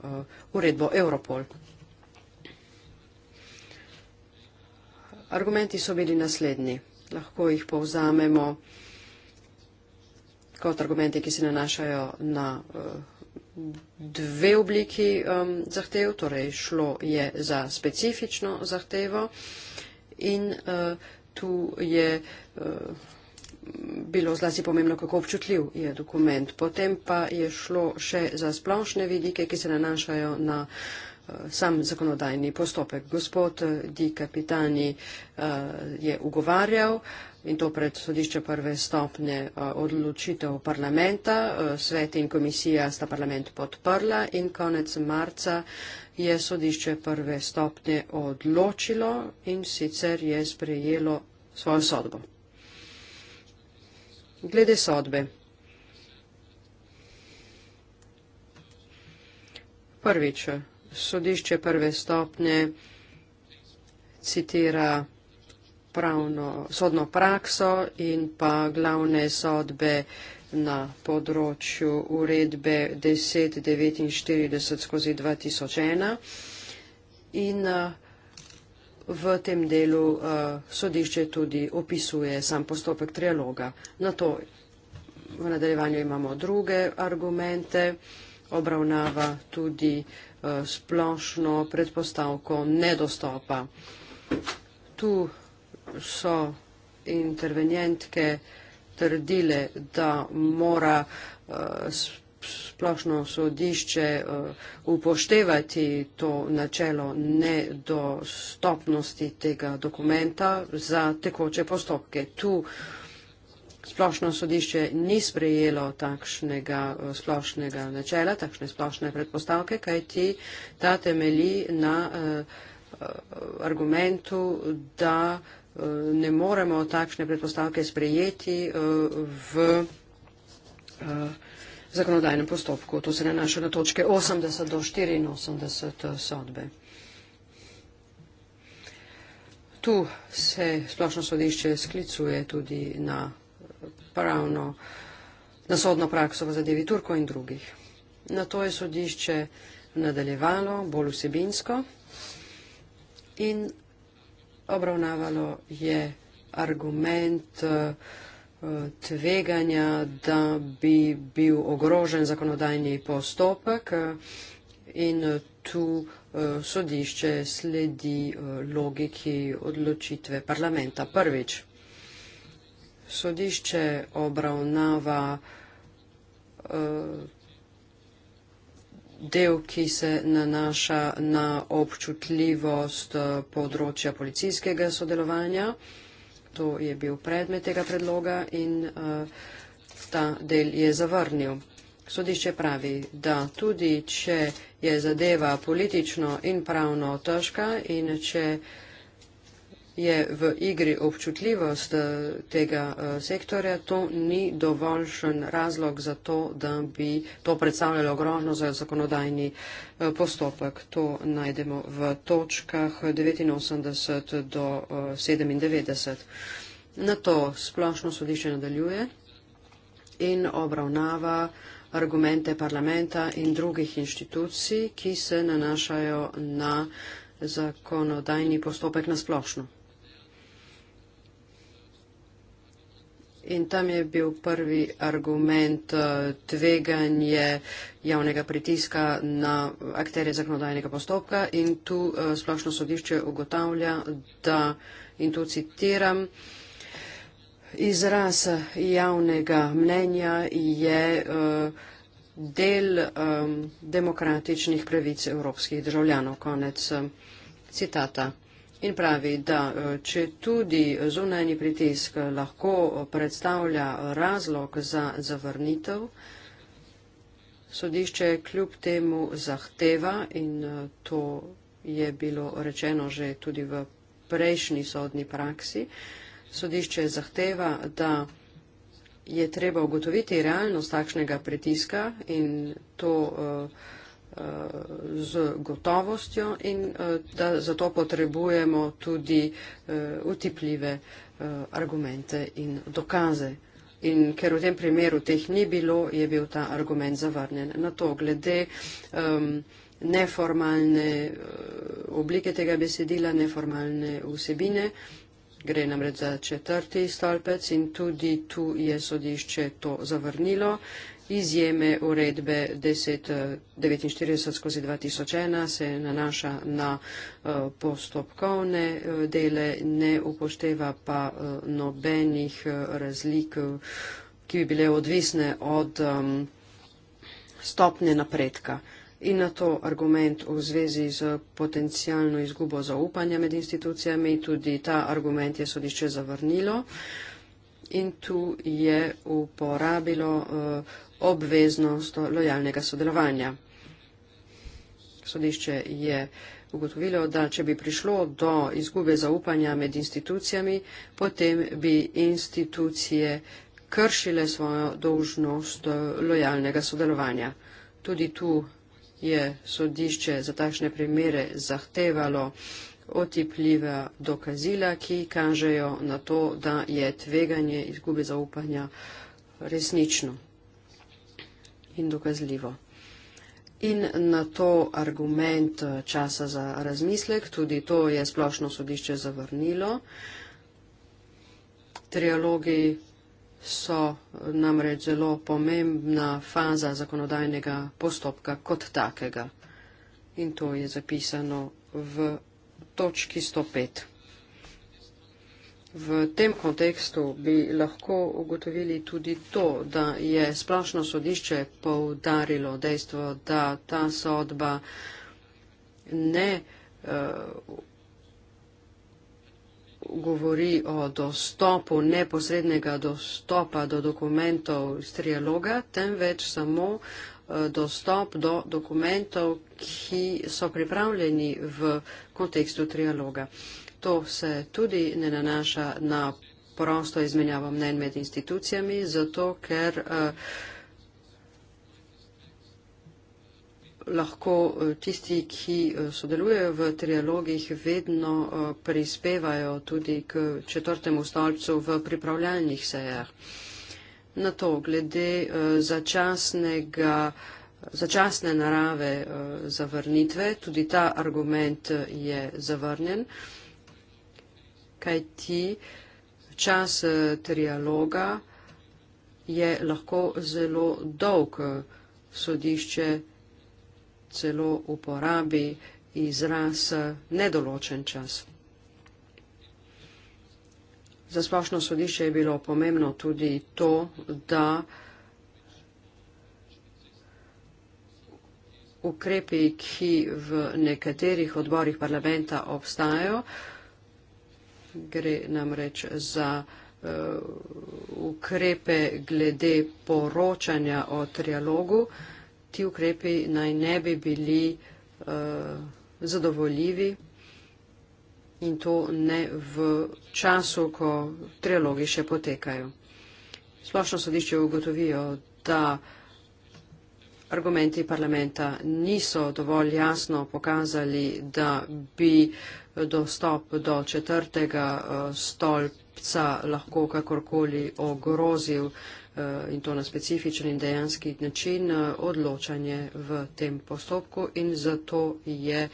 uredbo Europol. Argumenti so bili naslednji. Lahko jih povzamemo kot argumente, ki se nanašajo na uh, dve obliki um, zahtev, torej šlo je za specifično zahtevo in uh, tu je uh, bilo zlasti pomembno, kako občutljiv je dokument. Potem pa je šlo še za splošne vidike, ki se nanašajo na uh, sam zakonodajni postopek. Gospod uh, Di Capitani uh, je ugovarjal uh, in to pred sodišče prve stopnje eh, odločitev parlamenta. Eh, svet in komisija sta parlament podprla in konec marca je sodišče prve stopnje odločilo in sicer je sprejelo svojo sodbo. Glede sodbe. Prvič, sodišče prve stopnje citira pravno, sodno prakso in pa glavne sodbe na področju uredbe 1049 skozi 2001. In eh, v tem delu eh, sodišče tudi opisuje sam postopek trialoga. Na to v nadaljevanju imamo druge argumente, obravnava tudi eh, splošno predpostavko nedostopa. Tu so intervenjentke trdile, da mora eh, splošno sodišče eh, upoštevati to načelo nedostopnosti tega dokumenta za tekoče postopke. Tu splošno sodišče ni sprejelo takšnega eh, splošnega načela, takšne splošne predpostavke, kaj ti ta temelji na argumentu, da Eh, ne moremo takšne predpostavke sprejeti eh, v eh, zakonodajnem postopku. To se nanaša na točke 80 do 84 sodbe. Tu se splošno sodišče sklicuje tudi na pravno, na sodno prakso v zadevi Turko in drugih. Na to je sodišče nadaljevalo bolj vsebinsko in obravnavalo je argument eh, tveganja, da bi bil ogrožen zakonodajni postopek eh, in tu eh, sodišče sledi logiki odločitve parlamenta. Prvič, sodišče obravnava del, ki se nanaša na občutljivost eh, področja policijskega sodelovanja. To je bil predmet tega predloga in eh, ta del je zavrnil. Sodišče pravi, da tudi če je zadeva politično in pravno težka in če je v igri občutljivost eh, tega eh, sektorja, to ni dovoljšen razlog za to, da bi to predstavljalo grožno za zakonodajni eh, postopek. To najdemo v točkah 89 do 97. Na to splošno sodišče nadaljuje in obravnava argumente parlamenta in drugih inštitucij, ki se nanašajo na zakonodajni postopek na splošno. in tam je bil prvi argument eh, tveganje javnega pritiska na akterje zakonodajnega postopka in tu eh, splošno sodišče ugotavlja, da in tu citiram. Izraz javnega mnenja je eh, del demokratičnih pravic evropskih državljanov. Konec citata. In pravi, da e, če tudi zunanji pritisk lahko predstavlja razlog za zavrnitev, sodišče kljub temu zahteva in e, to je bilo rečeno že tudi v prejšnji sodni praksi, sodišče zahteva, da je treba ugotoviti realnost takšnega pritiska in to uh, z gotovostjo in eh, da zato potrebujemo tudi eh, utipljive eh, argumente in dokaze. In ker v tem primeru teh ni bilo, je bil ta argument zavrnjen. Na to glede ehm, neformalne oblike tega besedila, neformalne vsebine, gre namreč za četrti stolpec in tudi tu je sodišče to zavrnilo izjeme uredbe 1049 skozi 2001 se nanaša na eh, postopkovne eh, dele, ne upošteva pa eh, nobenih razlik, ki bi bile odvisne od stopnje napredka. In na to argument v zvezi z potencijalno izgubo zaupanja med institucijami, tudi ta argument je sodišče zavrnilo. In tu je uporabilo uh, obveznost lojalnega sodelovanja. Sodišče je ugotovilo, da če bi prišlo do izgube zaupanja med institucijami, potem bi institucije kršile svojo dolžnost lojalnega sodelovanja. Tudi tu je sodišče za takšne primere zahtevalo otipljiva dokazila, ki kažejo na to, da je tveganje izgube zaupanja resnično in dokazljivo. In na to argument eh, časa za razmislek, tudi to je splošno sodišče zavrnilo. Trialogi so namreč zelo pomembna faza zakonodajnega postopka kot takega. In to je zapisano v točki 105. V tem kontekstu bi lahko ugotovili tudi to, da je splošno sodišče poudarilo dejstvo, da ta sodba ne uh, govori o dostopu, neposrednega dostopa do dokumentov iz trialoga, temveč samo eh, dostop do dokumentov, ki so pripravljeni v kontekstu trialoga. Uh, To se tudi ne nanaša na prosto izmenjavo mnen med institucijami, zato ker eh, lahko eh, tisti, ki eh, sodelujejo v trialogih, vedno prispevajo tudi k četrtemu stolcu v pripravljalnih sejah. Na to, glede začasnega, začasne narave zavrnitve, tudi ta argument je zavrnjen kaj ti čas eh, trialoga je lahko zelo dolg. Sodišče celo uporabi izraz eh, nedoločen čas. Za splošno sodišče je bilo pomembno tudi to, da ukrepi, ki v nekaterih odborih parlamenta obstajajo, gre namreč za uh, ukrepe glede poročanja o trialogu. Ti ukrepi naj ne bi bili uh, zadovoljivi in to ne v času, ko trialogi še potekajo. Splošno sodišče ugotovijo, da uh, argumenti parlamenta niso dovolj jasno pokazali, da bi dostop do četrtega eh, stolpca lahko kakorkoli ogrozil eh, in to na specifičen in dejanski način eh, odločanje v tem postopku in zato je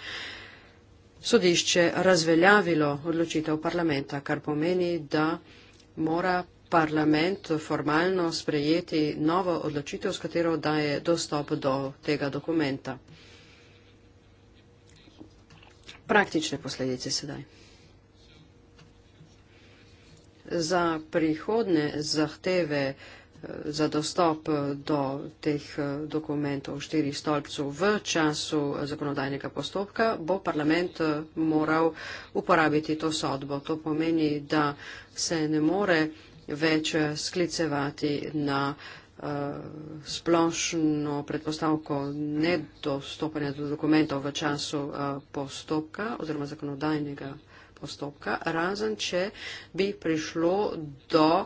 sodišče razveljavilo odločitev parlamenta, kar pomeni, da mora parlament formalno sprejeti novo odločitev, s katero daje dostop do tega dokumenta. Praktične posledice sedaj. Za prihodne zahteve eh, za dostop do teh eh, dokumentov v štirih stolpcev v času zakonodajnega postopka bo parlament eh, moral uporabiti to sodbo. To pomeni, da se ne more več eh, sklicevati na uh, splošno predpostavko nedostopanja do dokumentov v času uh, postopka oziroma zakonodajnega postopka, razen če bi prišlo do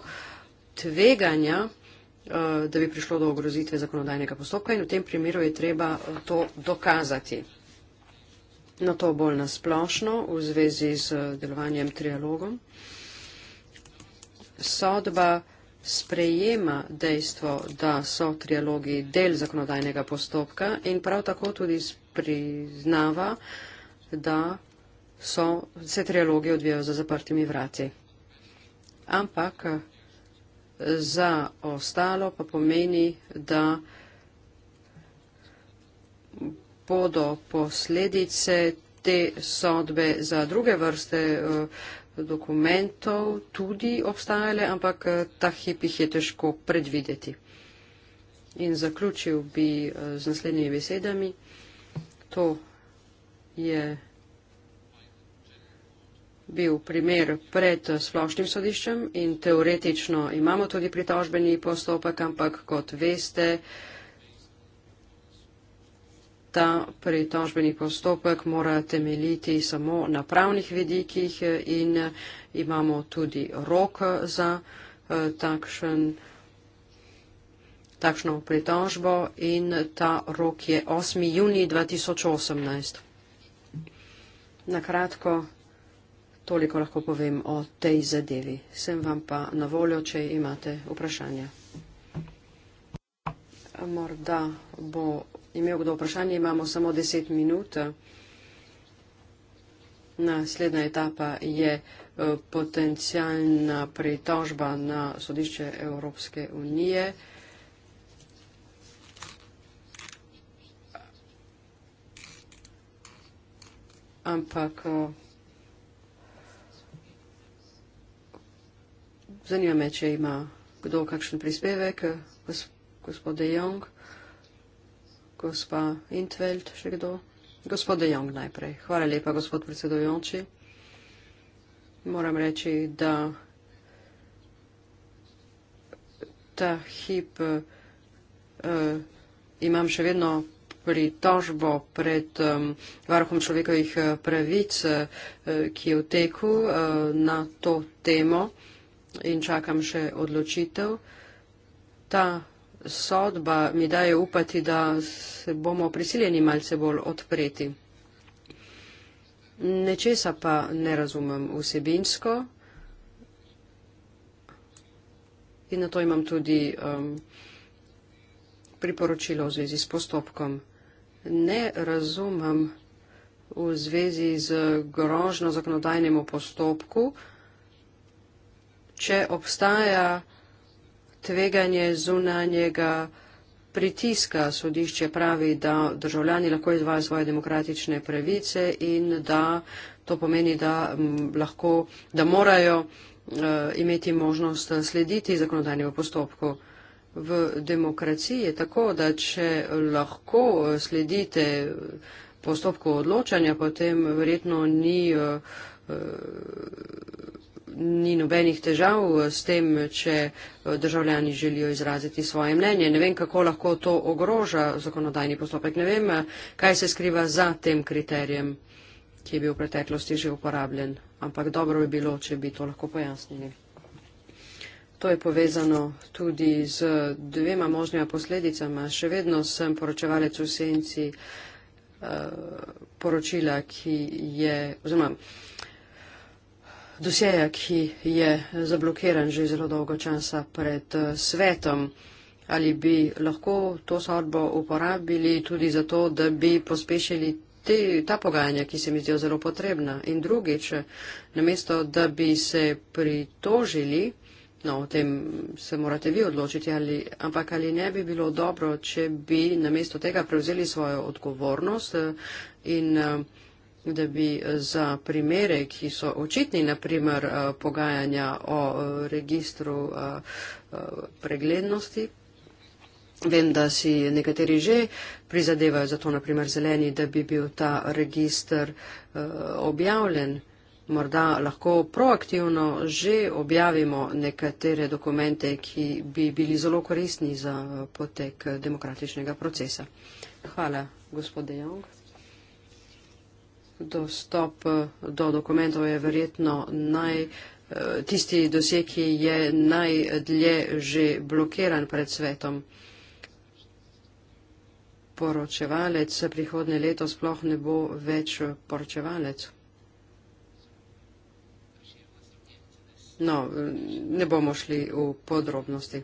tveganja, uh, da bi prišlo do ogrozitve zakonodajnega postopka in v tem primeru je treba to dokazati. Na no, to bolj nasplošno v zvezi z delovanjem trialogom. Uh, sodba sprejema dejstvo, da so trialogi del zakonodajnega postopka in prav tako tudi priznava, da so, se trialogi odvijajo za zaprtimi vrati. Ampak za ostalo pa pomeni, da bodo posledice te sodbe za druge vrste uh, dokumentov tudi obstajale, ampak eh, ta hip jih je težko predvideti. In zaključil bi eh, z naslednjimi besedami. To je bil primer pred splošnim sodiščem in teoretično imamo tudi pritožbeni postopek, ampak kot veste, uh, ta pritožbeni postopek mora temeljiti samo na pravnih vidikih in imamo tudi rok za eh, takšen, takšno pritožbo in ta rok je 8. juni 2018. Na kratko, toliko lahko povem o tej zadevi. Sem vam pa na voljo, če imate vprašanja. Morda bo imel kdo vprašanje, imamo samo deset minut. Naslednja etapa je eh, potencijalna pritožba na sodišče Evropske unije. Ampak eh, zanima me, če ima kdo kakšen prispevek, eh, gospod De Jong gospa Intveld, še kdo? Gospod De Jong najprej. Hvala lepa, gospod predsedujoči. Moram reči, da ta hip uh, imam še vedno pritožbo pred um, varuhom človekovih eh, pravic, uh, ki je v teku uh, na to temo in čakam še odločitev. Ta sodba mi daje upati, da se bomo prisiljeni malce bolj odpreti. Nečesa pa ne razumem vsebinsko in na to imam tudi um, priporočilo v zvezi s postopkom. Ne razumem v zvezi z grožno zakonodajnemu postopku, če obstaja tveganje zunanjega pritiska. Sodišče pravi, da državljani lahko izvajo svoje demokratične pravice in da to pomeni, da, lahko, da morajo eh, imeti možnost slediti zakonodajnemu postopku. V demokraciji je tako, da če lahko eh, sledite postopku odločanja, potem verjetno ni eh, ni nobenih težav s tem, če eh, državljani želijo izraziti svoje mnenje. Ne vem, kako lahko to ogroža zakonodajni postopek. Ne vem, eh, kaj se skriva za tem kriterijem, ki je bil v preteklosti že uporabljen. Ampak dobro bi bilo, če bi to lahko pojasnili. To je povezano tudi z dvema možnjima posledicama. Še vedno sem poročevalec v senci uh, poročila, ki je, oziroma, uh, doseja, ki je zablokiran že zelo dolgo časa pred eh, svetom. Ali bi lahko to sodbo uporabili tudi zato, da bi pospešili te, ta pogajanja, ki se mi zdijo zelo potrebna? In drugič, namesto, da bi se pritožili, no, o tem se morate vi odločiti, ali, ampak ali ne bi bilo dobro, če bi namesto tega prevzeli svojo odgovornost eh, in uh, da bi eh, za primere, ki so očitni, naprimer eh, pogajanja o eh, registru preglednosti, vem, da si nekateri že prizadevajo za to, naprimer zeleni, da bi bil ta registr objavljen. Morda lahko proaktivno že objavimo nekatere dokumente, ki bi bili zelo koristni za potek demokratičnega procesa. Hvala, gospod Dejong dostop eh, do dokumentov je verjetno naj, eh, tisti dosek, ki je najdlje že blokiran pred svetom. Poročevalec prihodne leto sploh ne bo več poročevalec. No, ne bomo šli v podrobnosti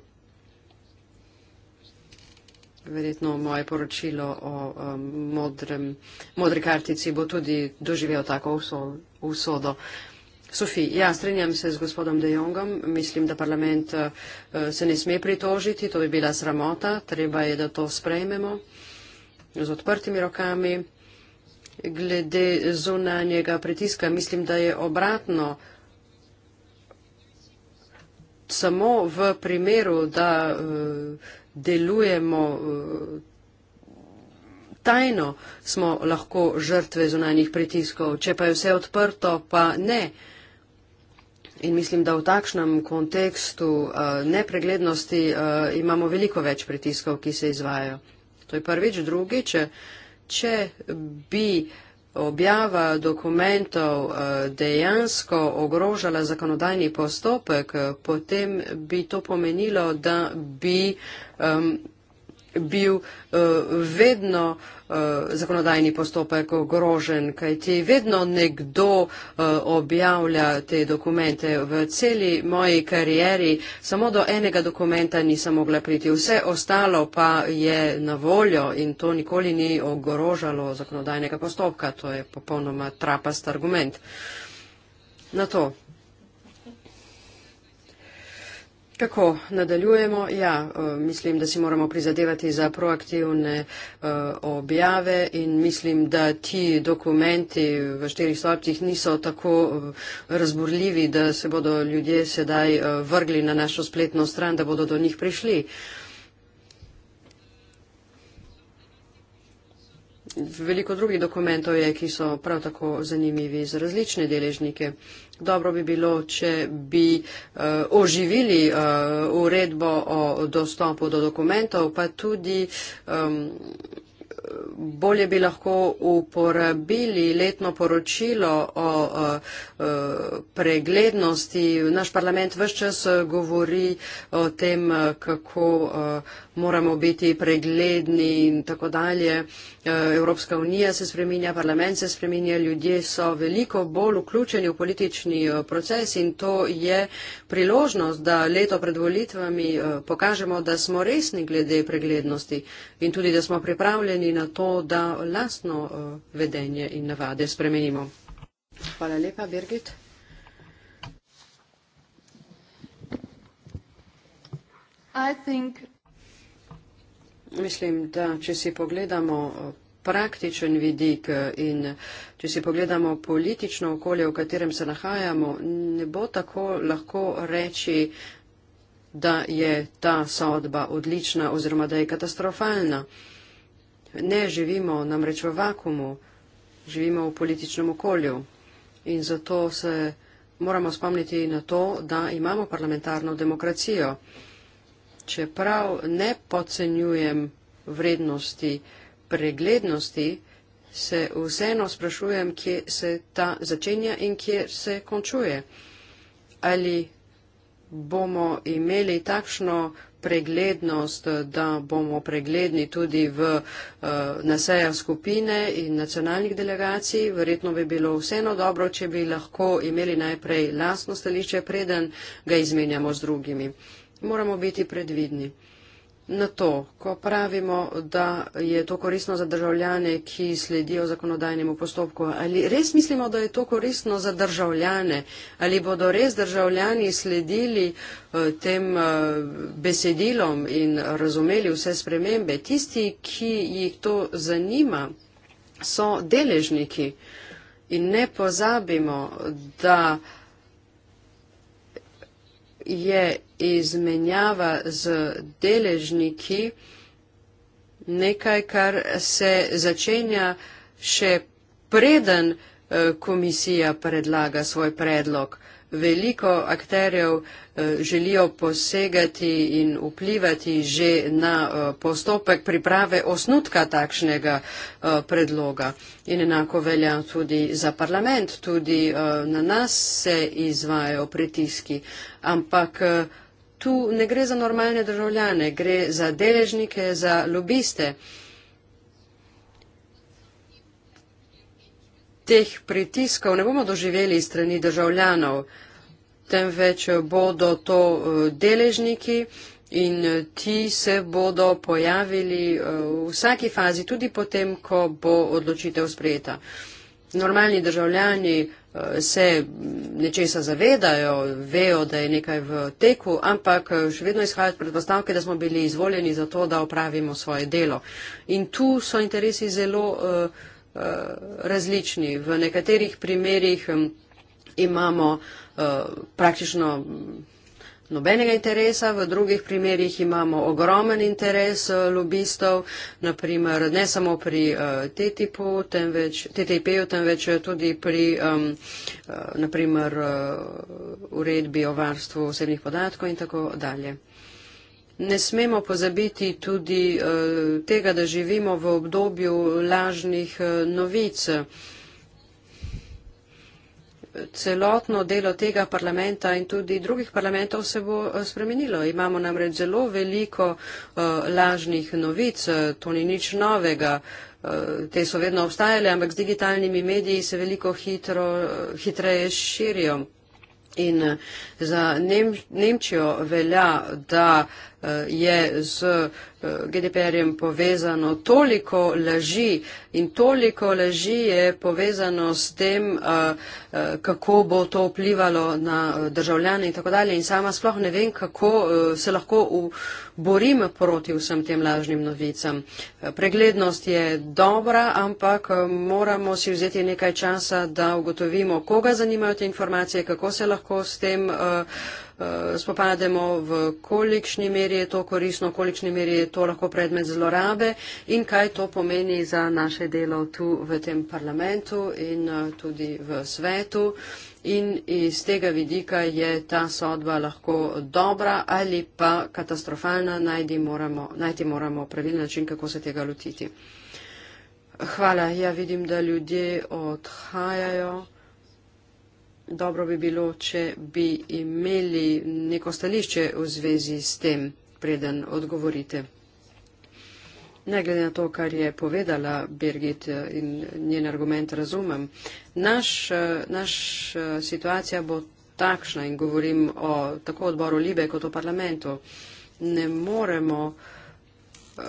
verjetno moje poročilo o um, modrem, modri kartici bo tudi doživel tako usodo. Sofi, ja, strinjam se z gospodom De Jongom, mislim, da parlament uh, se ne sme pritožiti, to bi bila sramota, treba je, da to sprejmemo z odprtimi rokami. Glede zunanjega pritiska, mislim, da je obratno. Samo v primeru, da uh, delujemo eh, tajno, smo lahko žrtve zunanjih pritiskov. Če pa je vse odprto, pa ne. In mislim, da v takšnem kontekstu eh, nepreglednosti eh, imamo veliko več pritiskov, ki se izvajajo. To je prvič. Drugič, če bi objava dokumentov eh, dejansko ogrožala zakonodajni postopek, potem bi to pomenilo, da bi um, bil eh, vedno eh, zakonodajni postopek ogrožen, kajti vedno nekdo eh, objavlja te dokumente. V celi moji karieri samo do enega dokumenta nisem mogla priti. Vse ostalo pa je na voljo in to nikoli ni ogrožalo zakonodajnega postopka. To je popolnoma trapast argument. Na to. Kako nadaljujemo? Ja, eh, mislim, da si moramo prizadevati za proaktivne eh, objave in mislim, da ti dokumenti v štirih stopcih niso tako eh, razburljivi, da se bodo ljudje sedaj vrgli na našo spletno stran, da bodo do njih prišli. veliko drugih dokumentov je, ki so prav tako zanimivi za različne deležnike. Dobro bi bilo, če bi uh, oživili uh, uredbo o dostopu do dokumentov, pa tudi um, bolje bi lahko uporabili letno poročilo o uh, uh, preglednosti. Naš parlament vse čas govori o tem, kako. Uh, moramo biti pregledni in tako dalje. E, Evropska unija se spreminja, parlament se spreminja, ljudje so veliko bolj vključeni v politični e, proces in to je priložnost, da leto pred volitvami e, pokažemo, da smo resni glede preglednosti in tudi, da smo pripravljeni na to, da lastno vedenje in navade spremenimo. Hvala lepa, Birgit. I think Mislim, da če si pogledamo eh, praktičen vidik eh, in če si pogledamo politično okolje, v katerem se nahajamo, ne bo tako lahko reči, da je ta sodba odlična oziroma da je katastrofalna. Ne živimo namreč v vakumu, živimo v političnem okolju in zato se moramo spomniti na to, da imamo parlamentarno demokracijo čeprav ne podcenjujem vrednosti preglednosti, se vseeno sprašujem, kje se ta začenja in kje se končuje. Ali bomo imeli takšno preglednost, da bomo pregledni tudi v eh, nasejah skupine in nacionalnih delegacij. Verjetno bi bilo vseeno dobro, če bi lahko imeli najprej lasno stališče, preden ga izmenjamo z drugimi moramo biti predvidni. Na to, ko pravimo, da je to korisno za državljane, ki sledijo zakonodajnemu postopku, ali res mislimo, da je to korisno za državljane, ali bodo res državljani sledili eh, tem eh, besedilom in razumeli vse spremembe. Tisti, ki jih to zanima, so deležniki. In ne pozabimo, da je izmenjava z deležniki nekaj, kar se začenja še preden eh, komisija predlaga svoj predlog veliko akterjev eh, želijo posegati in vplivati že na eh, postopek priprave osnutka takšnega eh, predloga. In enako velja tudi za parlament, tudi na nas se izvajajo pritiski. Ampak tu ne gre za normalne državljane, gre za deležnike, za lobiste. teh pritiskov ne bomo doživeli strani državljanov, temveč bodo to eh, deležniki in eh, ti se bodo pojavili eh, v vsaki fazi, tudi potem, ko bo odločitev sprejeta. Normalni državljani se nečesa zavedajo, vejo, da je nekaj v teku, ampak še vedno izhajajo predpostavke, da smo bili izvoljeni za to, da opravimo svoje delo. In tu so interesi zelo uh, Eh, različni. V nekaterih primerjih imamo eh, praktično mm, nobenega interesa, v drugih primerjih imamo ogromen interes eh, lobistov, naprimer ne samo pri TTIP-u, temveč, TTIP-u, temveč tudi pri naprimer, uredbi o varstvu osebnih podatkov in tako dalje. Ne smemo pozabiti tudi eh, tega, da živimo v obdobju lažnih eh, novic. Celotno delo tega parlamenta in tudi drugih parlamentov se bo eh, spremenilo. Imamo namreč zelo veliko lažnih novic, to ni nič novega. Te so vedno obstajale, ampak z digitalnimi mediji se veliko hitro, hitreje širijo. In za Nemčijo velja, da Eh, je z eh, GDPR-jem povezano toliko laži in toliko laži je povezano s tem, eh, kako bo to vplivalo na državljane in tako dalje. In sama sploh ne vem, kako se lahko borim proti vsem tem lažnim novicam. Preglednost je dobra, ampak moramo si vzeti nekaj časa, da ugotovimo, koga zanimajo te informacije, kako se lahko s tem Eh, spopademo, v kolikšni meri je to korisno, v kolikšni meri je to lahko predmet zlorabe in kaj to pomeni za naše delo tu v tem parlamentu in eh, tudi v svetu. In iz tega vidika je ta sodba lahko dobra ali pa katastrofalna, najti moramo, najti moramo pravilni način, kako se tega lotiti. Hvala, ja vidim, da ljudje odhajajo dobro bi bilo, če bi imeli neko stališče v zvezi s tem, preden odgovorite. Ne glede na to, kar je povedala Birgit eh, in njen argument razumem, naša naš eh, eh, situacija bo takšna in govorim o tako odboru Libe kot o parlamentu. Ne moremo. Uh,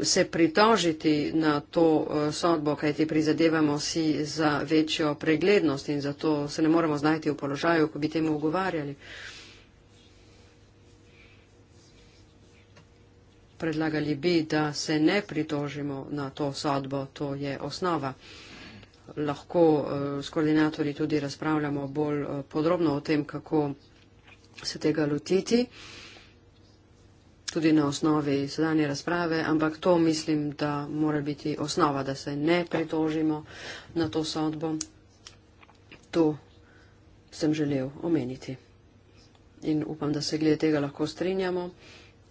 se pritožiti na to eh, sodbo, kajti prizadevamo si za večjo preglednost in zato se ne moremo znajti v položaju, ko bi temu ugovarjali. Predlagali bi, da se ne pritožimo na to sodbo, to je osnova. Lahko eh, s koordinatorji tudi razpravljamo bolj eh, podrobno o tem, kako se tega lotiti tudi na osnovi sedanje razprave, ampak to mislim, da mora biti osnova, da se ne pritožimo na to sodbo. To sem želel omeniti. In upam, da se glede tega lahko strinjamo.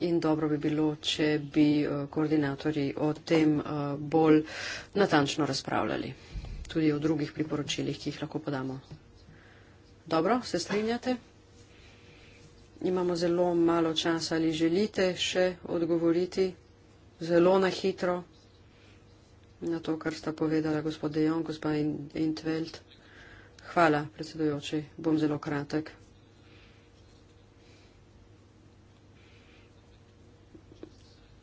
In dobro bi bilo, če bi eh, koordinatorji o tem eh, bolj natančno razpravljali. Tudi o drugih priporočilih, ki jih lahko podamo. Dobro, se strinjate? Imamo zelo malo časa, ali želite še odgovoriti zelo na hitro na to, kar sta povedala gospod De Jong, gospa Intveld. Hvala, predsedujoči, bom zelo kratek.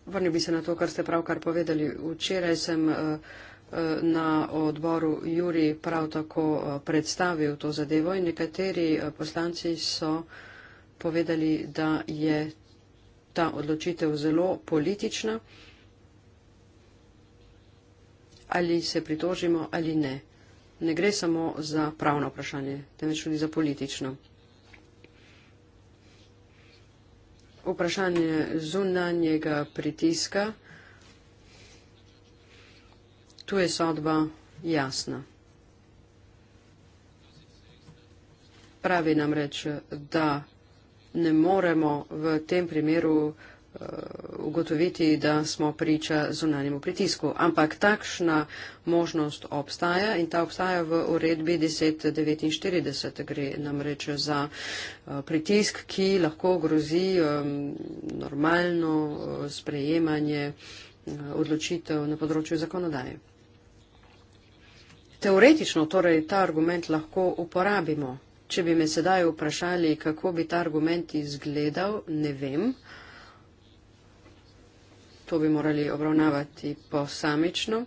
Vrnil bi se na to, kar ste pravkar povedali. Včeraj sem eh, eh, na odboru Juri prav tako eh, predstavil to zadevo in nekateri poslanci so povedali, da je ta odločitev zelo politična, ali se pritožimo ali ne. Ne gre samo za pravno vprašanje, temveč tudi za politično. Vprašanje zunanjega pritiska, tu je sodba jasna. Pravi namreč, da ne moremo v tem primeru eh, ugotoviti, da smo priča zunanjemu pritisku. Ampak takšna možnost obstaja in ta obstaja v uredbi 1049. Gre namreč za eh, pritisk, ki lahko grozi normalno eh, sprejemanje odločitev na področju zakonodaje. Teoretično torej ta argument lahko uporabimo. Če bi me sedaj vprašali, kako bi ta argument izgledal, ne vem. To bi morali obravnavati posamično.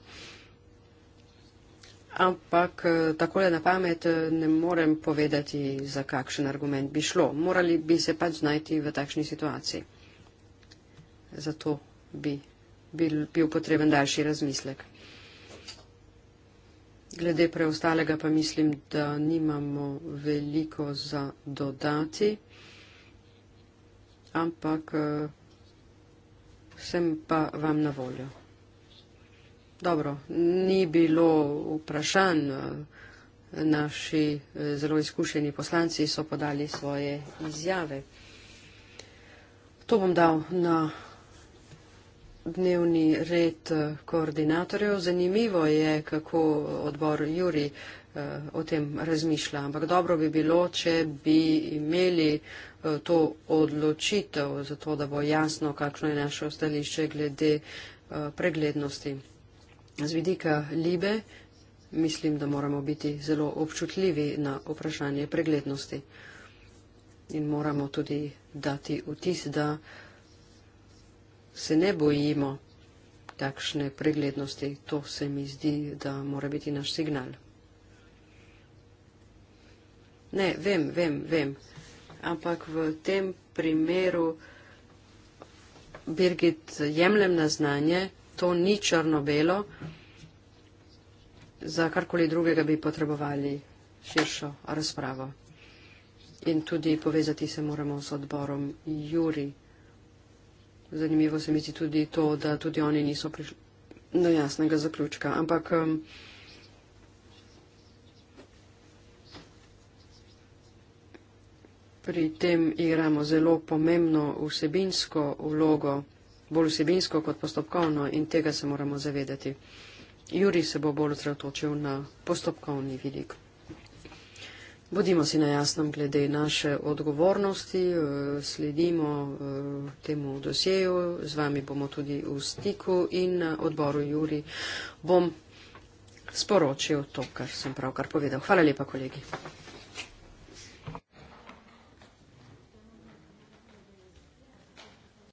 Ampak eh, takole na pamet eh, ne morem povedati, za kakšen argument bi šlo. Morali bi se pač znajti v takšni situaciji. Zato bi bil, bil potreben daljši razmislek. Glede preostalega pa mislim, da nimamo veliko za dodati, ampak eh, sem pa vam na voljo. Dobro, ni bilo vprašanj, eh, naši eh, zelo izkušeni poslanci so podali svoje izjave. To bom dal na dnevni red eh, koordinatorjev. Zanimivo je, kako odbor Juri eh, o tem razmišlja, ampak dobro bi bilo, če bi imeli eh, to odločitev, zato da bo jasno, kakšno je naše ostališče glede preglednosti. Z vidika Libe mislim, da moramo biti zelo občutljivi na vprašanje preglednosti in moramo tudi dati vtis, da uh, se ne bojimo takšne preglednosti. To se mi zdi, da mora biti naš signal. Ne, vem, vem, vem. Ampak v tem primeru, Birgit, jemljem na znanje, to ni črno-belo, za karkoli drugega bi potrebovali širšo razpravo. In tudi povezati se moramo z odborom Juri. Zanimivo se mi zdi tudi to, da tudi oni niso prišli do jasnega zaključka. Ampak um, pri tem igramo zelo pomembno vsebinsko vlogo, bolj vsebinsko kot postopkovno in tega se moramo zavedati. Juri se bo bolj osredotočil na postopkovni vidik. Bodimo si na jasnem glede naše odgovornosti, eh, sledimo eh, temu dosjeju, z vami bomo tudi v stiku in na odboru Juri bom sporočil to, kar sem pravkar povedal. Hvala lepa, kolegi.